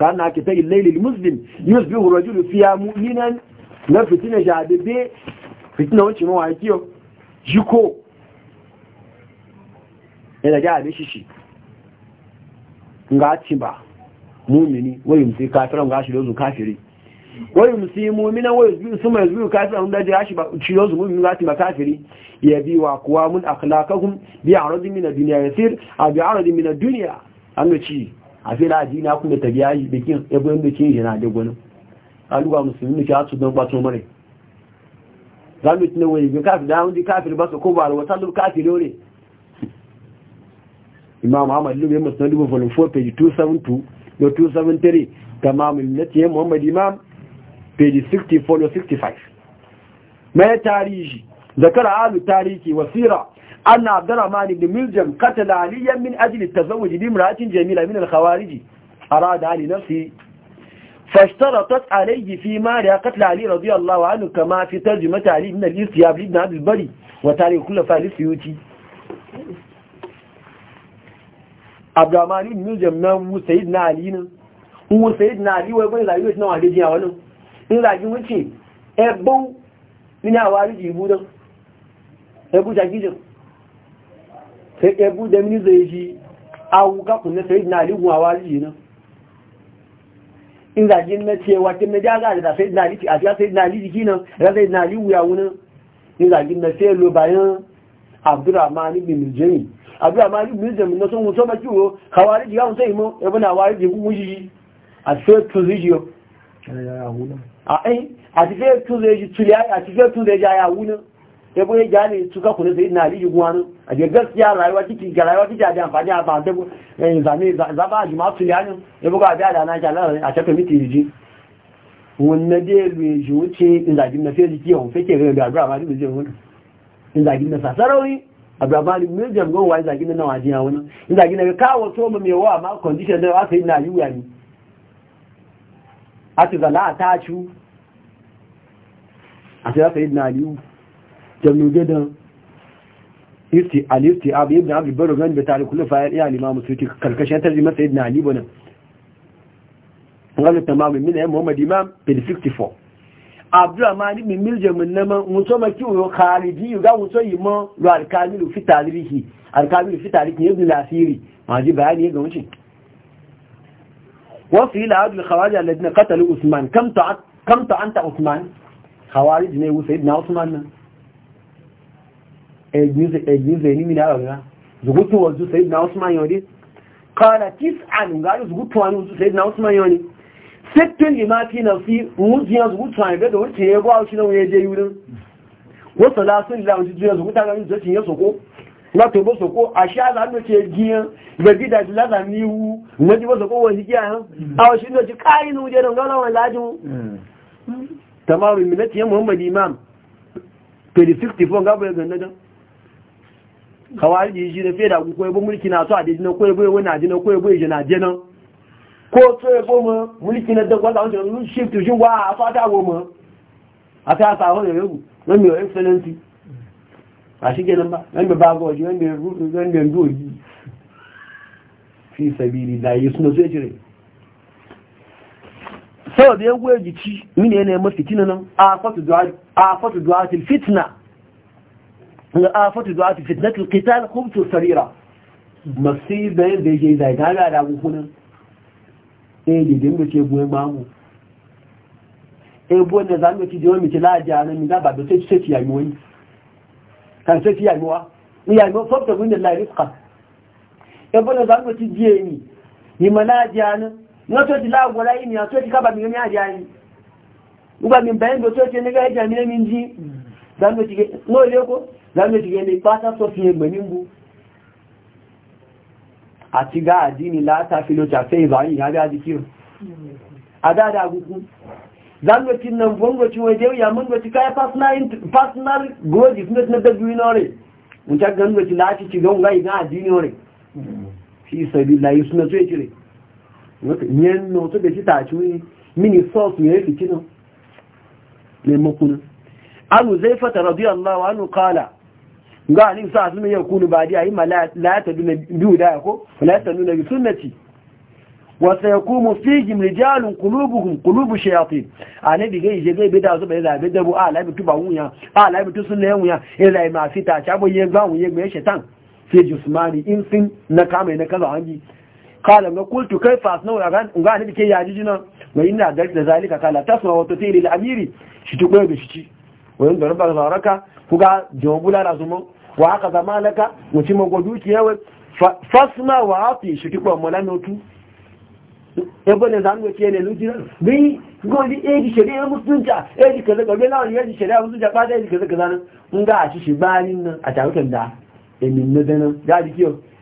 kana kita illailil muslim yusbihu rajulu fiya mu'minan na fitina jabibe fitina o ma wakiyo jiko yana ga abin shishi ga ci ba mumini wai mutu kafiran ga shi da kafiri wai musimu mina wai zubi su mai zubi kafin an daji yashi ba ciyo su mun lati makafiri ya bi wa kuwa mun akhlaqahum bi aradin min ad-dunya yasir a bi aradin min ad-dunya an ci a fi la dina kun da yi bikin ebo inda ke yana da gwanin aluwa musulmi ke hatu don kwato mare zamit ne wai ga kafir da hundi kafin ba su ko ba wata lu kafir ne imam ahmad lu ya musnad bu 44 page 272 da 273 tamamul nati muhammad imam page 64 or 65 ما تاريخي ذكر عال التاريخ وسيرة أن عبد الرحمن بن ملجم قتل عليا من أجل التزوج بامرأة جميلة من الخوارج أراد علي نفسه فاشترطت عليه في مالها قتل علي رضي الله عنه كما في ترجمة علي من الاستياب لابن عبد البري وتاريخ كل فالس سيوتي عبد الرحمن بن ملجم سيدنا علينا هو سيدنا علي ويقول لا يوجد نوع لديها ونه in zagi wuce ebon ina wari jibu don ebu jagijin sai ebu da mini zai ji awuka kunna sai na ligun a wari ji nan in zagi na cewa kin na jaga da sai na liki a sai sai na liki nan ra sai na rigu ya wunan in zagi na sai lo bayan abdurrahman ibn jami abdurrahman ibn jami na sun wuce maki wo kawari ji ya wuce imo ebu na wari ji gugu ji a sai tuzijiyo ya ya wunan àti fẹ́ tún lè jù tulẹ̀ àti fẹ́ tún lè jù àyàwó náà ẹgbẹ́ ìjà lè túnkà kò ní sí ìdínà àríjù wọn náà àti ẹgbẹ́ sí àràíwá títí gàràíwá títí àti àǹfààní àbà àtẹ́gbẹ́ ẹ̀yìn ìzàmì ìzàbá àjùmá tulẹ̀ ánú ẹgbẹ́ àbí àdáná àjà láàrin àtẹ́kọ̀mí ti rí wọn na dé lu èjì wọn ti ìzàjì na fẹ́ẹ́ kí ọ̀hún fẹ́kẹ̀ rẹ̀ àdúrà máa dìbò jẹun náà ìzàjì na sàsáró rí àdúrà máa dìbò méjèm gan wa ìzàjì na náà àjẹyàn ji na káwọ tó mọ mi wọ àmà kọndíṣẹ̀ náà wá sí ìnà àyíwá ni àti zàlá àtàchú àti láti ìdìnà àlíwù jẹmùgẹ́dàn irti alifti abu ibn abu baro gani da ya ya maki yo khariji ga muso yimo lo alkamilu fi tarihi alkamilu fi tarihi ibn lasiri bayani ga wuce وفي العدل الخواجة الذين قتلوا كم تعنت عثمان khawarij ne wu sayyidina usman nan ejize ejize ni mina wa zugutu wa sayyidina usman yodi qala tis'an ga zugutu wa sayyidina usman yodi sittin limati nafsi mujiya zugutu wa da wuce ya ba shi nan ya je yurin wa salasun la wuce zugutu zugutu ga zugutu cin ya soko na to bo soko asha za no ce giyan ga gida la za ni wu bo soko wa ha a shi no ji kai nu je da ga lawan tamamu millati ya muhammad imam 64 ga ya ganna dan kawai ji ji da feda ku koyo mulki na so a dijina koyo bai wani ajina koyo bai jina jina ko so ya goma mulki na dan wanda wancan shift to jin wa a fata goma a ta sa ho ne ku nan mai excellency a shi kenan ba wani nan ba wani mai nan wani mai da doji fi sabili da yi suna so ya jira saboda ya goya jiki mini yanayin mafi tina nan a fatu duwatil fitna ga a fatu sarira masu da yin da yake zai gaga da hukunan ɗaya gidin da ce goyi mamu da ci na mina ba da sai ci wani kan sai ci wa ni wa lai rifka da e, ci jiye ni na wọ́n tó ti láàgbọ́ láyé mi àti òjì kábàmì omi àjá yìí nígbà mi bẹ̀rẹ̀ ìgbò tó ti nígbà ẹjà mi lẹ́mí jí náà ilékó lámẹ́tìgẹ́ ní pátá tó fi ẹgbẹ̀ níbu àti gáàdì ní látà fi ló tàfẹ́ ìbáyìn àbí àdíkíò adáadáa agúkú lámẹ́tì náà fọ́ngbọ̀tí wọ́n jẹ́ ìyàmọ́ ìgbọ̀tí káyẹ personal growth ìfúnnẹ́ tí lọ́dẹ́ gbìyànjú rẹ̀ ń tẹ́gbẹ̀ẹ́ ìgbọ̀tí láti ti gẹ́ yẹn nù tó bẹ̀ títà àti wí mini sọ́ọ̀sù yẹn fi kínú lè mọ́kúnú anu zai fata radiyallahu anu kala ga alim sa sun yau kunu ba ma biyu da ko la ta je bida su bai zabe da bu ala bi tuba wuya ala wuya ma jismani in sin na kama na kaza kala na kultu kai fas na asnau ga annabi ke yaji jina wa inna da zalika kala tasma wa tutiri lil amiri shi to koyo da shi ci wa yanda rabba zaraka kuga jawabula zuma wa haka zamanaka wuci mago dukiya wai fasma wa ati shi to koyo mulano tu ebe ne zan wuce ne lujira bi go di e di shari'a musulunta e di kaza ga bela ne di shari'a musulunta ba da e di kaza kaza nan mun ga shi shi bayin nan a tarukan da emin na dana di kiyo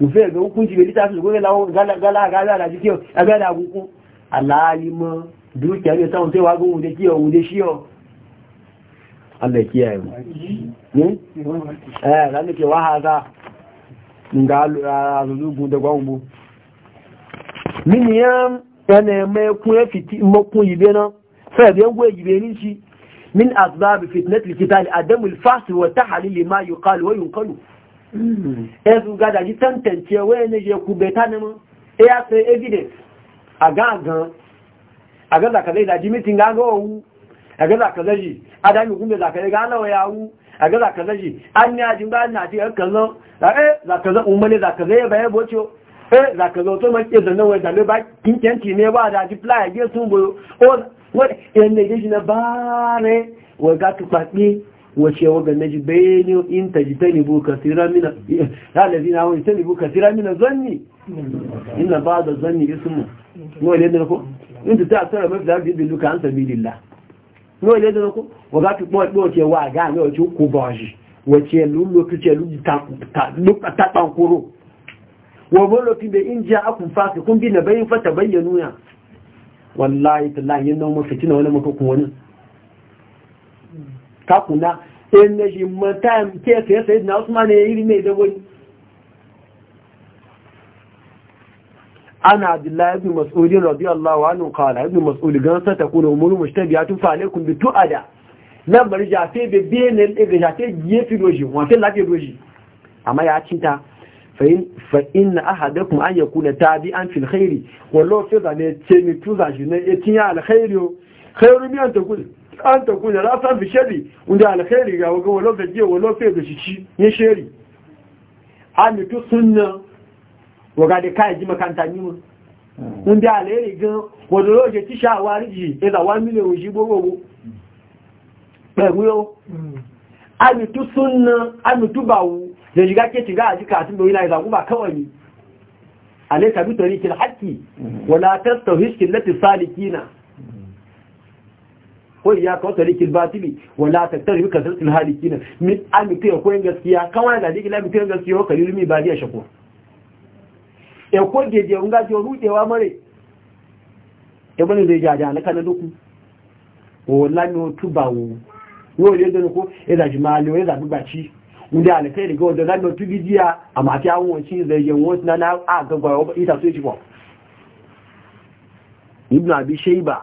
ufe ga hukunci bai littafi gobe gala ne samun sai ne min asbab fitnat alkitab adam alfasl wa tahlil ma yuqal ẹzù gada jí tẹ́ntẹ̀ntì ẹwẹ́ ẹni yẹ kú bẹ̀tá ní mọ́ ẹ yá fẹ́ evidence àgán-àgán àgẹ́dàkẹ́lẹ́ ìdájí mítí gángan ọ̀wú àgẹ́dàkẹ́lẹ́ yìí adáyìnkú mi làkẹ́lẹ́ gánà ọ̀yà wú àgẹ́dàkẹ́lẹ́ yìí a ní àjíǹgbá àti ẹ̀kẹ́lọ́ ẹ̀ làkẹ́lẹ́ òmọlẹ́ làkẹ́lẹ́ yẹ bẹ́ẹ̀ bó tí ó ẹ̀ làkẹ́lẹ́ tó mọ́ wace waga na ji bayani in ta ji tanibu kasira mina ɗalazi na wani tanibu kasira mina zanni ina ba da zanni ismu nawa ne da ko in ta ta tsara mafi zafi bin luka an sami lilla nawa ne da ko waga ta kuma ɗoke wa ga ne wace ko ba shi wace lulloki ce ta ɗankuro wa bolokin da in ji akun fasa kun bi na bayin fata bayyanu ya wallahi tallahi yin nan mafi tina wani makakun wani kakuna in na shi mata ke sai sai na usman ne iri mai da wani ana abdullahi ibn mas'ud radiyallahu anhu qala ibn mas'ud gan sa takuna umuru mushtabiyatun fa alaikum bi tu'ada nan bari ja sai be be ne e ga ja sai ye fi doji wa sai lafiya doji amma ya cinta fa in fa in ahadakum an yakuna tabi'an fil khairi wallahu fi zane ce mi tuza shi ne ya e tinya al khairi khairu bi an takuna an ta kuna la san bi shari unda alkhairi ga wago wala da je wala fe da shi yin shari ami to sunna waga da kai ji makanta ni mun unda hmm. alkhairi ga wala lo ti sha wariji e da 1 million oji gbogbo pẹ̀lú yóò hmm. ami to sunna ami to bawo da shiga ke shiga a jika tun doyi na e ba kawai ne alaika bi tarikil haqqi hmm. salikina وإياك وطريق الباطل ولا تقترب كثرة الهالكين من أمتين كوين غسكيا كما ذلك لا أمتين غسكيا وقليل من بادية شكور يقول جيجي ونغاجي ورودي وامري يقول لي جاجي أنا كان لكم ولا نتبعو yóò lé dẹnu kó ìdàjùmọ̀ alẹ́ ìdàgbàgbàtí ndé àlẹ́fẹ́ ìrìgọ́ ọ̀dọ̀ láti ọ̀tún a díà àmàtí àwọn òṣìṣẹ́ ìrẹ̀yẹ̀ wọ́n ti ita àgbàgbà ìtàsó ìjìwọ̀ ibùn ibn abi shaiba.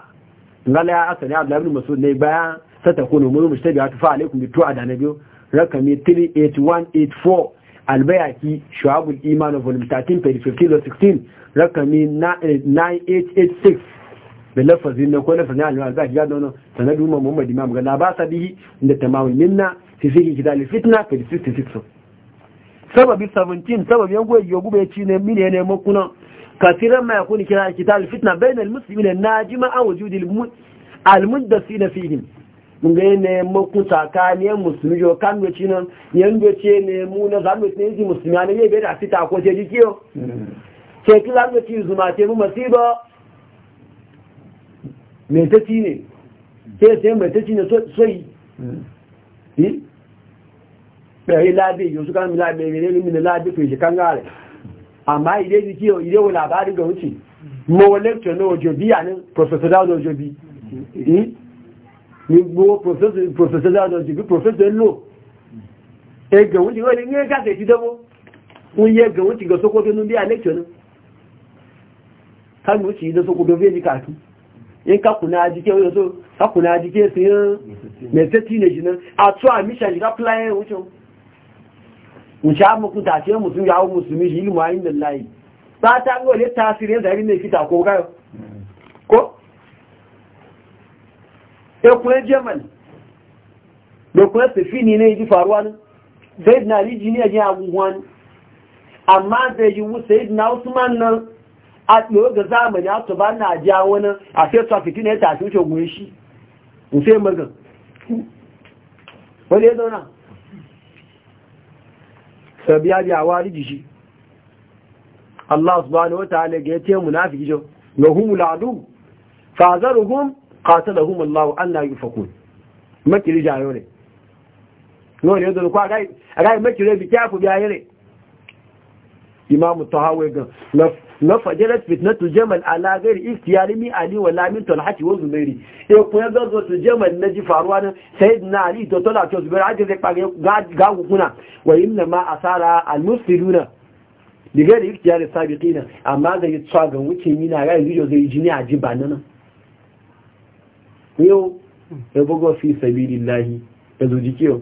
ngala ya asali abdullahi ibn mas'ud ne bayan satakunu umuru mushtabiha fa alaikum bitu adanabiyo rakami 38184 albayaki shu'abul iman volume 13 15 rakami 9886 da lafazin na ko lafazin alimar albayaki ga dono sanadu umar muhammad imam ga labasa bihi inda tamamin minna fi fihi kitab fitna page 66 sababi 17 sababi yan goyi ci ne mine ne makuna كثيرا ما يكون كتال الفتنة بين المسلمين الناجمة أو وجود المدسين فيهم ngai ne maku tsakaniyar musulmi yau kan doci nan yan doce ne mu na zanuci ne yi musulmi ne ya bai da ta ko ce jikiyo ce ki zanuci zuma ce mu masiba mai ta ci ne ce ce mai ta ci ne soyi ɗari labe yau su kan labe mai ne mini labe to shi kan gare amma ile jiki yau ile wa ga wuce mo lecture na ojobi a nan professor dawud ojobi hmm? ni professor dawud ojobi professor lo e ga wuce wani ne ga ka ti dabo un ye ga wuce ga biya lecture nan kan wuce da ni in ka kuna jike so ka kuna jike ne shi a plan wuce muku tashe mutum ya hau musulmi shi ilmu ayin da layi ba ta ga wale yanzu harin ne fita ko gayo ko? ya kuma jeman da kuma sufini ne ji faruwa ne zai na riji ne ji abubuwa ne amma zai yi wuce yi na usman nan a tsoro ga zamani a tuba na ja wani a sai tuwa ne ya tashi wuce gure shi in sai magan wani ya zauna sabi abi a wari jishi Allah subhanahu wataala ga yace munafiki jo ga humul adu fazaruhum qatalahum Allah an la yufakun makiri jayo ne no ne da kwa gai gai makiri bi kyafu bi ayire imamu tahawi ga na fajirat fitnatu jamal ala gairi ikhtiyari mi ali wa lamin haki wa zubairi e kun ga zo jamal na ji faruwa na sayyidina ali to tola to zubairi aje zai kage ga kuna wa inna ma asara al mufsiduna diga da ikhtiyari sabiqina amma zai wuce wucin na ga video zai ji ne a ji ba nan yau ya bugo fi ya zo jikiyo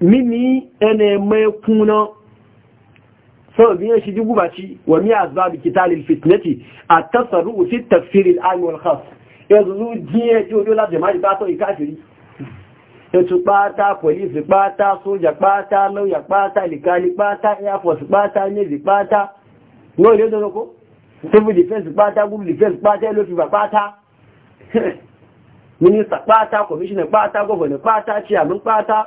mini ene mai kuna sau biyan shi dubu baci wa miya azabi fitnati a tasaru fi tafsirin annual khas yanzu jiye jojo ní olè dọ́dọ́kó civil defense pátá good defense pátá ẹlòfìbà commissioner pátá governor pátá chairman pátá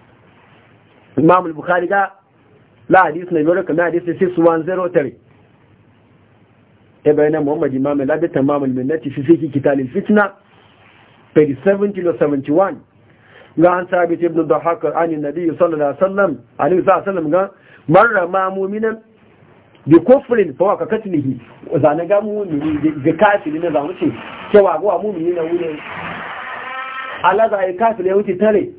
imam al-bukhari ga la hadis na biyar kamar hadis 6103 ebe na muhammad imam al-abi tamam al-minnati fi fiqi kitab al-fitna page 70 to 71 ga an sabit ibn dahak an an nabi sallallahu alaihi wasallam ga marra ma bi kufrin fa wa katlihi zana ga mu'mini bi kafiri ne zamu ce cewa ga mu'mini ne wuri Allah zai ya kafiri ya wuce tare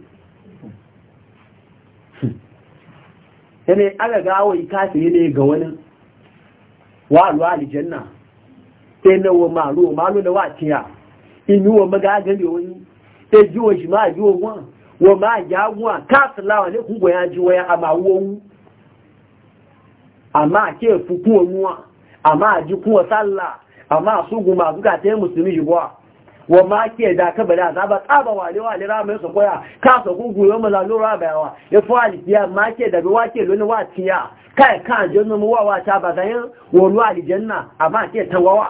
yana aga gawai kafiri ne ga wani wa'alwa alijanna sai na wa malu malu na wa tiya inu wa magagari wani sai ji wa shi ma ji wa gwan wa ma ya gwan kafirawa ne kun gwaya ji waya a mawuwan amma ke fukun wa nuwa amma ji kuwa sallah amma su guma zuka ta yi musulmi shi gwa wa ma ke da ka bada za ba tsaba wale wale ramai su koya ka so gugu yo mala lura bayawa ya fa aliya ma ke da wa ke loni wa tiya kai kan je mu wa wa ta ba da yin wo lu aljanna amma ke ta wawa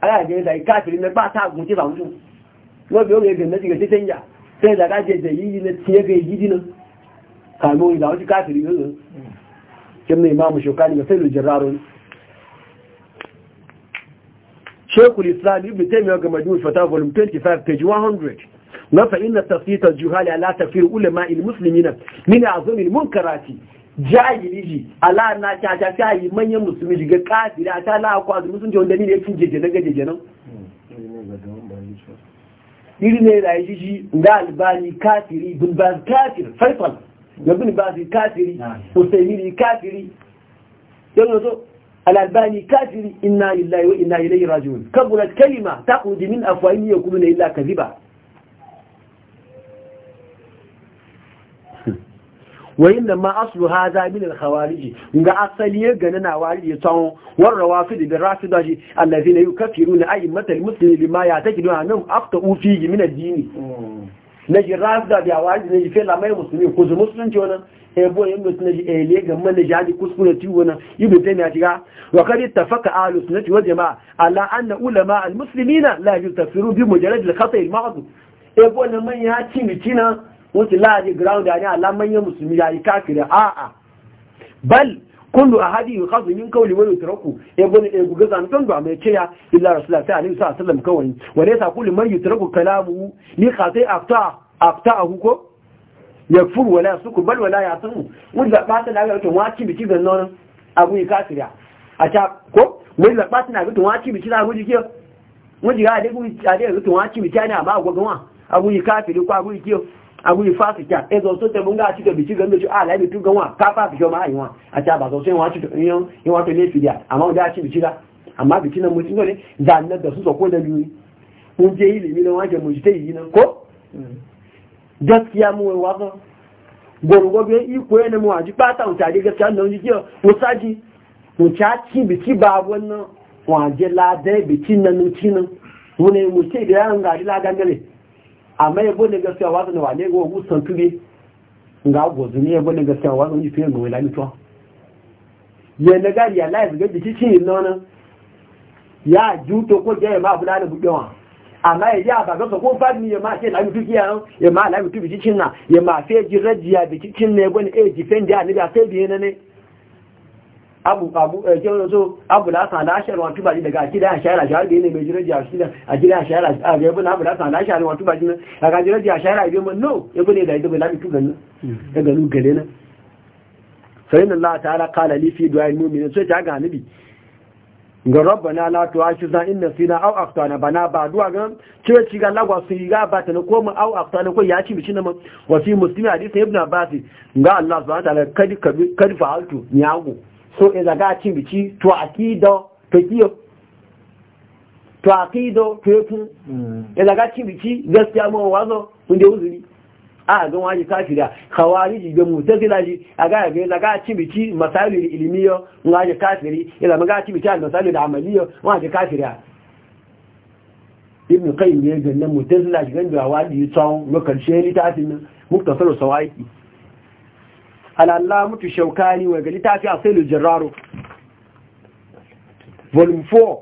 aya je da ka tiri ne ba ta gun ti ba mu lo bi o ye gende ti ti ya sai da ka je da yi ne tiye ga yi dinan ka mu da o ti ka tiri ne ke ne imamu shokani ga sai lu شيخ islam ibn taymiyyah ga majmu' fata 25 page 100 na fa inna الجهال al-juhal ala tafir ulama al-muslimin min azam al-munkarati jahiliji ala na ta ta manyan musulmi ga kafira ta la ku azu musulmi wanda ni ne kin jeje na gajeje nan iri ne da shi ga albani kafiri bin baz kafir faifal ya bin baz kafiri kafiri yanzu الألباني كافر إنا لله وإنا إليه راجعون كبرت كلمة تخرج من أفواههم يقولون إلا كذبا وإنما أصل هذا من الخوارج إن أصلي جننا وارد يتعون والروافد بالرافضة الذين يكفرون أئمة المسلمين لما يعتقدون أنهم أخطأوا فيه من الدين na ji rasda da yawa na ji fela mai musulmi ko su musulunci wani ebo eh, yin mutum na ji ele eh, ga man na ji hadi kuskure ti wani ibu ta ya shiga wa kadi tafaka ahlus sunnati wal jamaa ala anna ulama al muslimina la yutafiru bi mujarrad al khata al ma'dud ebo eh, na man ya ci mitina wuce la ji ground da ne ala manyan musulmi ya yi kakiri a'a. bal kullu ahadi yukhazu min qawli wa yutraku yabun e guga e zanton ba mai ceya illa rasulullahi ta alaihi wasallam kawai wa laysa kullu man yutraku kalamu ni khati afta hu ko yakfur wa la suku bal wa la ya'tamu mun da ba ta wato to waci biki ga nan abu ya kafira a ta ko mun da ba ta wato waci biki da guji kiyo mun ji ga da guji da to waci biki ne ba gwa gwa abu ya kafiri ko abu yi kiyo abu yi fasu kya so zo sote mun ga ci ga bici gambe ci a lai bitu ganwa ka fasu kyo ma yiwa a ta ba zo sai wa ci yin yin wato ne ga ci bici ga amma bici nan mutun ne da so ko da biyu mun je na wake mun je yi na ko gaskiya mu wai wazo gorugo be iko ne mu aji pata mu tare gaskiya na ji kiyo mu saji mu ta ba la da bici na mutun na. ne mu da ga ri la gangare amma yabo ne gaskiya wazo na wane go gusan tube ga gozu ne yabo ne gaskiya wazo ni fiye go wani to ya na gari ya laifin ga biki cin nuna ya juto ko je ma abu da budewa amma ya ja ba ga ko fadi ya ma ce la mi tuki ya ya ma la mi tuki na ya ma fiye ji rajiya biki ne gwani a e defend ya ne ba fe na ne abu abu eh so abu la san da shar wa tuba da daga kida shara shara da ne mai jira ji ashira a jira shara a ga ibn abu la san da shar wa tuba ji daga jira ji shara ibe mun no ibn da yi ido la tuba nan daga lu gare nan fa inna allah ta'ala qala li fi du'a al-mu'min so ta ga nabi ga rabbana la tu'ashizna inna sina aw aqtana bana ba duwa ga cewa ci ga lagwa su ga ba ta koma au aw aqtana ko ya ci bishi na wasi muslimi hadisi ibn abbas ga allah subhanahu wa ta'ala kad kad fa'altu yago so e zaga cin bici to akido to kiyo to akido to yaku e zaga cin mu wazo kun da uzuri a ga waji kafira khawariji ga mutazila ji a ga ga zaga cin bici masalil ilmiyo waji kafiri ila maga cin bici masalil amaliyo waji kafira ibn qayyim ya ga nan mutazila ji ga waji tsawon lokacin litafin muktasar sawaiki alalla mutu shaukani wa ga littafi a sai lujiraro volume 4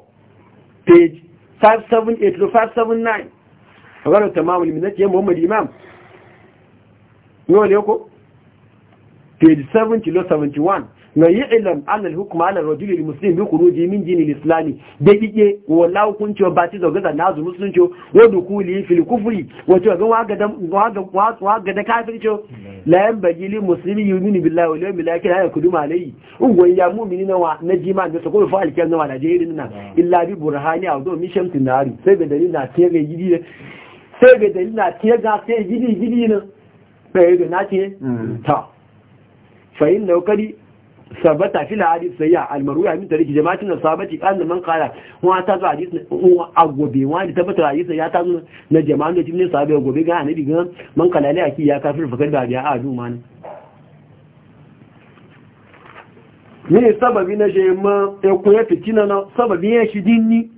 page 578-579 maganar tamamul minati yan muhammadu imam yau ne ko page 70-71 na yi ilan annal hukuma ala rajuli al muslim bi khuruji min din al islami da kike wala hukunci ba ci zaga da nazu musulunci wa dukuli fil kufri wa to ga wa ga da waga waga da kafirci la yan bagi lil muslimi yuminu billahi wal yawmil akhir ya kuduma alayhi ungwan ya mu'minina wa najima da ko fa al kiyam na najeriya na illa bi burhani aw do mi shamtin nari sai ga dalil na tege gidi sai ga dalil na tege sai gidi gidi ne sai ga na ce mm. ta fa inna qadi sabata fil hadith sayya al marwi min tariki jama'atin asabati qalla man qala wa ta zo hadith wa agobe wa da tabbata hadith ya ta zo na jama'an da cikin sahabe gobe ga annabi ga man qala la yaki ya kafir fa kada biya adu man ne sababi na je ma e ko ya fitina na sababi ya shi dinni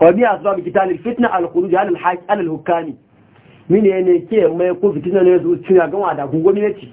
wa bi asbab kitab al fitna al khuruj al haj al hukami min ne ke mai ko fitina ne su cinya ga wa da gwamnati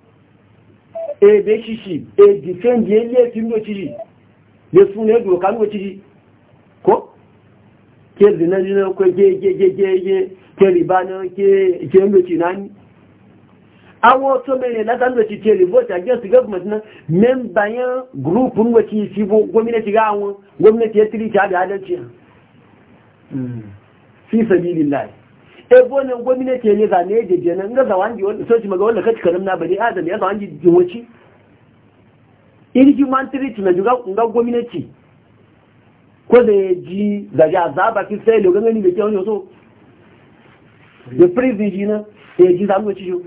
ebe shishi e defendi ele fin do chiri le sun le do kan do chiri ko ke dina dina ko je je je je je ke riba na ke ke ndo chi nani awo to me ne ladan do chi ke riba ta just government na mem bayan group ndo chi si bo gwamnati ga awon gwamnati ya tiri ta da adalci hmm. fi sabilillah ebo ne gwamnati ne zane ne da jenan ga ji wanda soci maga wanda kaci karam na bani adam ya ji jinwaci irgi mantiriti na ga ga gwamnati ko da ya ji da ja zaba ki sai lo gangani da ke wani so da prison ji na ya ji zamu ci jo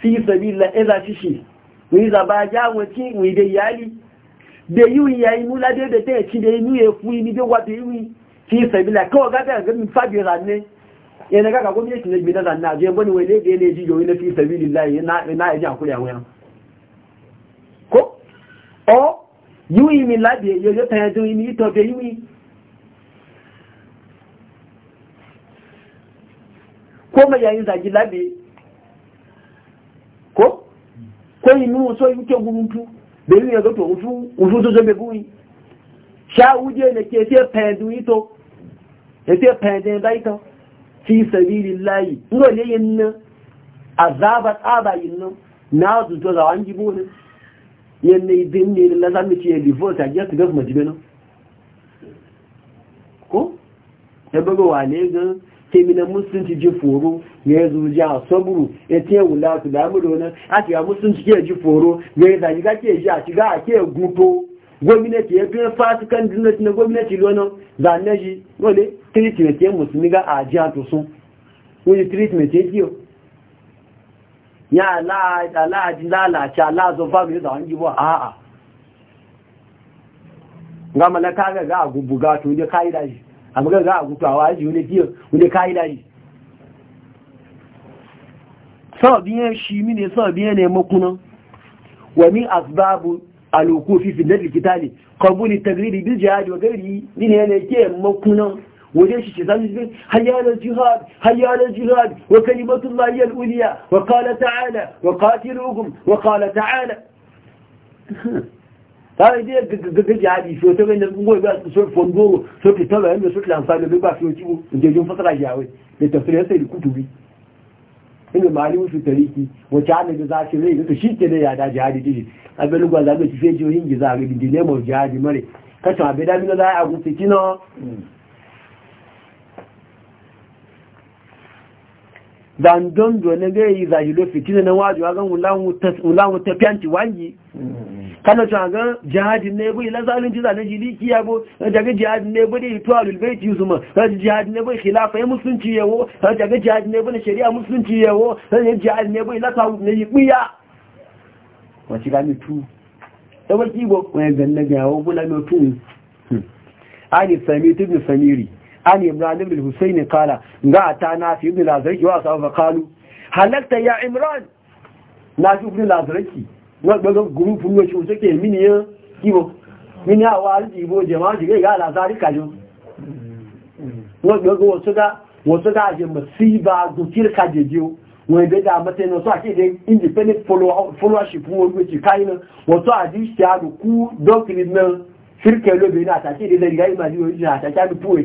fi sabila eza ci shi ni za ba ja wati ni da yali da yi wuyi yayi mula da da ta ci da ni ya fuyi ni da wa da yi fi sabila ko ga da ga mi fabi ranne yana ga gwamnati ne gidan nan je bani wai ne ne ji yoyi na fi na na ya ji a wayan ko o yui mi labi yo yo tan jo mi to yi, yui ko ma yayin zagi labi ko ko yi mu so yi ke guruntu da yi ya ga to zo be bui sha uje ne ke ito ke se pendu ito fi layi, ngo ne yin azaba tsaba yin na zu to zawan gibo ne yin ne din ne la zan ci li vota su ta gasma jibeno ko ya e bago wale ga kemina musulunci ji foro ya yi zuja saburu ya ce wula su da amuru wani a shiga musulunci ke ji foro ya yi zaji ga ke ji a shiga a ke guto gwamnati ya fiye fasikan dinnati na gwamnati lona zane shi wale treatment ya musulmi ga a jiya to sun wani treatment ya kiyo ya ala'aji lalace alazo faru ya zawon gibo a a ga malaka ga ga agubu ga to ne kayi daji amma ga ga agubu a waji wani kiyo wani kayi daji sau biyan shi mini sau biyan ne makunan wani asbabu الوقوف في النار القتالي قبول التقرير بالجهاد وغيره من هنا كي مكنا وليش الشيطان يقول هيا على الجهاد هيا على الجهاد وكلمة الله هي الأولياء وقال تعالى وقاتلوهم وقال تعالى هذا دي جدي في شو تبين نقول بس صوت فندور صوت تبع صوت الانصار اللي بقى في وجهه جايين فتره جاوي لتفسير هذه الكتب ina mali musu tariki wacce hannun da za shi rai duka shi ke da yada jihadi a bai lugwa zaɓe ci fiye jihohin giza a gidi ne jihadi mare kacin abin da za a yi a gusi kino hmm. dandon ne ga yi zahilo fitina na wajo a gan wulamu ta fiyanci wangi kana cewa ga jihadin ne bai lazalin jiza na jili kiya bo daga jihadin ne bai yi tuwa lulbaiti su ma daga jihadin ne bai khilafa ya musulunci yawo daga jihadin ne bai shari'a musulunci yawo daga jihadin ne bai lasa ne yi kuya wacce ga mitu da wacce ibo wani ganna ga yawo bula mitu hmm. ani sami tubin samiri an imran ibn husayn qala ga ta na fi ibn lazarki wa sahaba qalu halakta ya imran na fi ibn lazarki wa ga guru fulu shi suke mini ya kibo mini awa aljibo jama'a ji ga lazari kajo wa ga wasu ga wasu ga je masiba gukir kajejo wọ́n ẹgbẹ́ dáa mẹ́tẹ́ náà tó àkéde independent followership wọn gbé ti káyí náà wọ́n tó àdíṣẹ́ àrùkú dọ́kìnrin náà fírkẹ̀ lóbìnrin àtàkéde lẹ́yìn láìmáà ní orílẹ̀ àtàkéde púpọ̀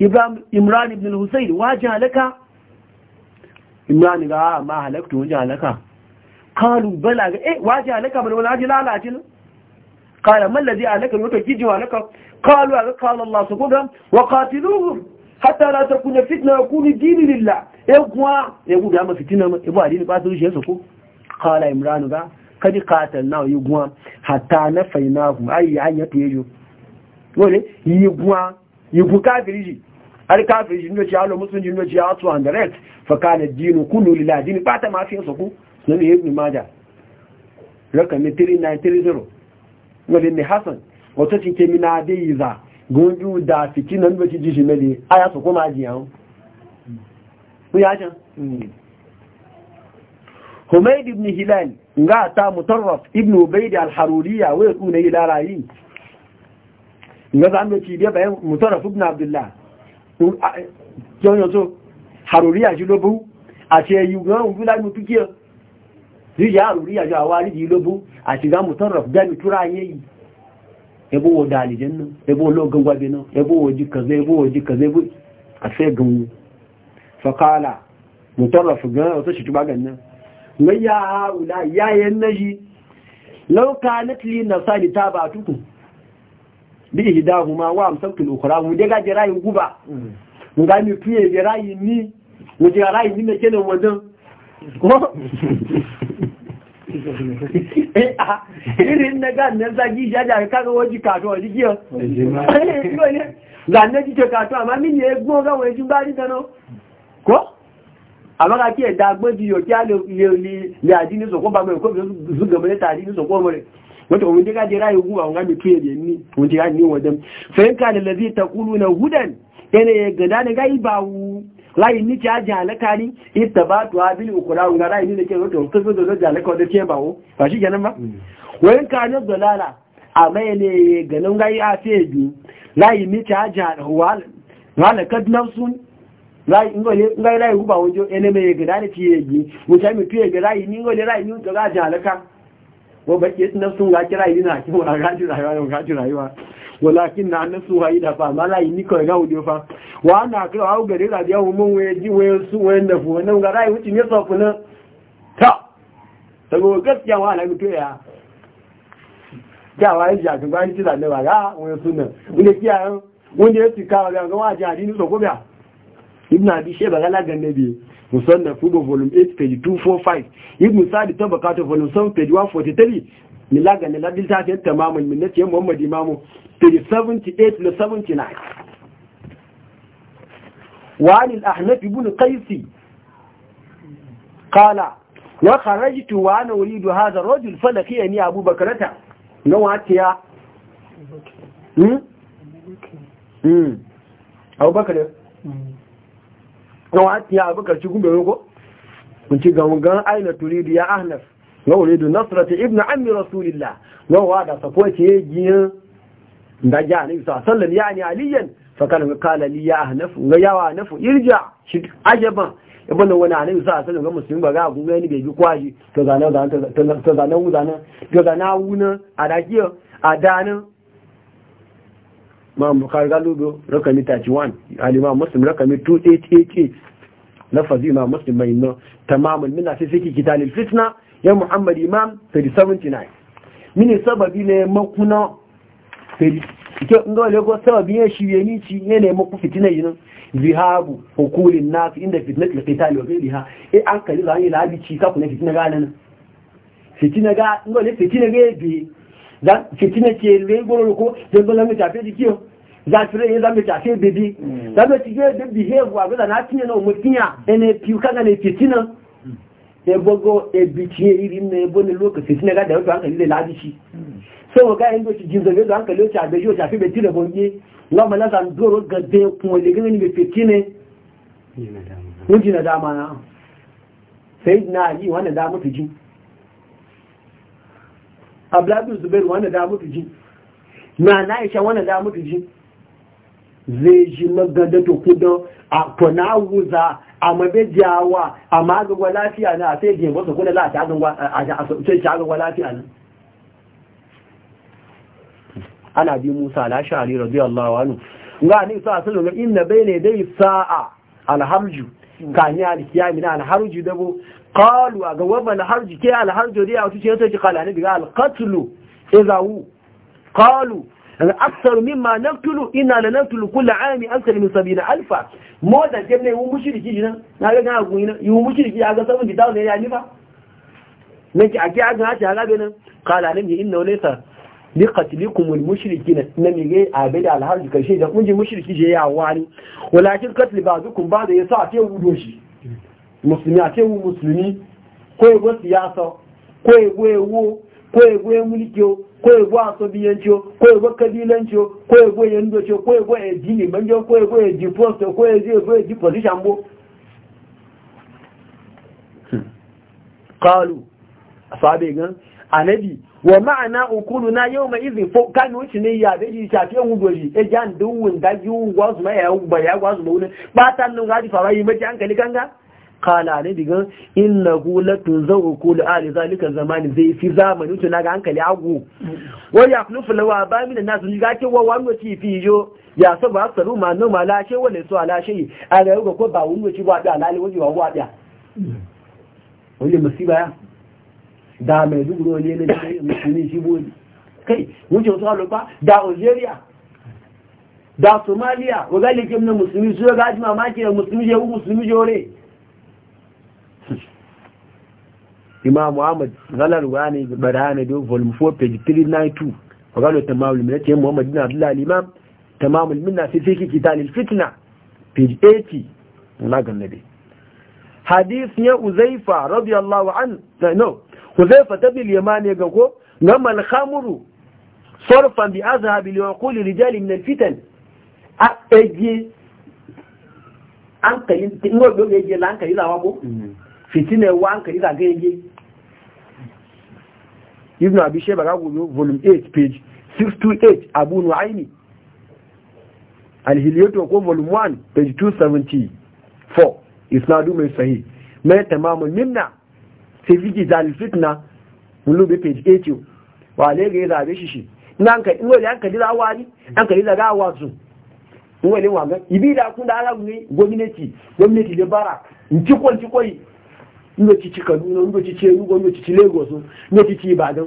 imran ibn al-husayn wajin halaka imran ga ah, ma halaktu wajin halaka kalu bala ga eh wajin halaka bane wala lalace ne qala man ladhi halaka wato kiji alaka qalu ga qala allah subhanahu wa qatiluhum hatta la takuna fitna yakunu dini lillah eh kuwa eh da ma fitina ma ibu eh, adini ba su shi ko qala imran ga kadi qatalna yugwa hatta nafainahum ayi an yato yejo wole yugwa yugu kafiriji har kafin jin doci halo musulun jin doci ya 200 fakana dinu kullu lila dini bata ma fi soku sunan ibn majah rakami 3930 wani ne hassan wata cike mina dai za gunju da fiki nan ji shi mele aya soku ma jiyan ku ya can hmm. Humaid ibn Hilal nga ta mutarraf ibn Ubayd al-Haruriya wa yakuna ila rayi nga zan ci da bayan mutarraf ibn Abdullah yọ́nyọ́ tó àròrí àjú lóbú àti ẹ̀yù gan òun lágbó tó kíọ̀ ríyà àròrí àjú àwọn àríjì lóbú àti gámù tọ́rọ̀ gẹ́mì tó ráyé yìí ẹbó wọ dáàlì náà ẹbó ológun gbábẹ́ náà ẹbó bi ihdahuma wa amsaktu al-ukhra mu daga je rayin guba mu ga mi fiye je rayin ni mu je rayin ni ne kene wajen ko eh, irin na ga nan zagi jaja ka ga waji kato waji giya ga nan jike kato amma min ne gbo ga waji bari dano ko amma ka ke da gbo biyo ki ale le le adini so ko ba mai ko zuga mai ta adini so ko mai wato mun diga jira yi guwa wanga mi tuye da ni mun diga ni wadan fa yanka da lazi taquluna hudan ene ya gada ne ga ibawu layi ni ja jalaka ni ittabatu abil ukura wanga rayu ni ke wato kusa da jalaka da ke bawo ba shi kenan ba mm. wayan ka ne dalala amma ne ganin gai a bi layi ni ja jalaka wal wala kad nafsun rai ngo le ngai rai guba wonjo ene me gada ne tiye gi mun ta mi tuye ga rai ni ngo le rai ni to ga jalaka wa baki nafsun ga kira idina ki wa ga ji rayuwa ga ji rayuwa walakin na nafsu ga ida fa mala yi ni ko ga udi fa wa na kira au gare da ya mu mun we ji we su we da fu wannan ga rayu wuci ne sofu na ta sabo gaskiya wa na mutu ya ja wa ji ga ga ji da ne wa ga we su ne ne kiya wanda ya tika wa ga wa ji adini so ko biya ibn abi sheba ga la gannabi musanna fubo volume 8 page 245 ibn sa'ad tabaqatu volume 7 page 143 milaga ne ladil ta ta tamamin min nace muhammad imamu page 78 na 79 wa an al-ahnaf ibn qais qala wa kharajtu wa ana uridu hadha ar-rajul falaqiyani abu bakrata nawa tiya hmm hmm abubakar ga wati ya abu karci yi ko mun ci ga Gan aina turidu ya ahnaf wa uridu nasrata ibn ammi rasulillah wa wa da sako ce yaji da ja ne sa sallan ya ni aliyan fa kana kala li ya ahnaf ga yawa nafu irja shi ajaban ibn wani alim sa sallan ga musulmi ba ga gun ga ni bai bi kwaji to zanan zanan to zanan wuzana to zanan wuna a dakiyo a danin imam bukhari galudo rakami 31 al-imam muslim rakami 2888 lafazi imam muslim mai no mina sai sai asisi kitabul fitna ya muhammad imam 379 mini sababi ne makuna sai ke ngo le go sababi ya shiye ni ci ne ne maku fitina yin zihabu hukulin nas inda fitnatul qital wa ghayriha eh an kali zan yi labi ci ka kuma fitina ga nan fitina ga ngo le fitina ga bi dan fitina ke le goro ko dan ta mu di kiyo zafire yin zambe ta ce bibi mm. zambe ti ge de behave wa gaza na tinye na mutinya ene piu kaga mm. ne fitina e bogo e bitie iri ne bo ne lokaci sine ga da wato hankali da ladi shi mm. so ga yin go ti jinzo da hankali o ta be jo ta fi beti da bonje na mala san doro ga de ku le ga ne be fitine ni ji na dama na sai na yi wannan da mutu ji abdullahi zubair wannan da mutu ji na na isha wannan da mutu ji zai ji magada da kudin a kuna wuza a mabe jawa a magagwa lafiya na a sai je wasu kuna za a shagagwa lafiya na ana bi musa lashari radiyallahu anu ga ni sa sun ga inna bayne dai sa'a alhamju kan ya alkiyami na alharju dabo qalu ga waba alharju ke alharju dai a wuce ta ji kala ne daga alqatlu idza qalu daga aksaru mimma na tulu ina da na tulu kula ami min sabi na alfa mota jem na yi wumushi da kiji nan na gaga gugu ina yi wumushi da kiji a ga da dawo na ya nifa na ki ake a gana ce a gabe nan kala nan yi ina wani sa li katili kumul mushriki na mige abe da alhaji karshe da kun ji mushriki je ya wani walakin ba zukun ba da ya sa a ce wudo musulmi a ce wu musulmi ko ya gosu ya ko ya goye wo ko ego ya mulki ko ego asobiyanci ko ego kabilanci ko ego ya ndoci ko ego ya ji limanci ko ego ya ji post ko ego ya ji position bo hmm. kalu asabe anabi wa ma'ana ukulu na yau mai izin fo kan wuce ne ya da shi shafi yan gori e jan duwun da yi gwazu mai ya gwa ya gwazu mai wani batan nan gadi fara yi mace hankali kanga kala ne diga inna hu latun zawu kulu ali zalika zamani zai fi zamani to naga hankali agu wa yaklufu lawa ba min nasu ni gake wa wa mu ci fi yo ya so ba saru ma no mala she wala so ala she a ga ko ba wanda ci ba da alali waje wa wa da wani musiba ya da me duro ne ne musulmi shi bo kai so wasu ba da algeria da somalia wa galike mun musulmi so ga ji mamaki da musulmi je musulmi je imam muhammad zalar wani barane do volume 4 page 392 wagalo tamamul minna ce muhammad bin abdullah al-imam tamamul minna fi fiki kitab al-fitna page 80 lagan nabi hadith ya uzaifa radiyallahu an eh, no uzaifa tabi al-yaman ya gako ngamal khamru sarfan bi azhab li yaqul rijal min al-fitan an kayin tingo do ye lan kayi lawa ko mm-hmm. fitine wa an kayi ga geje ibn abi shayba ga gudu volume 8 page 628 abu nu'aini al-hilyato ko volume 1 page 274 isnadu mai sahih mai tamamul minna sai fiki zal fitna mulube page 80 wa le ga zabe shi shi nan ka inwe an ka dira wani an ka dira gawa su inwe le wa ga ibida kun da ala gwamnati gwamnati da bara in ci kon ci koi lokaci kaduna lokaci ci enugu lokaci ci lagos lokaci ci ibadan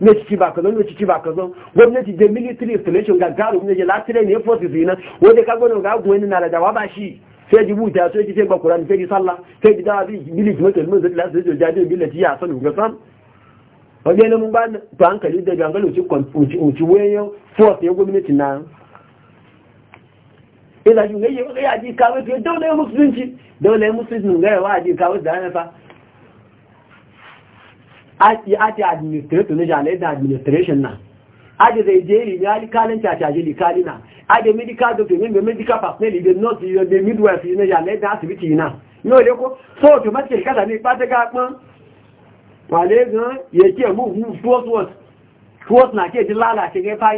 lokaci ci bakazan lokaci ci bakazan gwamnati da military installation ga garu ne ya latire ne forces ina wanda ka gwamnati ga gwamnati na da jawaba shi sai ji buta sai ji sai ba qur'ani sai ji sallah sai ji dawa bi miliki mutum mun zai lasu da jadi millati ya sanu ga san wajen mun ba to hankali da gangalo ci kwanci wayo force ya gwamnati na ina shi gaye ba ya ji kawo ke dole musulunci dole musulunci ga yawa ji kawo da na fa ati ati administrator ne jale da administration na ade zai je ri ya likalin ta ta je likalin na ade medical doctor ne be medical personnel de not you the midwife ne jale da asibiti na no le ko so automatically kada ni pa te ga pon wale gan ye ke mu fu force force na ke di lala ke ge fa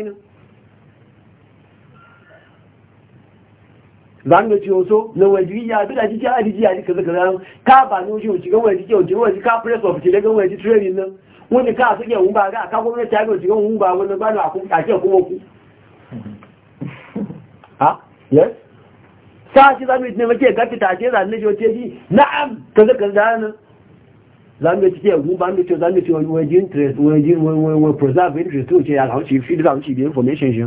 zan da ciwo so na waje ya bi da jiki adiji ya ji kaza kaza ka ba no shi wuce ga waje ke wuce waje ka press of ga waje training nan wani ka suke mun ba ga ka gwamnati ta ga wuce ga ba wani ba ku ce kuma ku ha yes sa shi zan ne muke ga fita ce zan ne jote ji na'am kaza kaza nan zan da cike mun ba ce zan da ciwo waje interest waje waje preserve interest to ce ya hauci feed zan information shi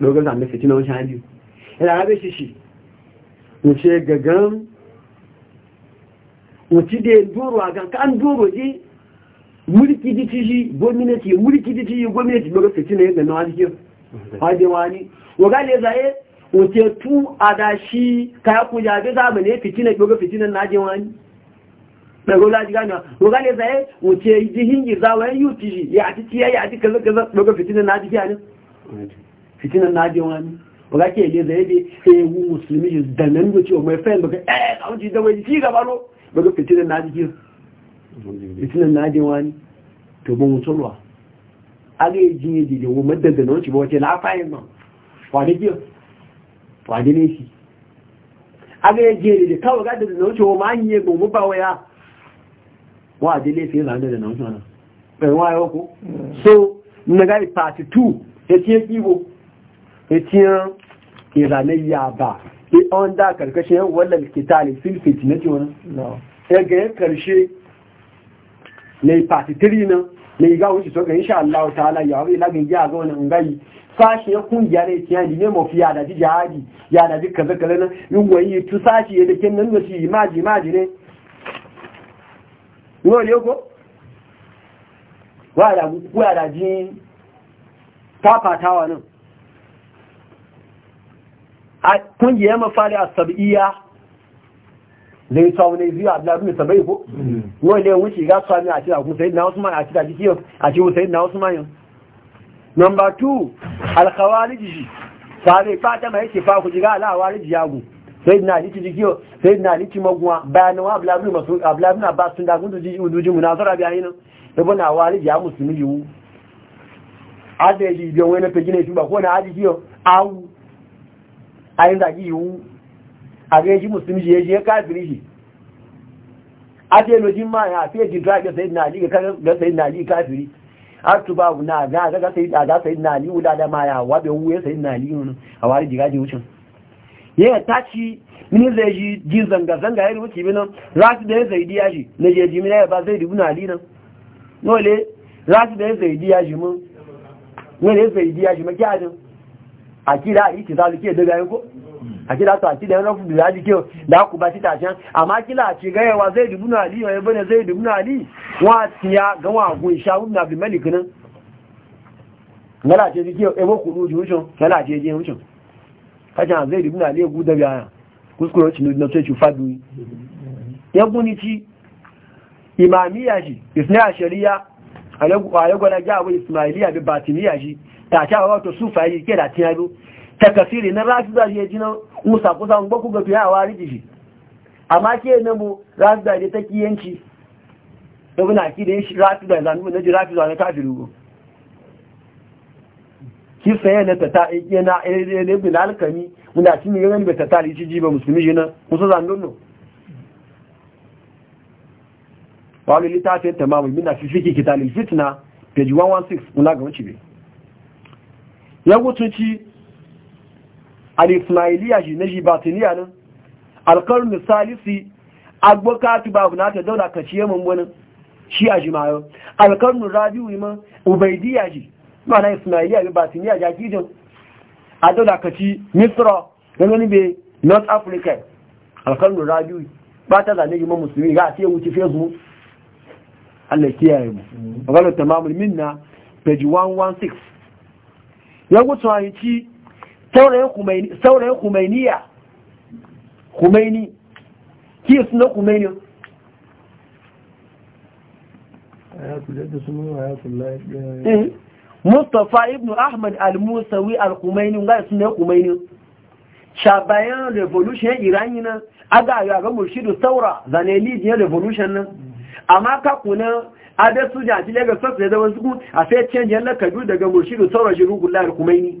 lórí ọ̀nà mẹ́fẹ̀ tí lọ ṣáájú ẹ̀lá ṣíṣì mo ṣe gẹ̀gán mo ti dé dúró àgán ká ń dúró dí múríkì ba tíyí gómìnàtì múríkì dí tíyí gómìnàtì lórí fẹ̀ tí lọ ẹgbẹ̀ náà díkẹ́ wájẹ́wání wọ́gá lè záyé mo ti tú adaṣí káyàkúnjà àgbẹ́ sáàbẹ̀ ní fìtínà gbogbo na wuce yi yi yi ya ya kaza kaza fitinan na fitinan na je wani ba za ke yi zai bi wu musulmi da nan eh, da ciwo mai fayin baka eh kawo wajen da wani ci gaba no ga fitinan na ji fitinan na je wani to ban wuce ruwa a ga yi jinye jide wu madda da nauci ba wace na fayin ma wani ki wani ne shi a ga yi jinye jide kawo ga da nauci wo ma an ba mu ba waya wa a ne sai zane da nauci wani bai wayo ko so na gari 32 ya ce kibo etiyan ya ba ɗi on da karkashin yan wallar kitali filfit na jiwon ya e ga yan karshe na yi patitiri na na yi gawon shi soka insha Allah ta'ala ya wari lagin ya ga wani ngayi sashi ya kungiya na etiyan ne mafi ya da ji jihadi ya da ji kaza kaza na yin wani yi tu sashi ya dake, nan da shi maji imaji ne yau ne ko wa da ji tafatawa nan a kungiyar mafari a sab'iya da yi tsawon izuwa abu mai sabai ko mm. wani ne wuce ga sami a cikin akwai sayid na wasu mayan a cikin ajiyar a cikin sayid na wasu mayan nomba 2 jiji sabai fata mai yake fa ku ji ga alawariji jiyagu sai na liki jiki sai na aliki maguwa bayanan wa abdullahi na ba sun dagun dujin munazara biyayi nan yabo na wariji ya musulmi yiwu adda biyan wani fegina shi ba ko na ajiyo awu ayin da ki yiwu a ga shi musulmi je ya kafiri shi a ce jin ma ya fiye jin ga ga sayyidina ali ga sayyidina ali kafiri a tu ba na ga ga sayyidina ga sayyidina ali wuda da ma ya wabe be wuye sayyidina ali wani a wari jiga ji wucin ya ci min zai ji jin zanga zanga ya rubuci min rasu da zai diya shi na je ji min ya ba zai dubu nali nan nole rasu da zai diya shi mun ya zaidi diya shi makiyajin akida itizalu ke daga yanko akida to akida ran fu da dike da ku ba tita can amma kila ci gaya yawa zai dubu na ali yayin bane zai dubu na wa tiya ga wa gun shawu na bi malik nan ngala ce dike e bo ku ruju wucin ngala ce zai dubu na ali gu da biya kuskure ci na ce ci fadu ya guni ci imamiya shi isna shari'a a yago na abu ismailiya bi batiniya shi ta ta wato sufa ke da takasiri na rafida shi ya ji na musa kusa ba ku ga fiye a wari shi amma ke na mu da ne ta kiyanci da wani aki da ya shi rafida ya zanu na ji da na kafin rugu ki saye na tata ike eh, na eh, eh, ne bin alkami muna cin yi wani bai tata da ji ba musulmi shi na kusa zandun no wani littafin tamamu mina fi fiki kitalin fitna page 116 muna ga wuce bai ya ci. al-ismailiya shi na shi batiniya nan alkarni salisi agbokatu ba na ta daula ka ciye mun wani shi a shi mayo alkarni rabiu ma ubaidiya shi na ismailiya bi batiniya ja kijin a daula ka ci misra gangani be north africa alkarni rabiu ba ta zane yi ma musulmi ga a ce wuce facebook Allah kiyaye mu magana tamamul minna page 116 ya gutsu ci saurayin kumainiya kumaini ki suna kumaini eh. mustapha ibn ahmad al-musawi al kumaini ga na kumaini shabayan revolution irani nan aga a ga murshidu saura zaneli jiyar revolution nan amma kakunan adesuja a cikin lagos sassu ya zama suku a sai canjiyar na daga murshidu saura jirugun rugun la'ar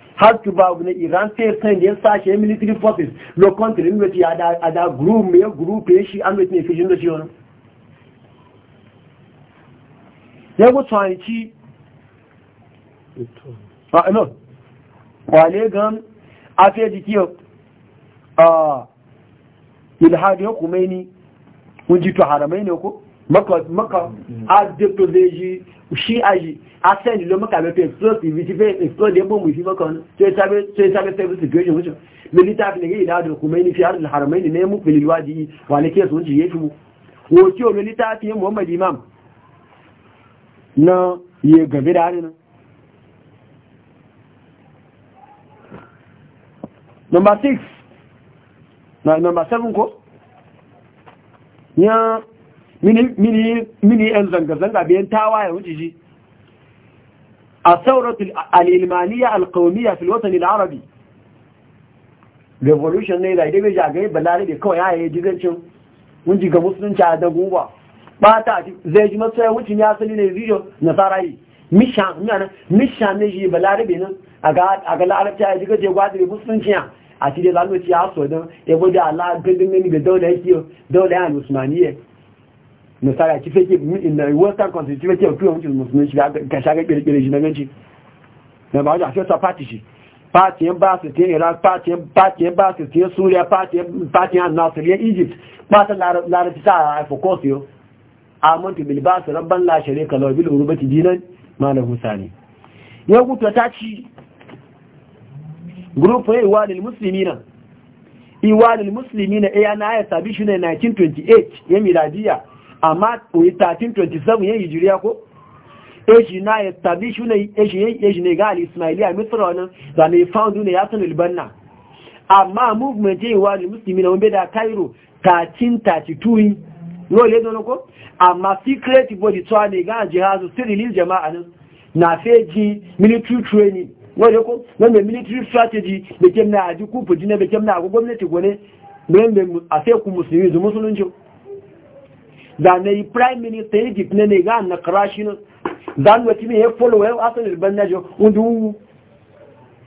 har ki ba ne iran sai san da sashe military forces No country in wuce a da group mai group ya shi an wuce ne da shi wani ya ku tsanci a no kwale gan a fiye jiki a ilhadi ya kuma ni kun ji to haramai ne ko maka maka a dekto zai ji shi aji asẹ́ni ló mọ́kà mẹ́fẹ́ explosive ibi tí fẹ́ explode bọ́ọ̀mù ìfífọ́ kan tó ìsáfẹ́ fẹ́ situation wíṣọ́ milita fi nìyí ìdájọ́ kùmẹ́ ní fi àrùn àrùn mẹ́rin ní mú pèlè wa ni ke so ji jìyẹ́ fún wò o milita fi muhammad imam na iye gàbí da na number 6 na number 7 ko ya mini en zanga-zanga en tawaye wuce الثورة الإلمانية القومية في الوطن العربي revolution ne da idan ya gari balare da kawai yayi jigancin mun ji ga musulunci a dagu ba ba ta zai ji masa ya wucin ya asali ne video na sarayi mishan ne mishan ne ji balare be nan a ga a ga larabci ya jiga je gwadi musulunci ya a cikin zanuci ya so da ya gode Allah gindin ne da dole yake dole ya al misali ki fake in the western constitution fake o tuwa musulmi shi ga shagar kirkiri shi na ganci na ba wajen a sosa party shi party ba basu ta iraq party ba basu ta suriya party yan nasir yan egypt mata larabci ta a haifo kosu bil ba su rabban lashere kalabil urubati dinan malam husani ya gutu ta ci grupo iwanil musulmi iwanil musulmi na iya na sabi shi ne 1928 ya miladiya amma koyi 1327 ya hijiriya ko eji na ya tabi shi ne eji ne ga al-ismailiya mitra wannan da ne foundu ne ya san libanna amma movement yi wa musulmi na wani da cairo 1332 yau le don ko amma secret body to ne ga jihazu sirilil jama'a nan na feji military training wani ko wanda military strategy da ke na aji kufu jina da ke na gwamnati gwane a sai ku musulmi zu musulunci da na yi prime minister egypt na ne ga na karashi e na za ni wata mai ya follow yau asan irban na jo wanda wuwu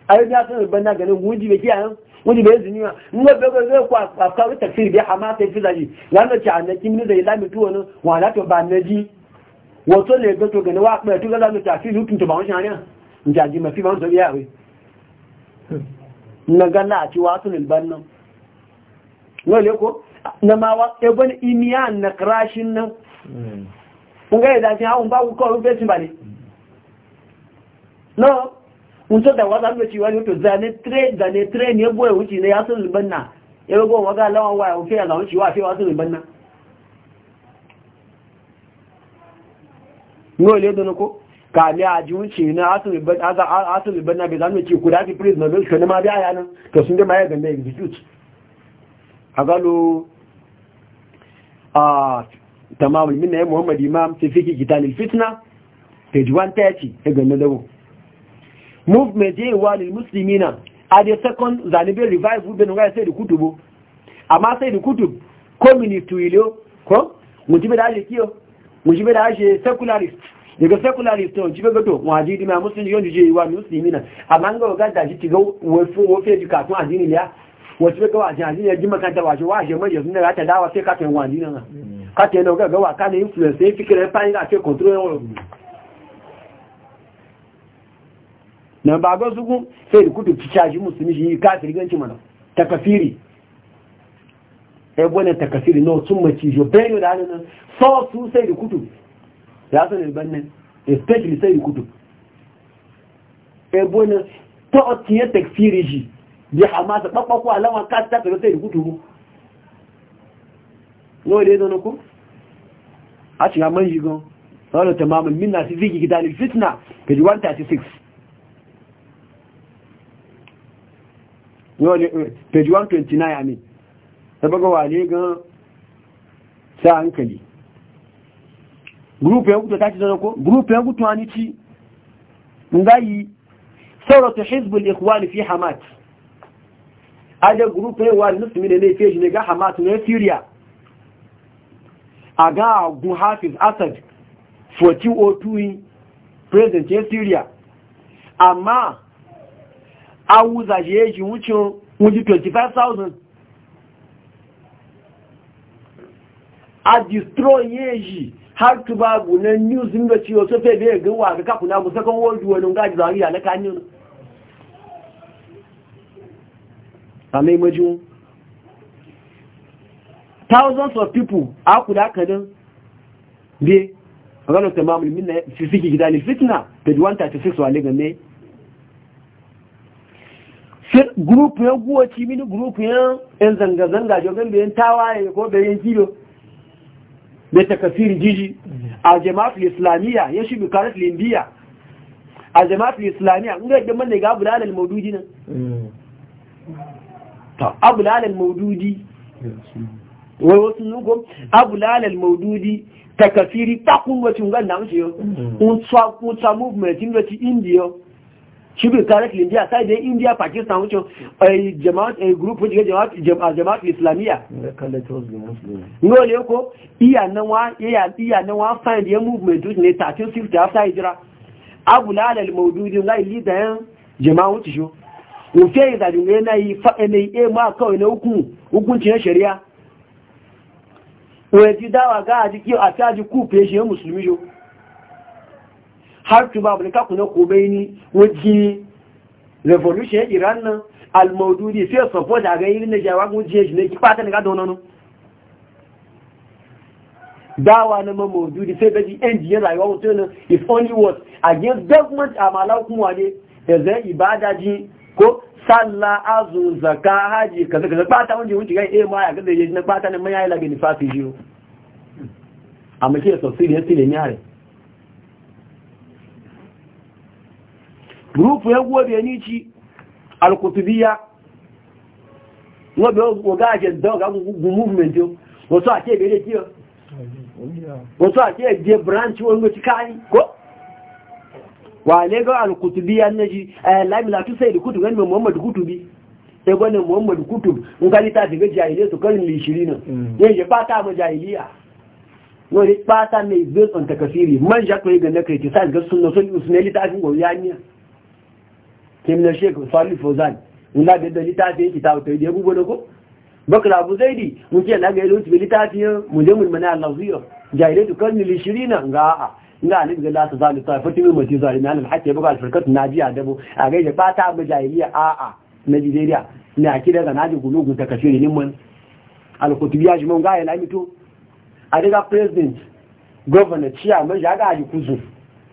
a yau da asan irban na ganin wuji bai kiyayen wuji bai zini ma in ga bai zai kwa kawai tafsir bai hama sai fi zaji ya na ci annaki mini da ilami tuwa nan wala to ba na ji wato ne ga to gani wa ɓaya tuka za ta fi hutun to ba wani shari'a in ji jaji mafi ba wani sauri ya wai hmm. na gana a ci wasu irban nan wale ko na mawa ebon imiya na krashin nan hmm. nga ya zafi hawan kuka kawai fesin ba ne hmm. no unto da wata mai ciwa ne to zane tre zane tre ne boye wuce ne ya sun liban na ya rago waga lawan waya ofe ya zawon ciwa fewa sun liban na no le don ko ka ne a ji wuce na asun liban asun liban na bai zane ci ku da fi prison na bai ne ma bi aya nan to sun da ma ya ga ne execute a galo a minna ya muhammad imam fi fiki kitanil fitna page 130 ya ganna dabo movement ya wa lil muslimina a the second zanibe revive bin ga sai da kutubu amma sai da kutub communist wilo ko mutibe da ake kiyo mutibe da ake secularist daga secularist on jibe gato wajidi ma muslim yon jije wa muslimina amma ga ga da shi tiga wofe jikatun addini ya wasu ga wajen ajin yaji makanta wajen waje mai yanzu na ta dawa sai katon wani nan ta yana ga gawa kanin influence ya fikirar fani da ke control yawon na ba ga sugun sai da kudu ci caji musulmi shi yi kafir ganci mana takafiri ya gwada takafiri na sun maci shi yau da hannun so su sai da kudu ya ban ne especially sai da kudu ya gwada ta otiyar takfiri shi bí hamasa pápákó aláwọn káàtà pẹ̀lú tẹ́ a ṣe àmọ́ yìí gan sọ́rọ̀ tẹ̀mọ́mù minna sí zígi gidani fitna page 136 eh, page 129 àmì ẹgbẹ́gbẹ́wà wani gan sáà ń kàlì gúrùpù ẹgbùtọ̀ tàbí ìdánukú gúrùpù ẹgbùtọ̀ wani tí ń gáyìí sọ́rọ̀ tó hezbollah ikhwani fi hamas ada group ne wa musulmi ne ne fiye shi ne ga hamas na syria a ga agun hafiz assad 1402 e, president ya syria amma a wuza shi ya 25,000 a destroy ya shi har tubabu na news inda ciwo sofe bai gawa ga kakuna musakon world war nun gaji zariya na kanin same thousands of people a kula kanin be ranar tamamul minna fi suke gida ne fitna page 136 wa liga ne gurupu yan guwaci mini gurupu yan yan zanga-zanga jogon bayan tawaye ko bayan kilo da takasiri jiji a jama'afi islamiyya ya shi karas lindiya a jama'afi islamiyya in da yadda manne ga gudanar maududi nan mm. ta abu lalal maududi wai wasu nugo abu lalal maududi ta kafiri takun wacin gan da mace yau mm. unsa movement in wacin indiya shibir karat lindiya sai da indiya pakistan wucin a jama'at a group wucin jama'at islamiyya no ne ko iya nan wa find ya movement ne 1350 after hijira abu lalal maududi ngai lidayen jama'a wucin shi ofe izari ne na yi fa'inai e ma kawai na hukun hukunci na shari'a wai dawa ga a jiki a caji kufe shi yin musulmi yo har tuba abu kuna kobe ni wajen revolution iran nan almaududi sai support a ga irin na jawa kun jiye shi ne ki fata ne ka dono no dawa na ma maududi sai gaji engineer rayuwa mutum is only what against government amala kuma ne da ibada ji ko salla azu zaka haji kaza kaza bata wanda wuce gai eh ma ya kaza je na bata ne manya ila gani fasi jiyo amma ke so sai ne sai ne yare group ya gobe ni ci al-qutubiyya wo be wo gu movement yo wo so ake be le wo so ake je branch wo ngo ti kai ko wa ne ga al-kutubi an naji eh, lami la tu sai da kutubi ne muhammad kutubi sai gwanin muhammad kutub in ka ta daga jahiliya su karin lishiri nan yin mm. ya fata ma jahiliya wani fata mai on ta kasiri man ja to ga na kai ta ga sunna sun usmani ta fi goya niya kim na shek salih fozan in la da litafi yake ta wuta da gugu da ko bakra abu zaidi mun ce la ga yi litafi mu je mun mana allah zuwa jahiliya su karin lishiri nan ga a'a ina ne da lati zali ta fati mai mace zali na nan hakke buga firkatu najiya dabo a gaje fata ba jahiliya a a Najeriya ne a kida ga naji gulugu ta kashe ni mun alkutubiya ji mun ga ya lamito a daga president governor chairman ya ga ji kuzu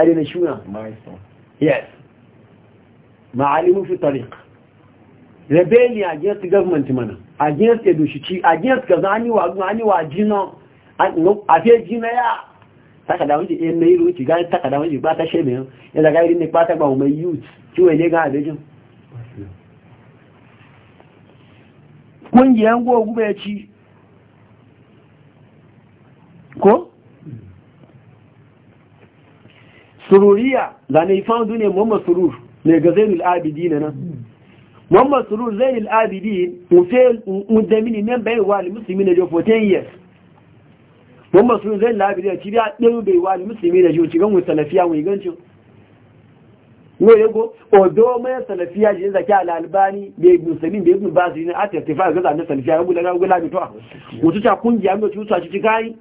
How نشونا Yes. Ma'alimu fi tariq. against government mana. Against Edushichi. Against Kazani wa Gani wa Jina. A fiye Jina ya. mai ruci gani da wuce ba ta mai eh. yau. da gari ne ba ta ba mai youth. Ciwo ne ga abejin. Kungiyan gogu bai ci. Ko? sururiya da ne fandu ne muhammad surur ne ga zainul abidin na nan muhammad surur zainul abidi mufe mudamini nan bai wa musulmi na jo 14 years muhammad surur zainul abidin a cibiya ɗin bai wa musulmi na jo cikin mu salafiya mu gancin no yago do mai salafiya je zaki al albani bai musulmi bai ibn basri ne a tafiya ga zanen salafiya ga gudanar gula mito mutu ta kungiya mai tuta ci kai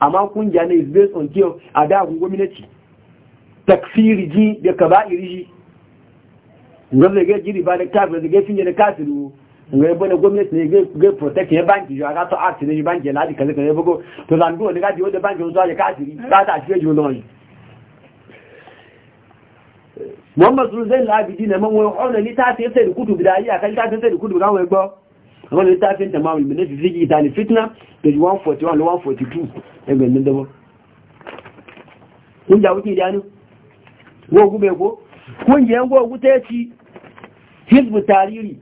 amma kungiya ne is based on kiyo a da gwamnati takfiri ji da ji ngan da gaji riba da kafir da gaji finye da kafiru ngai bane gwamnati ne ga protect ya banki ya ga to act ne banki la di kaza kaza bugo to dan do ne ga di wanda banki zo ya kafiri ka ta ji jiwo don non Muhammad Zuzain Labidi ne man wani hauna ni ta ta sai da kudu da iya kan ta ta sai da kudu ga wai gbo amma ni ta ta ta mawul min ji ji da ni fitna page 141 142 e ga nan da ba kun ja wuce da ni gogu mai go kungiyar gogu ta ci hizbu tariri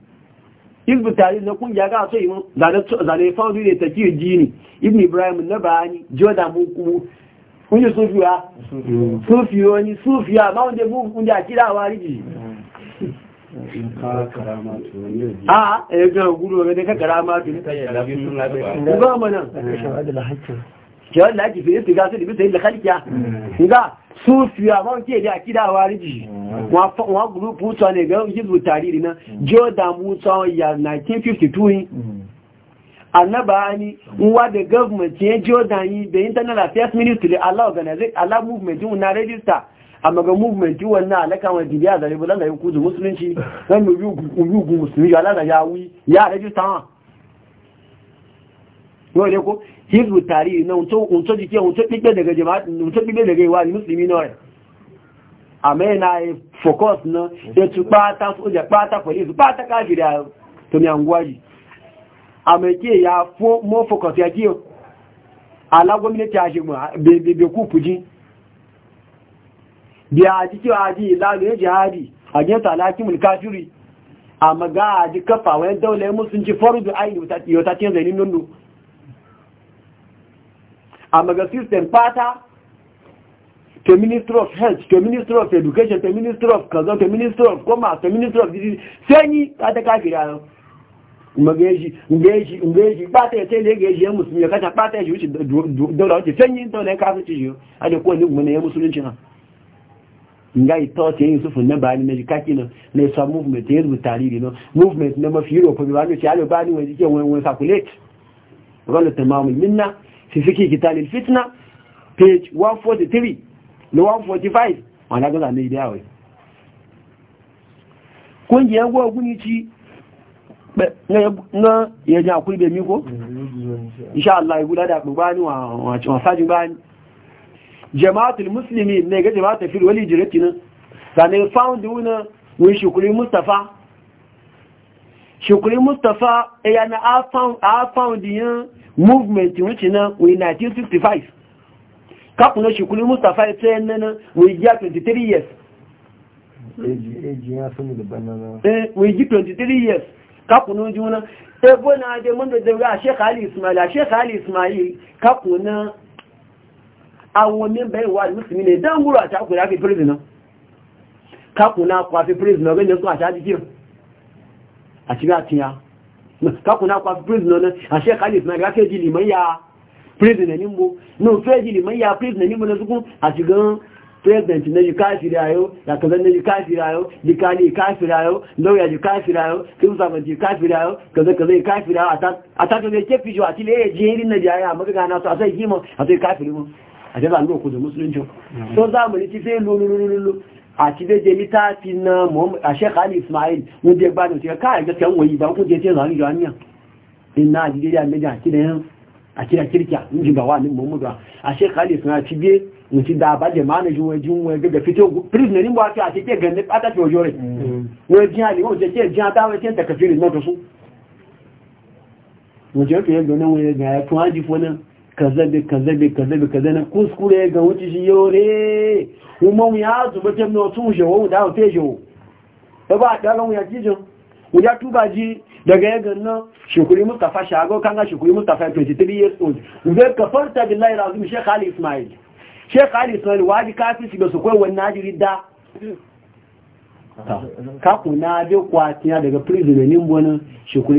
hizbu tariri na kungiya ga so yin zane foundu ne takir jini ibn ibrahim na bayani mu mukumu kunye sufiya sufiya ni sufiya ma wanda mu kungiya kira wa riji a ya eh, ga gudu ga da ka karama tuni ga mana ke wanda ake fi istiga su da bisa yin da kalkiya mm. ga su fiya ma ke da akida wa riji mm. wa gurupu ta ne ga hizu tariri na mm. jo da musa ya 1952 annaba ni wa da government ya jo da yi da affairs ministry allah organization movement na register a ga movement wannan alaka wa jibiya da ribu lana yanku da musulunci zan mu biyu gu musulunci alaka ya wi ya register wa ne ko hizbu tarihi na unto jike unto ɗigbe daga jama'atun daga iwa ni musulmi na rai amma na yi focus na etu ci soja ɓata police ɓata kafiri a to Ama anguwaji amma ya fo mo focus ya kiyo ala gwamnati a shi bebe kufu a jiki ji lalu ya jihadi a ginsa alhakimul kafiri amma ga kafa wani e daular e musulunci da yau ta amma ga system fata to minister of health to minister of education to minister of kaza to minister of commerce to minister of disease sai ni ka ta kafira nan magaji ngaji ngaji ba ta yace ne gaji ya musulmi ka ta ba ta yaji wuce dole wace sai ni to ne kafin fice shi a da ko ni mun ne ya musulunci na ngai to te yin sufu na bani ni ne kaki na ne sa movement ya rubuta tarihi no movement na mafi europe ba ni ce alo ba wani ke wani wani circulate wala tamamul minna fi fiki kitalil fitna page 143 na 145 wanda gaza na idiya wai kungiyar gwa na yaji akwai da miko? insha Allah guda da bani ne nan wani shukuri Mustapha? shukuri mustafa e ya na a found yin movement wuce na we 1965 kafin na shekuli mustapha ya tsaye nan we ya 23 years eh, we ji 23 years kafin na juna ebo na da mun da daura sheikh ali ismail a sheikh ali ismail kafin na awon member wa musulmi ne dan gura ta ku da fi prisoner kafin na kwafi prisoner ga ne su a ta jikin a shiga tiya kakuna kwa prison na ashe sheikh na gafe ji liman ya prison ni mbo no fe ji liman ya prison ni mbo na zuku a president na ji kafi ayo, da kaza na ji kafi rayo dikali kafi rayo lawyer ji kafi rayo kimsa ban ji kafi ayo kaza kaza ji kafi rayo ata ta ne ke fijo ati le je irin na jaya maka gana su a sai kima a sai mu a jaza lo ku da musulunci mm-hmm. so za zamani ci sai lo àti dédé ní táàfi na àṣẹ́kà ismail ní dé gbádùn tí káà ẹgbẹ́ tẹ́ ń wòye jẹ́ tí ìrànlẹ́ ìjọ iná àdílé àmẹ́jà àkídà kíríkà ní jùgbà ní mọ́mọ́dù kaza bi kaza bi kaza bi kaza na kuskure ga wuce shi yore kuma mu ya zuba tem je wo da ba ya mu ya tuba ji daga ya ganna shukuri mustafa shago kan ga mustafa 23 years old mu ali ismail ali ismail shi ga su da bi kwatiya daga prison ne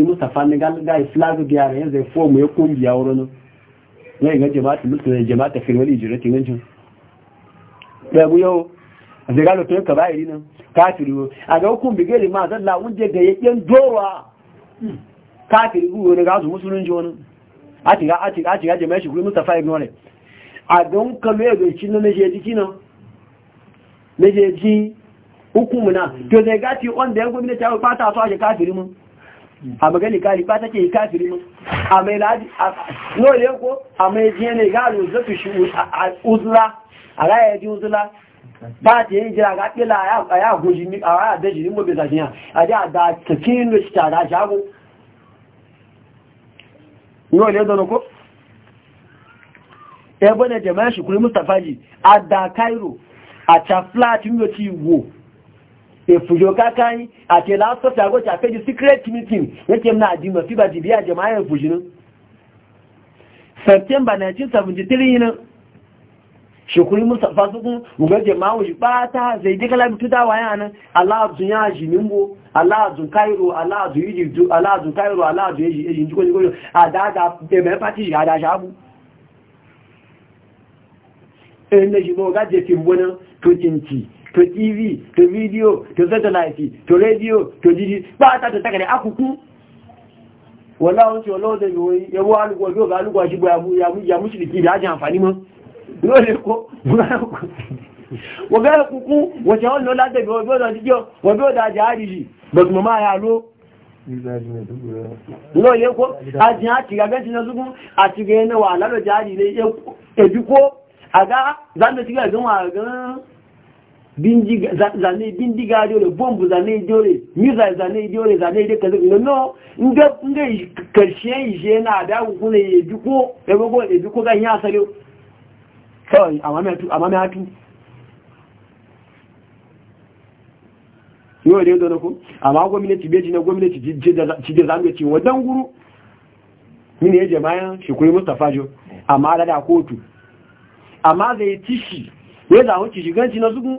mustafa ne ga zai ya kungiya wurin zai ga jama'at mutu da jama'at firwal hijrati gancin da bu yau a daga lokacin ka bayari nan kafiru a ga hukun bigeri ma zan la je ga yakin dowa kafiru ko ne ga su musulunci wani a ti ga a ti ga a ti ga jama'a shi kuma mustafa ibn wale a don kallo ya nan na na nan kina na jeji hukumuna to zai gati wanda ya gwamnati ya fata su a kafiru mun a magani kari ba take yi kafiri mu a mai ladi no le ko a mai jiye ne ga ru shi uzla a ga ya ji uzla ba ta yi jira ga kila ya ya goji ni a ya daji ni mo be zajiya a ja da kakin no shi tara shago no le don ko e bone jama'a shi kuri mustafa ji a da cairo a cha flat mi ti wo efujo kakanyi àti lásọ̀tì àgọ́tì àfẹ́jì secret meeting wẹ́kẹ́ náà dìmọ̀ fíbà dìbí àjẹmọ́ ayẹ̀ efujo náà september 1973 yìí náà shekuri mustapha sukun ugaje mawo shi bata zai dika labi tuta alazun alazun kairo alazun alazun kairo alazun mbona to tv to video to satellite to radio to didi pátá tó tákàrẹ akùkú wọ́n láwọn tí ọlọ́wọ́ tẹ́lẹ̀ wọ́n yẹwọ́ alùgbọ́ yóò bá alùgbọ́ àṣígbò yàmúṣìlì kí ìdájá àǹfàní mọ́ yóò lè kó wọ́n bẹ́ẹ̀ kúkú wọ́n tẹ́ ọ́nà látẹ̀bẹ̀ wọ́n bẹ́ẹ̀ díjọ́ wọ́n bẹ́ẹ̀ dájá àríjì bọ̀tùmọ̀ máa yà ló lọ́yẹ́ kó àti àti àgbẹ́sìn E súnkún àti zan wà lálọ́jà àríjì zan àgá zánbẹ̀tígbẹ̀ zane bindiga dole bombu zane dole miza zane dole zane dai kaza no nga nga karshe je na da ku ya yabi ko da gogo yabi ko kan ya sare kawai amma me amma me hatu yau da yau ku amma gwamnati beji na gwamnati ci da zamu wadan guru mini ya jama'a shi kuri mustafa jo amma da kotu ma zai tishi ya a ci shiganci na zugun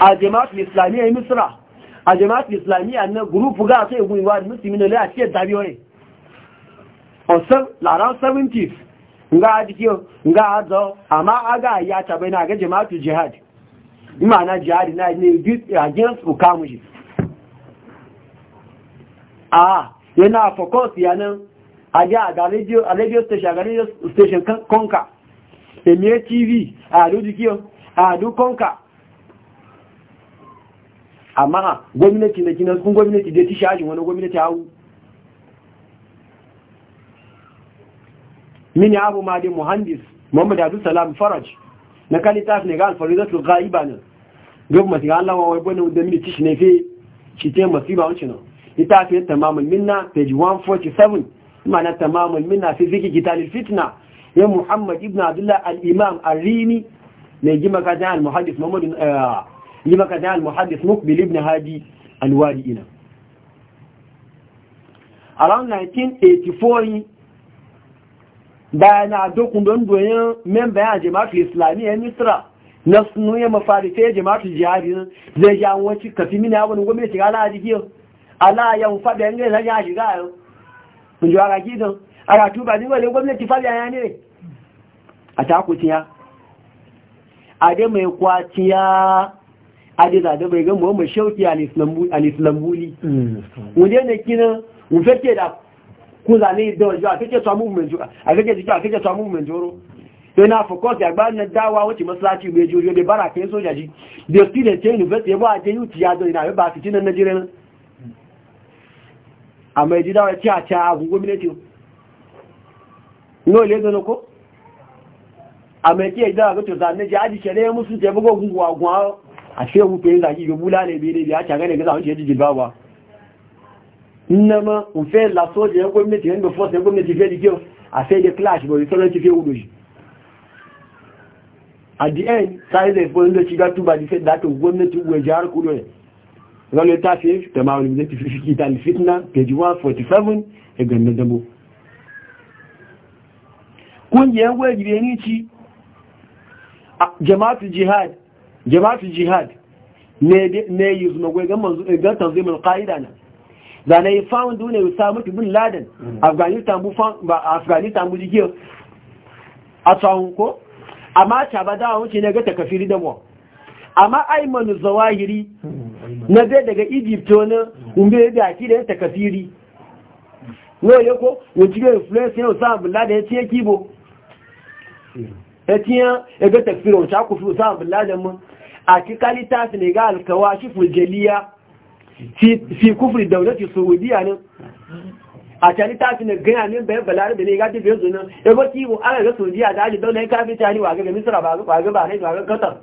a jama'atul islamiyya misra a jama'atul islamiyya na gurupu ga sai gun wa musulmi ne a cikin dabiyo ne on san laran 70s nga adiyo nga azo amma aga ya ta bai na ga jama'atul jihad imana jihad na ne against ukamuji a yana focus yanan a ga a radio station a radio station konka emiye tv a adu dikiyo a amma gwamnati na gina sun gwamnati da tishi hajji wani gwamnati hau mini abu ma dai muhandis Muhammadu abdul salam faraj na kan littafi ne ga alfarizatul ghaiba ne gwamnati ga Allah wai gwamnati da mini tishi ne fi ci masu ba wancin nan fiye tamamun minna page 147 ma'ana tamamun minna fi zikri qitalil fitna ya muhammad ibn abdullah al-imam ar-rimi ne gima ka jahal muhaddis Muhammadu. Eh, لما كان المحدث مقبل ابن هادي الوارئنا around 1984 bayan a dokun don doyin memba ya jama'atu islamiyya misra na sunuye mafarita ya jama'atu jihari zai ja wacce kafi mini abin gwamnati ala a jikiyar ala ya mufa da yanzu zai ya shiga yau mun ji ara gidan ara tuba ni wale gwamnati fari ya ne a takuciya a dai mai kwaciya adiza a bai ga muhammad shauki al-islambuli wunde hmm. ne kina mu fake da ku zane da wajo a kake to mu a kake jiki a kake to mu joro sai na focus ya gbanin dawa wace masallaci bai juriyo da baraka yin sojaji da student ta university ya ba ta yuti ya zo ina ba fitinan na jira nan amma ji dawa ci a ci a gwamnati no le zo ko amma e ki ya dawa ga to zane ji aji shari'a musu je bugo gungu a gwa a ce wuto yin zaki gubu lale bere biya ta gane gaza wuce jijil bawa nnama nfe la soja ya gwamnati yadda force ya gwamnati fe di kyau a fe da clash ba yi sauran tafiye wudo shi at the end sai zai fi wanda shiga tuba di fe datin gwamnati uwe jihar kudu ne zalo ta fi ta ma'aunin zai tafi fi kita fitna page 147 ya ganin dabo kungiyar gwajire ni ci jama'atu jihad jama'atul jihad ne yi zuma gwai gan tanzimin ƙa'ida na zane yi fawon duniya yi samu bin laden afghanistan bu jigiyar a tsawon ko amma ta ba dawa wuce na gata kafiri da mu amma aimanu zawahiri na zai daga egypt wani umbe ya daki da ya ta kafiri yau ya ko wuce ga influence yau samun bin laden ya ciye kibo ya ciye ya gata kafiri wuce aku fi samun bin laden mun a cikin littafin ne ga alkawashiful jaliya fi kufri daulati saudiya ne a can littafin ne gina ne bayan da ne ga tafiye zunan Ego ba kiwo ana ga saudiya da ajin daular kafin tani wa ga misira ba ga ba ne wa qatar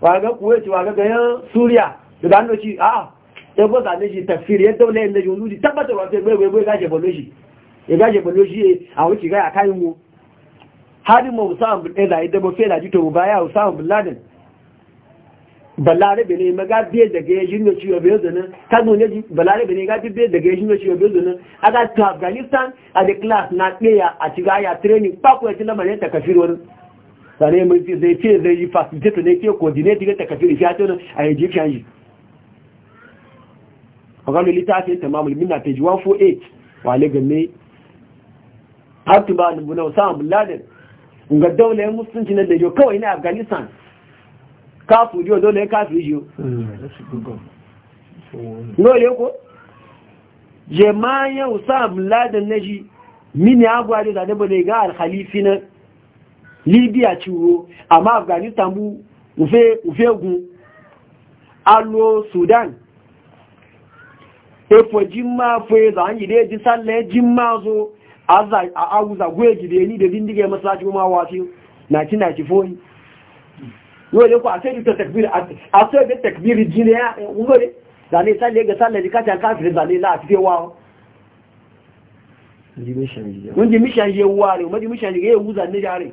wa ga kuwait ga gayan suriya da ga hannuci a ya ba zane shi tafsir ya daular yadda yunzu ji tabbatar wa sai gwai gaje baloshi ya gaje baloshi a wuce gaya kayan mu hadin ma usama bin ɗaya da ya dabo fela jito usama bin Balare bene maga biye daga yajin da ciwo biyo zana kano ne balarabe ga biye daga yajin da ciwo biyo zana a ga to afghanistan a da class na ɗaya a ciga ya training ba ku yaci lamarin ta kafir wani sane mai ce zai ce zai yi facilitator ne ke coordinator ga ta kafir ya tona a yaji fi hanji wakami ta mamul minna page 148 wale game har tuba alubunan samun ladin ga daular musulunci na da yau kawai na afghanistan káàfù yóò lólè káàfù yóò lólè kó yẹ máa yẹ usam ladan na shi mini agwari zanebo ne ga alhalifi na libya ciwo amma afghanistan bu ufegun alo sudan efo jimma fe za an yi daji tsalle jimma zo a awuza gwe da bindiga masu lati wasu 1994 yóò lè kó àṣẹ́jùtọ̀ tẹ̀kbìrì àṣẹ́jùtọ̀ tẹ̀kbìrì jílẹ̀ ńlọ́rẹ̀ zane sálẹ̀ ẹgbẹ̀ sálẹ̀ jíká tí a káàkiri zane láti fẹ́ wá ọ́ wọ́n jí míṣàn wá rẹ̀ wọ́n jí míṣàn yẹ wú rẹ̀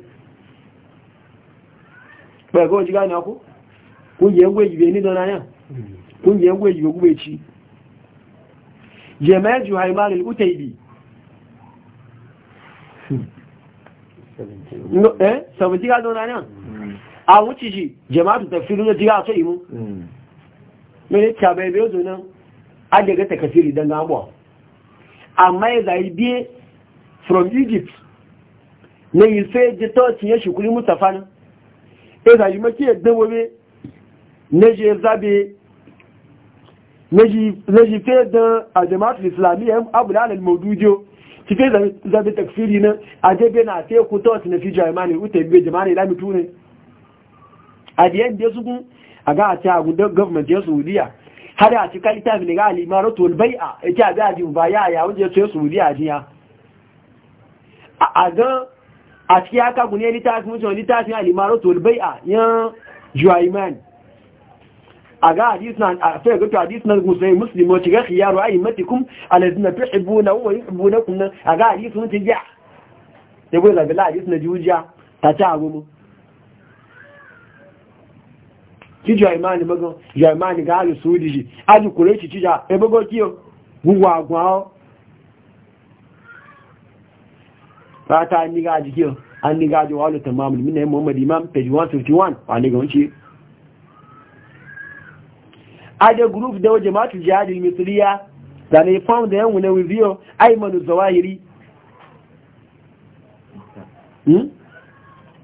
pẹ̀lú ọjí gáà ní ọkú náà hmm. náà a wuce shi jama'atu tafsirin na jiya so imu mai ta bai bai zo nan an daga ta kafiri don gamuwa amma ya zai biye from egypt na yi sai ji tocin ya shukuri mustapha nan ya zai maki ya dawobe na je zabe na ji fe don a jama'atu islamiyya abu da alal maududiyo cikin zabe takfiri nan a jebe na teku tocin na fi jami'a ne ya biye jama'a ne lamitu ne a da su kun a ga a ci a gudan gwamnati ya saudiya har a ci kalita mai ga alimaratu albai'a ya ci a ga ajiyu ba ya yawon ya soya saudiya jiya a ga a ci ya kagu ne littafin mutum littafin alimaratu albai'a yan juwaimani a ga hadisun a sai ga hadisun musulmi muslimo ci ga khiyaru aimatikum alladhina tuhibbuna na yuhibbunakum a ga hadisun ci ya yabo da bila hadisun juja ta ci a gumu kíjọ ìmáni mọ́gán ìjọ ìmáni gáàlù sóòdì yìí ajùkùnrin tíjà ẹgbogbo kí o gbogbo àgùn àọ́ pàtà nígáàjì kí o a nígáàjì wà lọ́tọ̀ máa mìí náà imam page 151 wà nígan ṣe zawahiri hmm?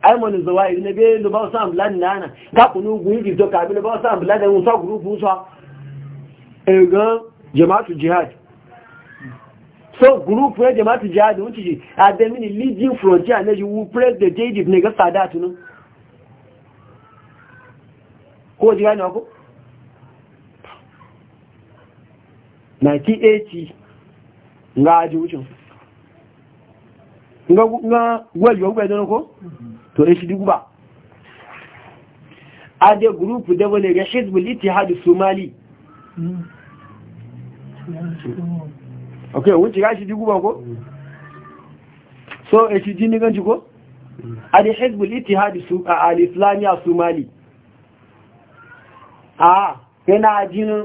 aimọ̀lù zọwà ìrìnà bí ló bá sáàmù lánàá na kápùnú ogun ìrìn tó kàbí ló bá sáàmù lánàá wọn sọ́gùrú fún sọ ẹ̀gán jamaatụ jihad so gúrùpù ẹ jamaatụ jihad ń tìjì adẹ́mìnì leading frontier na yíwu president egypt ní gẹ́sàdá àtúnú kó jẹ́ ní 1980 nga wucin nga to ya shi duk ba a da gurupu da wani ga hezbollah hadu somali ok wuce ga shi duk ba ko so ya shi jini ganci ko a da hezbollah ittihad al-islamiyya somali a yana jinin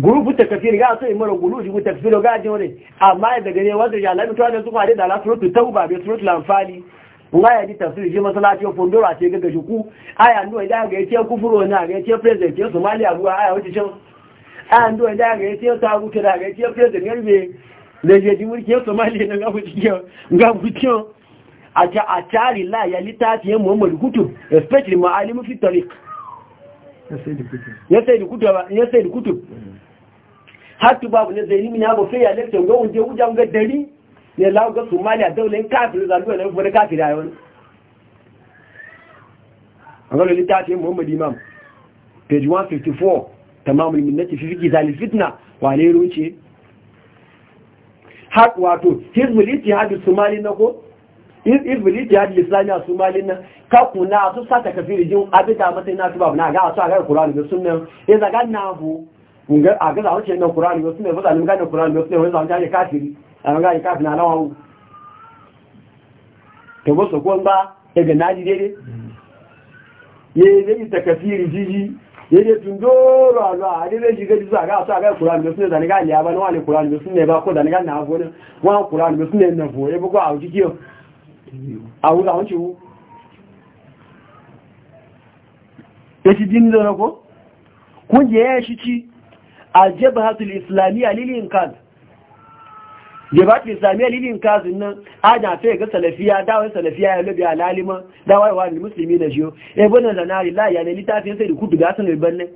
gurupu takafir ga so imara gulu shi takfiro ga jin wani amma daga ne wanda ya lamita da su ma da la surutu tauba bai surutu lamfali kuma ya ji tafsiri je masallaci ko fondora ce ga gashi ku aya ndo da ga yace kufuro na ga yace president ya Somalia ruwa aya wace ce aya ndo da ga yace ta ku da ga yace president yarbe da je dimur ke Somalia na ga buci ga buci a ta a tari la ya litati ya Muhammad Kutu especially ma'alimu fi tariq ya sai da kutu ya sai da kutu mm. hatta babu ne zai ni mina ba sai ya lecture ga unje wujan ga dari ne lauga somalia daulin kafiri zanuwa na wani kafiri a yawon an gano littafin muhammadu imam page 154 ta tamamun minnati fifiki zalifitna wane ruce haƙ wato hizbul ittihadul somali na ko hizbul ittihadul islami a somali na kakku na su sata kafiri jin abita mata na su babu na ga a su a ga kurani da sunan ya zaga na abu a ga wuce na kurani da sunan ya zaga na kurani da sunan ya zaga kafiri a gáàrí káàkiri aláwọn ohun tẹ̀bọ́sọ̀kọ́ ń bá ẹgbẹ̀ náà jí dédé yẹ́ yẹ́ tẹ̀kẹ̀fìrì jíjí yẹ́ tún dóòrò àlọ́ àdébé jí gẹ́jú àgá àtọ́ àgá ìkùránì lọ sílẹ̀ dànígá ilẹ̀ abá níwà ní kùránì lọ sílẹ̀ bá kó dànígá náà ndị wọn kùránì jebati islamiyya lilin kazin nan na fe ga salafiya dawai salafiya ya a lalima. dawai wa ni musulmi na jiyo ebe na zanari la ya ne littafin sai da kudu ga sanar banne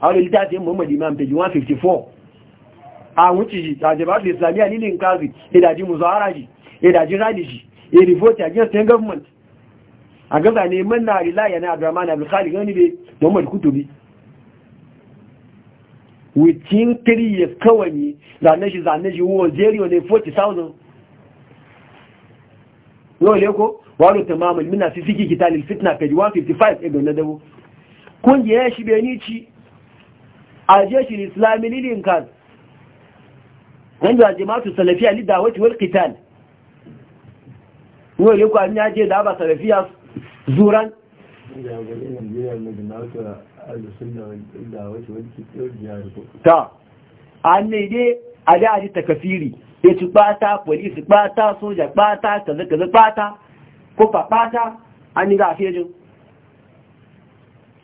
a wani littafin muhammad imam page 154 a wuce e ji ta jebati islamiyya lilin kazin idaji muzawara ji idaji e rali ji a e report against the government a gaza ne man na rila ya na abdurrahman abdulkhali gani be muhammad kutubi within three years kawai ne zane shi zane shi wo zero ne 40,000 yau ne ko wani tamamu mina fi fiki gita lil fitna page 155 ebe na dabo kungiyar shi ni ci a jeshi islami lilin kan wanda a jimatu salafiya lida wata wal qital yau ne ko an yaje da ba salafiya zuran ta an ne dai a da aji ta kafiri ya ci bata polisi bata soja bata kaza-kaza bata kofa bata an yi ga fejin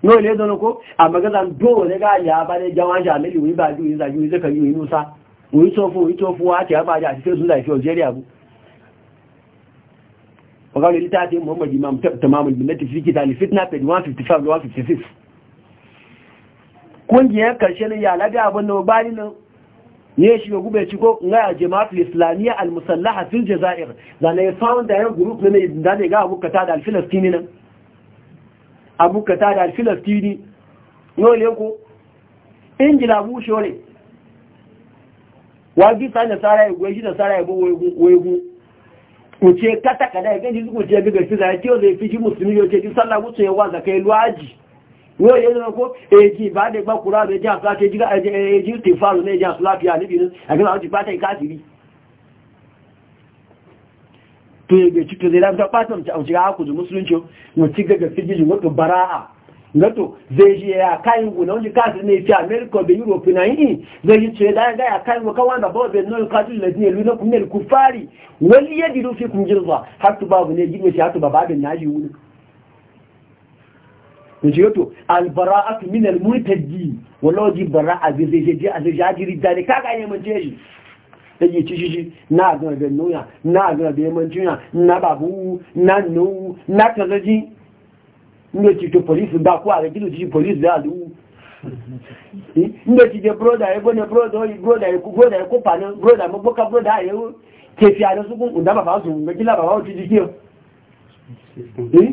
no le dono ko a magazan dole ne ga ya ba ne jawan jamili wi ba ju za ju zaka yi nusa wi to fu wi to fu wa ta ba ja sai sun da fi Algeria bu wa ga lita ta Muhammad Imam tamamul binnati fi kitab al-fitna page 155 156 kungiyar karshe ne ya labi abin da ba ni nan shi shiga gube ci ko nga a jama'atul islamiyya al-musallaha fil jazair da ne founder yan group ne da ne ga abukata da al-filistini nan abukata da al no le ko ingila bu shore wa bi sai na sara ya gwe shi da sara ya bo wegu uce kata kada ya ganji su ce biga shi da ya ce zai fi shi musulmi yo ce ki sallah mutu ya wa zakai luwaji wọ́n yẹ́ lọ kó èjì ìbáde gbọ́kùnrà rẹ̀ jẹ́ àfúláṣẹ́ èjì tè fàrù ní èjì àfúláṣẹ́ àníbì ní àwọn ti pátẹ̀ káàkiri tó yẹgbẹ̀ títò zai lábẹ́ pátẹ̀ òṣèrè àkùzù musulunci wọ́n ti zai ya kayan na wajen kasar ne fi amerika da europe na yi zai kayan bai nuna da jirza har babu ne gina shi har ba babin na yi kujiyoto albara'atu min almurtaji wallahi ji bara'a zai zai je a zai jajiri da ne kaga ne mun je shi sai ci shi na ga da nuya na ga da mun tuya na babu na nu na kazaji ne ci to police da ku a ga gidu ci police da lu eh, ne ci je broda e bone broda e broda e broda e ku pa ne broda mo boka broda e ke fi ara su ku da ba fa su ga gila ba ba ci ji ki eh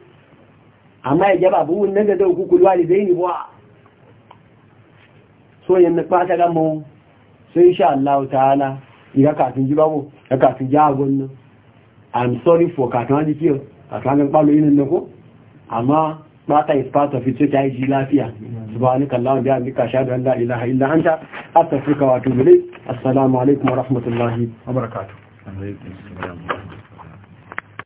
amma ya jaba abubuwan wunan da zai hukukul walidai ne ba so yin na ɓata gama sun sha Allah ta hana ya kafin ji babu ya kafin ji agon nan i'm sorry for kafin wani kiyo kafin wani ɓalo yin na ko amma ɓata is part of it so ta yi ji lafiya su ba subhanaka Allah biya ni kasha da wanda la ilaha illa anta astaghfiruka wa atubu ilayk assalamu alaikum wa rahmatullahi wa barakatuh